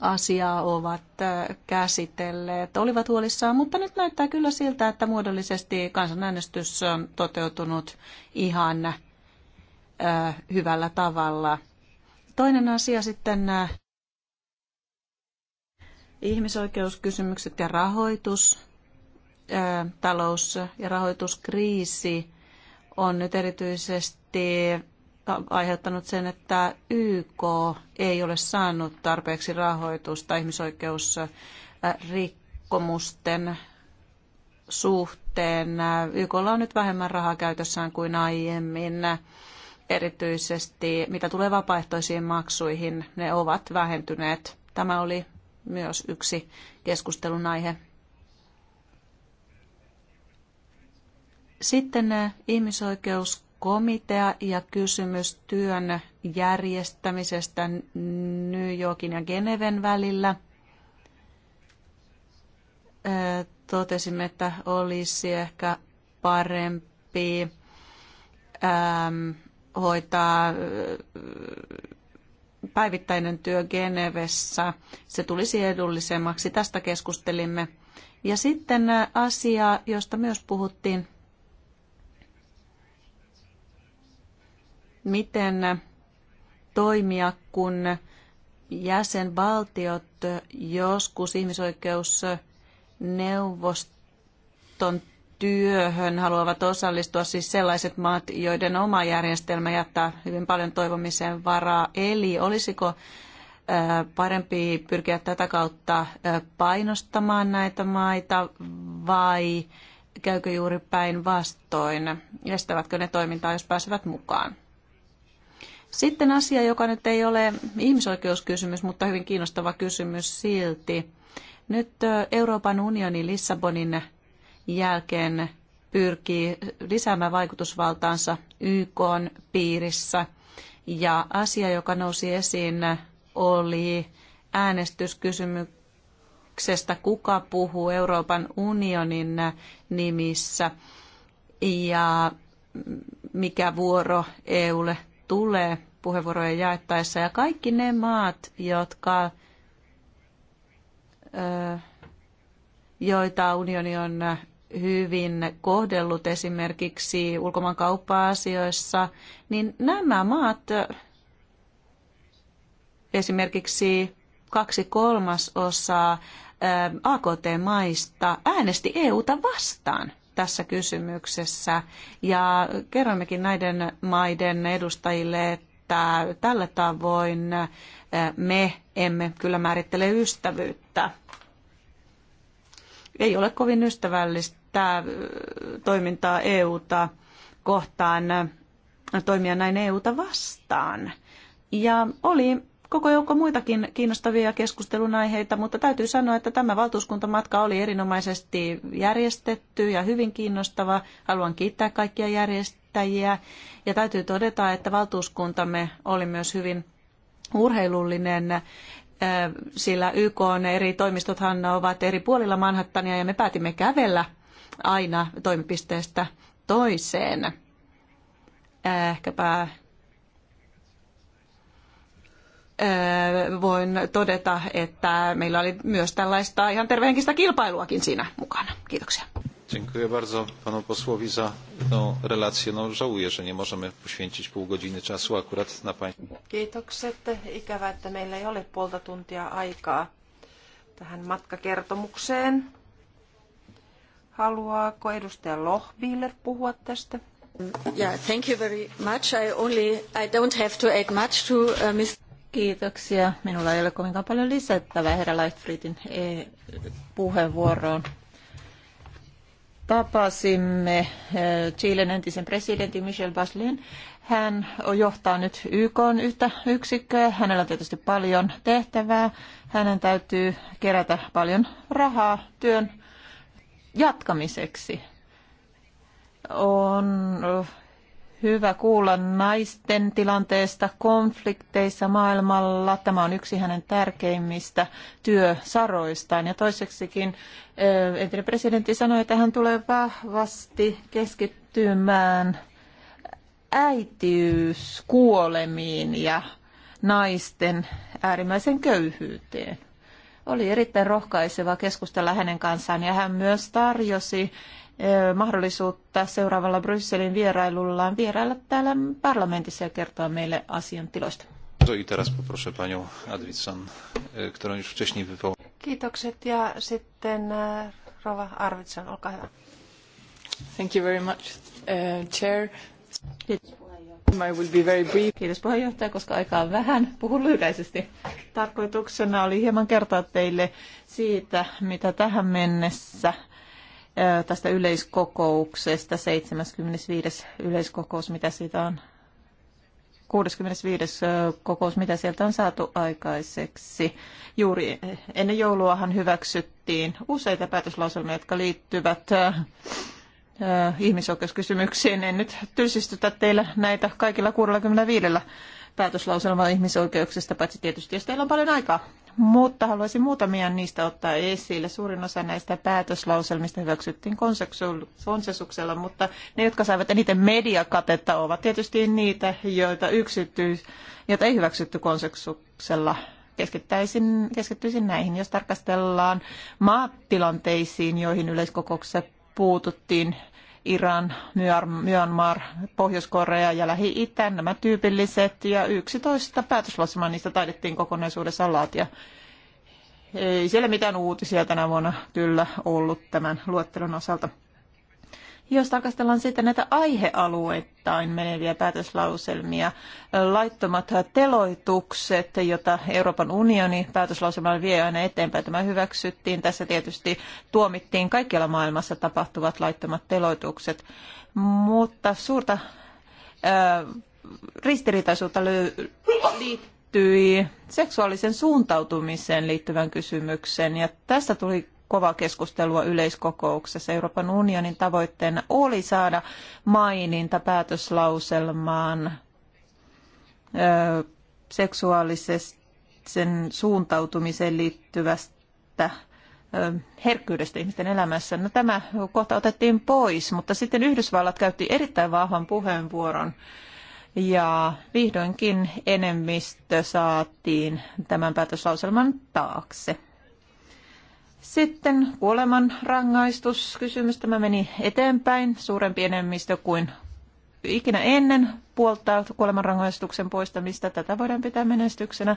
asiaa ovat äh, käsitelleet, olivat huolissaan, mutta nyt näyttää kyllä siltä, että muodollisesti kansanäänestys on toteutunut ihan äh, hyvällä tavalla. Toinen asia sitten nämä äh, ihmisoikeuskysymykset ja rahoitus, talous- ja rahoituskriisi on nyt erityisesti aiheuttanut sen, että YK ei ole saanut tarpeeksi rahoitusta ihmisoikeusrikkomusten suhteen. YKlla on nyt vähemmän rahaa käytössään kuin aiemmin. Erityisesti mitä tulee vapaaehtoisiin maksuihin, ne ovat vähentyneet. Tämä oli myös yksi keskustelun aihe. Sitten eh, ihmisoikeus komitea ja kysymys työn järjestämisestä New Yorkin ja Geneven välillä. Totesimme, että olisi ehkä parempi hoitaa päivittäinen työ Genevessä. Se tulisi edullisemmaksi. Tästä keskustelimme. Ja sitten asia, josta myös puhuttiin miten toimia, kun jäsenvaltiot joskus ihmisoikeusneuvoston työhön haluavat osallistua siis sellaiset maat, joiden oma järjestelmä jättää hyvin paljon toivomisen varaa. Eli olisiko parempi pyrkiä tätä kautta painostamaan näitä maita vai käykö juuri päinvastoin? Estävätkö ne toimintaa, jos pääsevät mukaan? Sitten asia, joka nyt ei ole ihmisoikeuskysymys, mutta hyvin kiinnostava kysymys silti. Nyt Euroopan unioni Lissabonin jälkeen pyrkii lisäämään vaikutusvaltaansa YK piirissä. Ja asia, joka nousi esiin, oli äänestyskysymyksestä, kuka puhuu Euroopan unionin nimissä ja mikä vuoro EUlle tulee puheenvuoroja jaettaessa. Ja kaikki ne maat, jotka, joita unioni on hyvin kohdellut esimerkiksi ulkomaankauppa-asioissa, niin nämä maat, esimerkiksi kaksi kolmasosaa AKT-maista, äänesti EUta vastaan – tässä kysymyksessä. Ja kerroimmekin näiden maiden edustajille, että tällä tavoin eh, me emme kyllä määrittele ystävyyttä. Ei ole kovin ystävällistä eh, toimintaa EUta kohtaan eh, toimia näin EUta vastaan. Ja oli koko joukko muitakin kiinnostavia keskustelun aiheita, mutta täytyy sanoa, että tämä valtuuskuntamatka oli erinomaisesti järjestetty ja hyvin kiinnostava. Haluan kiittää kaikkia järjestäjiä ja täytyy todeta, että valtuuskuntamme oli myös hyvin urheilullinen äh, sillä YK on eri toimistothan ovat eri puolilla Manhattania ja me päätimme kävellä aina toimipisteestä toiseen. Äh, ehkäpä voin todeta, että meillä oli myös tällaista ihan tervehenkistä kilpailuakin siinä mukana. Kiitoksia. Dziękuję bardzo panu posłowi za tę relację. No, żałuję, że nie możemy poświęcić pół godziny czasu akurat na państwa. Kiitokset. Ikävä, että meillä ei ole puolta tuntia aikaa tähän matkakertomukseen. Haluaako edustaja Lohbiller puhua tästä? Yeah, thank you very much. I only, I don't have to add much to uh, Mr. Kiitoksia. Minulla ei ole kovinkaan paljon lisättävää herra Lightfriedin eh, puheenvuoroon. Tapasimme eh, Chilen entisen presidentin Michel Bachelet. Hän johtaa nyt YK yhtä yksikköä. Hänellä on tietysti paljon tehtävää. Hänen täytyy kerätä paljon rahaa työn jatkamiseksi. On hyvä kuulla naisten tilanteesta konflikteissa maailmalla. Tämä on yksi hänen tärkeimmistä työsaroistaan. Ja toiseksikin eh, entinen presidentti sanoi, että hän tulee vahvasti keskittymään äitiyskuolemiin ja naisten äärimmäisen köyhyyteen. Oli erittäin rohkaiseva keskustella hänen kanssaan ja hän myös tarjosi mahdollisuutta seuraavalla Brysselin vierailullaan vierailla täällä parlamentissa ja kertoa meille asian tiloista. E, Kiitokset ja sitten e, Rova Arvitsan, olkaa hyvä. Thank you very much, uh, Chair. Kiitos I will be very brief. Kiitos puheenjohtaja, koska aikaa on vähän. Puhun lyhyesti. Tarkoituksena oli hieman kertoa teille siitä, mitä tähän mennessä – tästä yleiskokouksesta, 75. yleiskokous, mitä siitä on 65. kokous, mitä sieltä on saatu aikaiseksi. Juuri ennen jouluahan hyväksyttiin useita päätöslauselmia, jotka liittyvät ihmisoikeuskysymyksiin. En nyt tylsistytä teillä näitä kaikilla 65 Päätöslauselmaa ihmisoikeuksista, paitsi tietysti jos teillä on paljon aikaa. Mutta haluaisin muutamia niistä ottaa esille. Suurin osa näistä päätöslauselmista hyväksyttiin konsensuksella, mutta ne, jotka saivat eniten mediakatetta, ovat tietysti niitä, joita, yksityis, joita ei hyväksytty konsensuksella keskittäisin, keskittyisin näihin. Jos tarkastellaan maatilanteisiin, joihin yleiskokouksessa puututtiin, Iran, Myanmar, Pohjois-Korea ja Lähi-Itä, nämä tyypilliset, ja 11 päätöslausumaa niistä taidettiin kokonaisuudessaan laatia. Ei siellä mitään uutisia tänä vuonna kyllä ollut tämän luettelon osalta. Jos tarkastellaan sitten näitä aihealueittain meneviä päätöslauselmia, laittomat teloitukset, jota Euroopan unioni päätöslauselmalla vie aina eteenpäin, tämä hyväksyttiin. Tässä tietysti tuomittiin kaikkialla maailmassa tapahtuvat laittomat teloitukset, mutta suurta ristiriitaisuutta liittyi seksuaalisen suuntautumiseen liittyvän kysymyksen ja tästä tuli kovaa keskustelua yleiskokouksessa. Euroopan unionin tavoitteena oli saada maininta päätöslauselmaan seksuaalisen suuntautumiseen liittyvästä herkkyydestä ihmisten elämässä. No, tämä kohta otettiin pois, mutta sitten Yhdysvallat käytti erittäin vahvan puheenvuoron ja vihdoinkin enemmistö saatiin tämän päätöslauselman taakse. Sitten kuoleman Kysymys Tämä meni eteenpäin suurempi enemmistö kuin ikinä ennen puoltaa kuolemanrangaistuksen poistamista. Tätä voidaan pitää menestyksenä.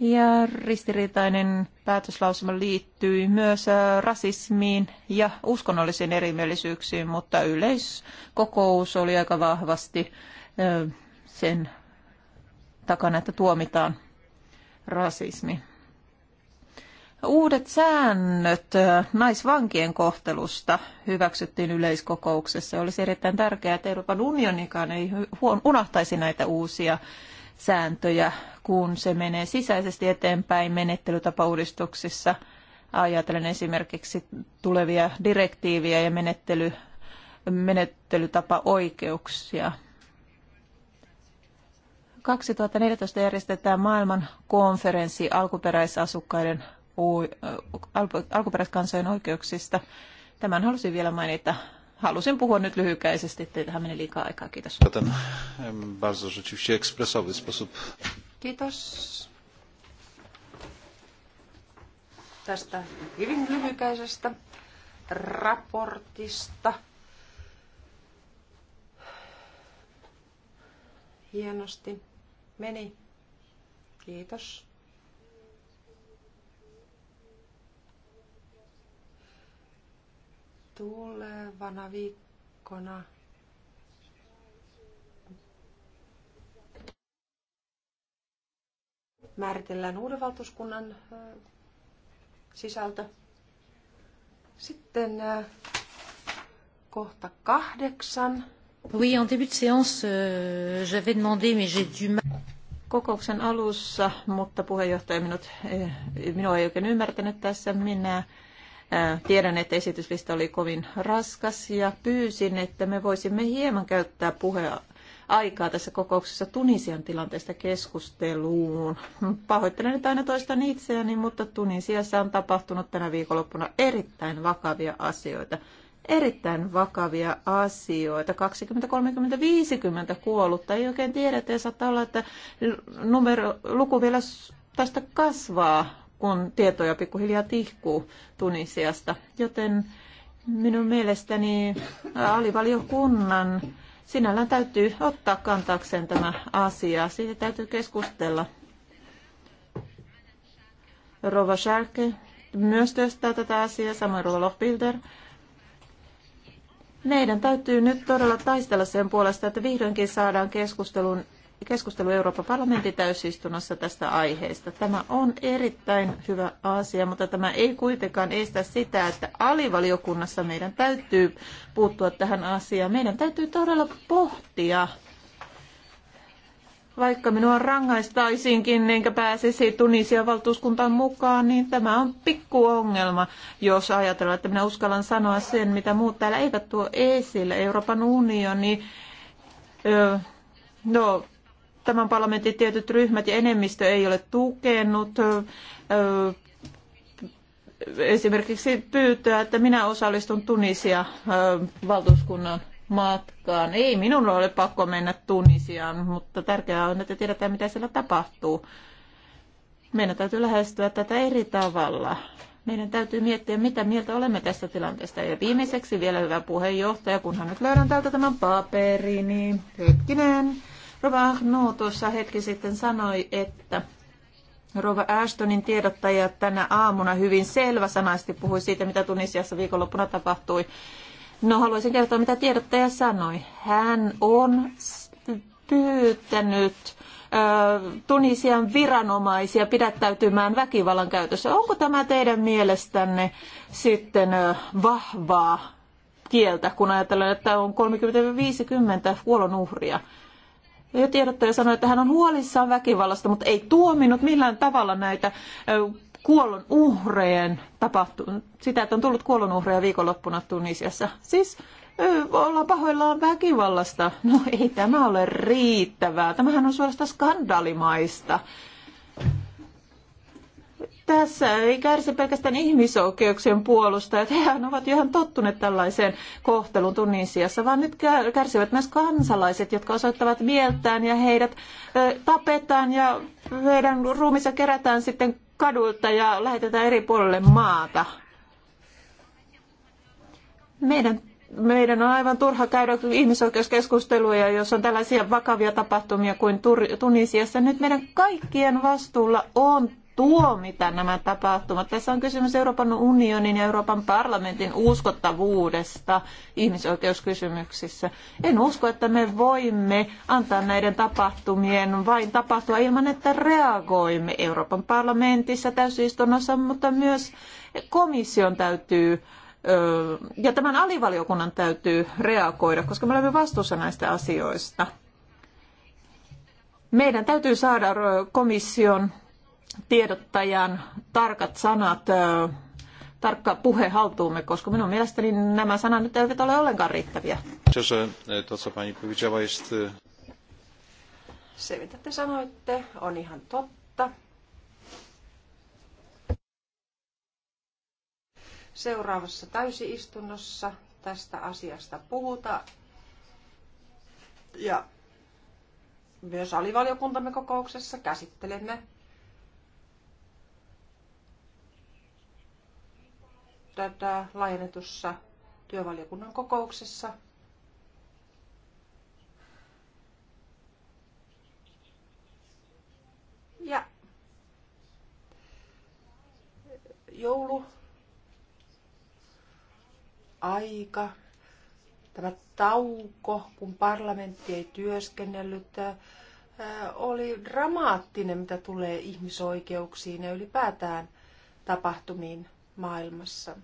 Ja ristiriitainen päätöslausuma liittyy myös äh, rasismiin ja uskonnollisiin erimielisyyksiin, mutta yleiskokous oli aika vahvasti äh, sen takana, että tuomitaan rasismi. Uudet säännöt naisvankien kohtelusta hyväksyttiin yleiskokouksessa. Olisi erittäin tärkeää, että Euroopan unionikaan ei unohtaisi näitä uusia sääntöjä, kun se menee sisäisesti eteenpäin menettelytapauudistuksissa. Ajatellen esimerkiksi tulevia direktiiviä ja menettely, menettelytapaoikeuksia. 2014 järjestetään maailman konferenssi alkuperäisasukkaiden puhui alkuperäiskansojen oikeuksista. Tämän halusin vielä mainita. Halusin puhua nyt lyhykäisesti, ettei tähän mene liikaa aikaa. Kiitos. Kiitos tästä hyvin lyhykäisestä raportista. Hienosti meni. Kiitos. tulevana viikkona määritellään uuden valtuuskunnan sisältö. Sitten kohta kahdeksan. Oui, en début de séance, euh, j'avais demandé, mais j'ai dû... Kokouksen alussa, mutta puheenjohtaja minut, eh, minua ei oikein ymmärtänyt tässä. Minä Tiedän, että esityslista oli kovin raskas ja pyysin, että me voisimme hieman käyttää puhea aikaa tässä kokouksessa Tunisian tilanteesta keskusteluun. Pahoittelen, että aina toistan itseäni, mutta Tunisiassa on tapahtunut tänä viikonloppuna erittäin vakavia asioita. Erittäin vakavia asioita. 20, 30, 50 kuollutta. Ei oikein tiedetä ja saattaa olla, että numero, luku vielä tästä kasvaa kun tietoja pikkuhiljaa tihkuu Tunisiasta. Joten minun mielestäni alivaliokunnan sinällään täytyy ottaa kantaakseen tämä asia. Siitä täytyy keskustella. Rova Schärke myös työstää tätä asiaa, samoin Rova Lohbilder. Meidän täytyy nyt todella taistella sen puolesta, että vihdoinkin saadaan keskustelun keskustelu Euroopan parlamentin täysistunnossa tästä aiheesta. Tämä on erittäin hyvä asia, mutta tämä ei kuitenkaan estä sitä, että alivaliokunnassa meidän täytyy puuttua tähän asiaan. Meidän täytyy todella pohtia, vaikka minua rangaistaisiinkin enkä pääsisi Tunisian valtuuskuntaan mukaan, niin tämä on ongelma, jos ajatellaan, että minä uskallan sanoa sen, mitä muut täällä eivät tuo esille. Euroopan unioni, no tämän parlamentin tietyt ryhmät ja enemmistö ei ole tukenut esimerkiksi pyytää, että minä osallistun Tunisia valtuuskunnan matkaan. Ei minulla ole pakko mennä Tunisiaan, mutta tärkeää on, että tiedetään, mitä siellä tapahtuu. Meidän täytyy lähestyä tätä eri tavalla. Meidän täytyy miettiä, mitä mieltä olemme tästä tilanteesta. Ja viimeiseksi vielä hyvä puheenjohtaja, kunhan nyt löydän täältä tämän paperini. Hetkinen. Rova Ahnu tuossa hetki sitten sanoi, että Rova Ashtonin tiedottaja tänä aamuna hyvin selväsanaisesti puhui siitä, mitä Tunisiassa viikonloppuna tapahtui. No haluaisin kertoa, mitä tiedottaja sanoi. Hän on pyytänyt Tunisian viranomaisia pidättäytymään väkivallan käytössä. Onko tämä teidän mielestänne sitten vahvaa kieltä, kun ajatellaan, että on 30-50 kuolonuhria? uhria? Ja tiedottaja sanoi, että hän on huolissaan väkivallasta, mutta ei tuominut millään tavalla näitä kuollon uhreen tapahtu, sitä, että on tullut kuollon uhreja viikonloppuna Tunisiassa. Siis ollaan pahoillaan väkivallasta. No ei tämä ole riittävää. Tämähän on suorastaan skandaalimaista tässä ei kärsi pelkästään ihmisoikeuksien puolustajat. Hehän ovat jo ihan tottuneet tällaiseen kohteluun Tunisiassa, vaan nyt kärsivät myös kansalaiset, jotka osoittavat mieltään ja heidät tapetaan ja heidän ruumiinsa kerätään sitten kadulta ja lähetetään eri puolille maata. Meidän meidän on aivan turha käydä ihmisoikeuskeskusteluja, jos on tällaisia vakavia tapahtumia kuin Tunisiassa. Nyt meidän kaikkien vastuulla on tuomita nämä tapahtumat. Tässä on kysymys Euroopan unionin ja Euroopan parlamentin uskottavuudesta ihmisoikeuskysymyksissä. En usko, että me voimme antaa näiden tapahtumien vain tapahtua ilman, että reagoimme Euroopan parlamentissa täysistunnossa, mutta myös komission täytyy ja tämän alivaliokunnan täytyy reagoida, koska me olemme vastuussa näistä asioista. Meidän täytyy saada komission tiedottajan tarkat sanat, tarkka puhe haltuumme, koska minun mielestäni nämä sanat nyt eivät ole ollenkaan riittäviä. E, e, Se, mitä te sanoitte, on ihan totta. Seuraavassa täysiistunnossa tästä asiasta puhutaan. Ja myös alivaliokuntamme kokouksessa käsittelemme tätä laajennetussa työvaliokunnan kokouksessa. Ja joulu aika, tämä tauko, kun parlamentti ei työskennellyt, oli dramaattinen, mitä tulee ihmisoikeuksiin ja ylipäätään tapahtumiin maailmassa.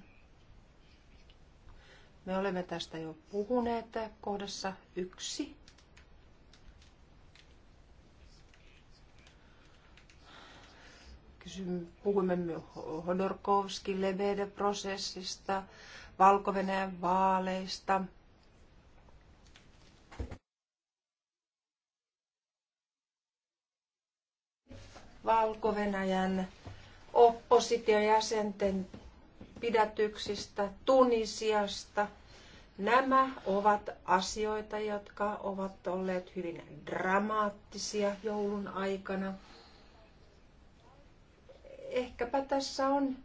Me olemme tästä jo puhuneet kohdassa yksi. Kysyn, puhuimme Hodorkovskin Lebede-prosessista, valko vaaleista. Valko-Venäjän Oppositiojäsenten pidätyksistä, Tunisiasta. Nämä ovat asioita, jotka ovat olleet hyvin dramaattisia joulun aikana. Ehkäpä tässä on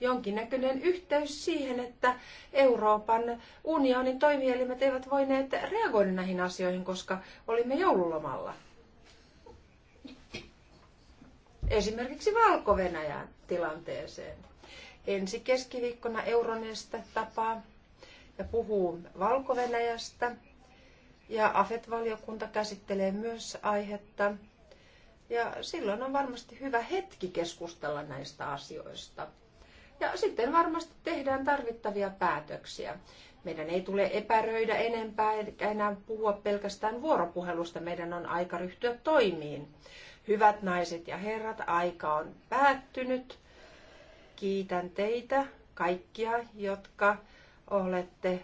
jonkinnäköinen yhteys siihen, että Euroopan unionin toimielimet eivät voineet reagoida näihin asioihin, koska olimme joululomalla esimerkiksi valko tilanteeseen. Ensi keskiviikkona Euroneste tapaa ja puhuu valko -Venäjästä. Ja AFET-valiokunta käsittelee myös aihetta. Ja silloin on varmasti hyvä hetki keskustella näistä asioista. Ja sitten varmasti tehdään tarvittavia päätöksiä. Meidän ei tule epäröidä enempää eikä enää puhua pelkästään vuoropuhelusta. Meidän on aika ryhtyä toimiin. Hyvät naiset ja herrat, aika on päättynyt. Kiitän teitä kaikkia, jotka olette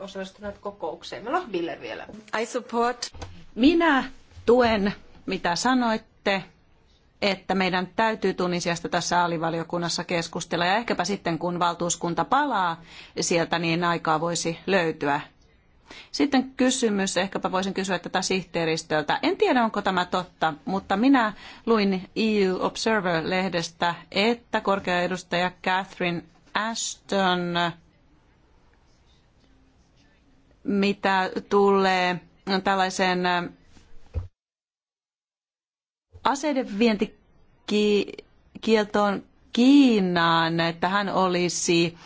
osallistuneet kokoukseen. Meillä on Biller vielä. I support. Minä tuen, mitä sanoitte, että meidän täytyy tunnisiasta tässä alivaliokunnassa keskustella. Ja ehkäpä sitten, kun valtuuskunta palaa sieltä, niin aikaa voisi löytyä sitten kysymys, ehkäpä voisin kysyä tätä sihteeristöltä. En tiedä, onko tämä totta, mutta minä luin EU Observer-lehdestä, että korkea edustaja Catherine Ashton, mitä tulee tällaiseen äh, aseiden vientikieltoon Kiinaan, että hän olisi,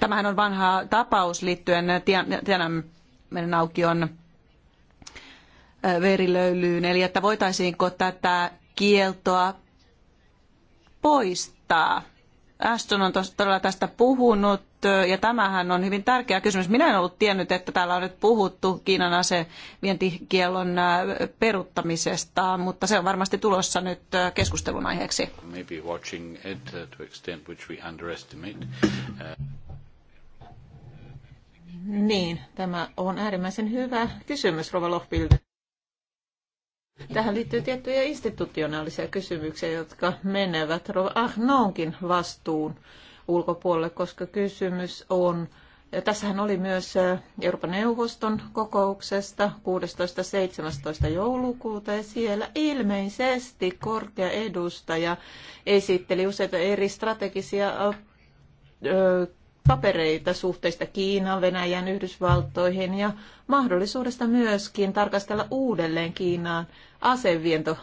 tämähän on vanha tapaus liittyen meidän aukion verilöylyyn, eli että voitaisiinko tätä kieltoa poistaa. Aston on todella tästä puhunut, ja tämähän on hyvin tärkeä kysymys. Minä en ollut tiennyt, että täällä on nyt puhuttu Kiinan asevientikielon peruttamisesta, mutta se on varmasti tulossa nyt keskustelun aiheeksi. Niin, tämä on äärimmäisen hyvä kysymys Rova Lohpilta. Tähän liittyy tiettyjä institutionaalisia kysymyksiä, jotka menevät Rova Ahnoonkin vastuun ulkopuolelle, koska kysymys on ja tässähän oli myös äh, Euroopan neuvoston kokouksesta 16-17 joulukuuta ja siellä ilmeisesti korkea edustaja esitteli useita eri strategisia äh, papereita suhteista Kiinaan, Venäjän, Yhdysvaltoihin ja mahdollisuudesta myöskin tarkastella uudelleen Kiinaan aseviento,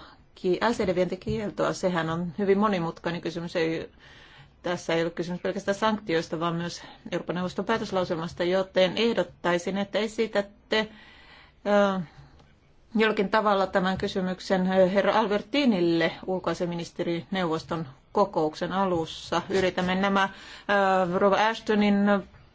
Sehän on hyvin monimutkainen kysymys. Ei, tässä ei ole kysymys pelkästään sanktioista, vaan myös Euroopan neuvoston päätöslauselmasta, joten ehdottaisin, että esitätte jollakin tavalla tämän kysymyksen eh, herra Albertinille ulkoministeri-neuvoston kokouksen alussa. Yritämme nämä äh, Rova Ashtonin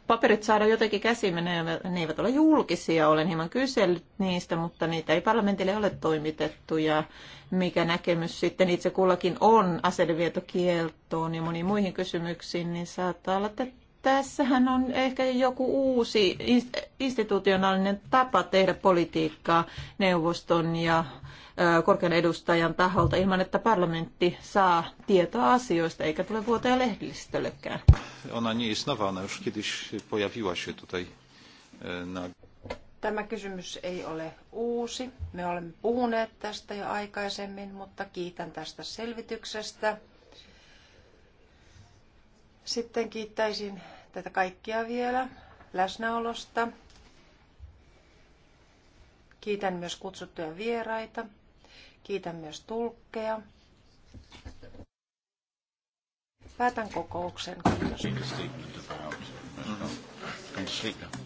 paperit saada jotenkin käsimme, ne, ne eivät ole julkisia, olen hieman kysellyt niistä, mutta niitä ei parlamentille ole toimitettu ja mikä näkemys sitten itse kullakin on aseidenvietokieltoon ja moniin muihin kysymyksiin, niin saattaa olla, että tässähän on ehkä joku uusi institutionaalinen tapa tehdä politiikkaa neuvoston ja korkean edustajan taholta ilman, että parlamentti saa tietoa asioista eikä tule vuoteja lehdistöllekään. Ona nie istnowana, już kiedyś pojawiła się tutaj e, na... Tämä kysymys ei ole uusi. Me olemme puhuneet tästä jo aikaisemmin, mutta kiitän tästä selvityksestä. Sitten kiittäisin tätä kaikkia vielä läsnäolosta. Kiitän myös kutsuttuja vieraita. Kiitän myös tulkkeja. Päätän kokouksen. Kiitos.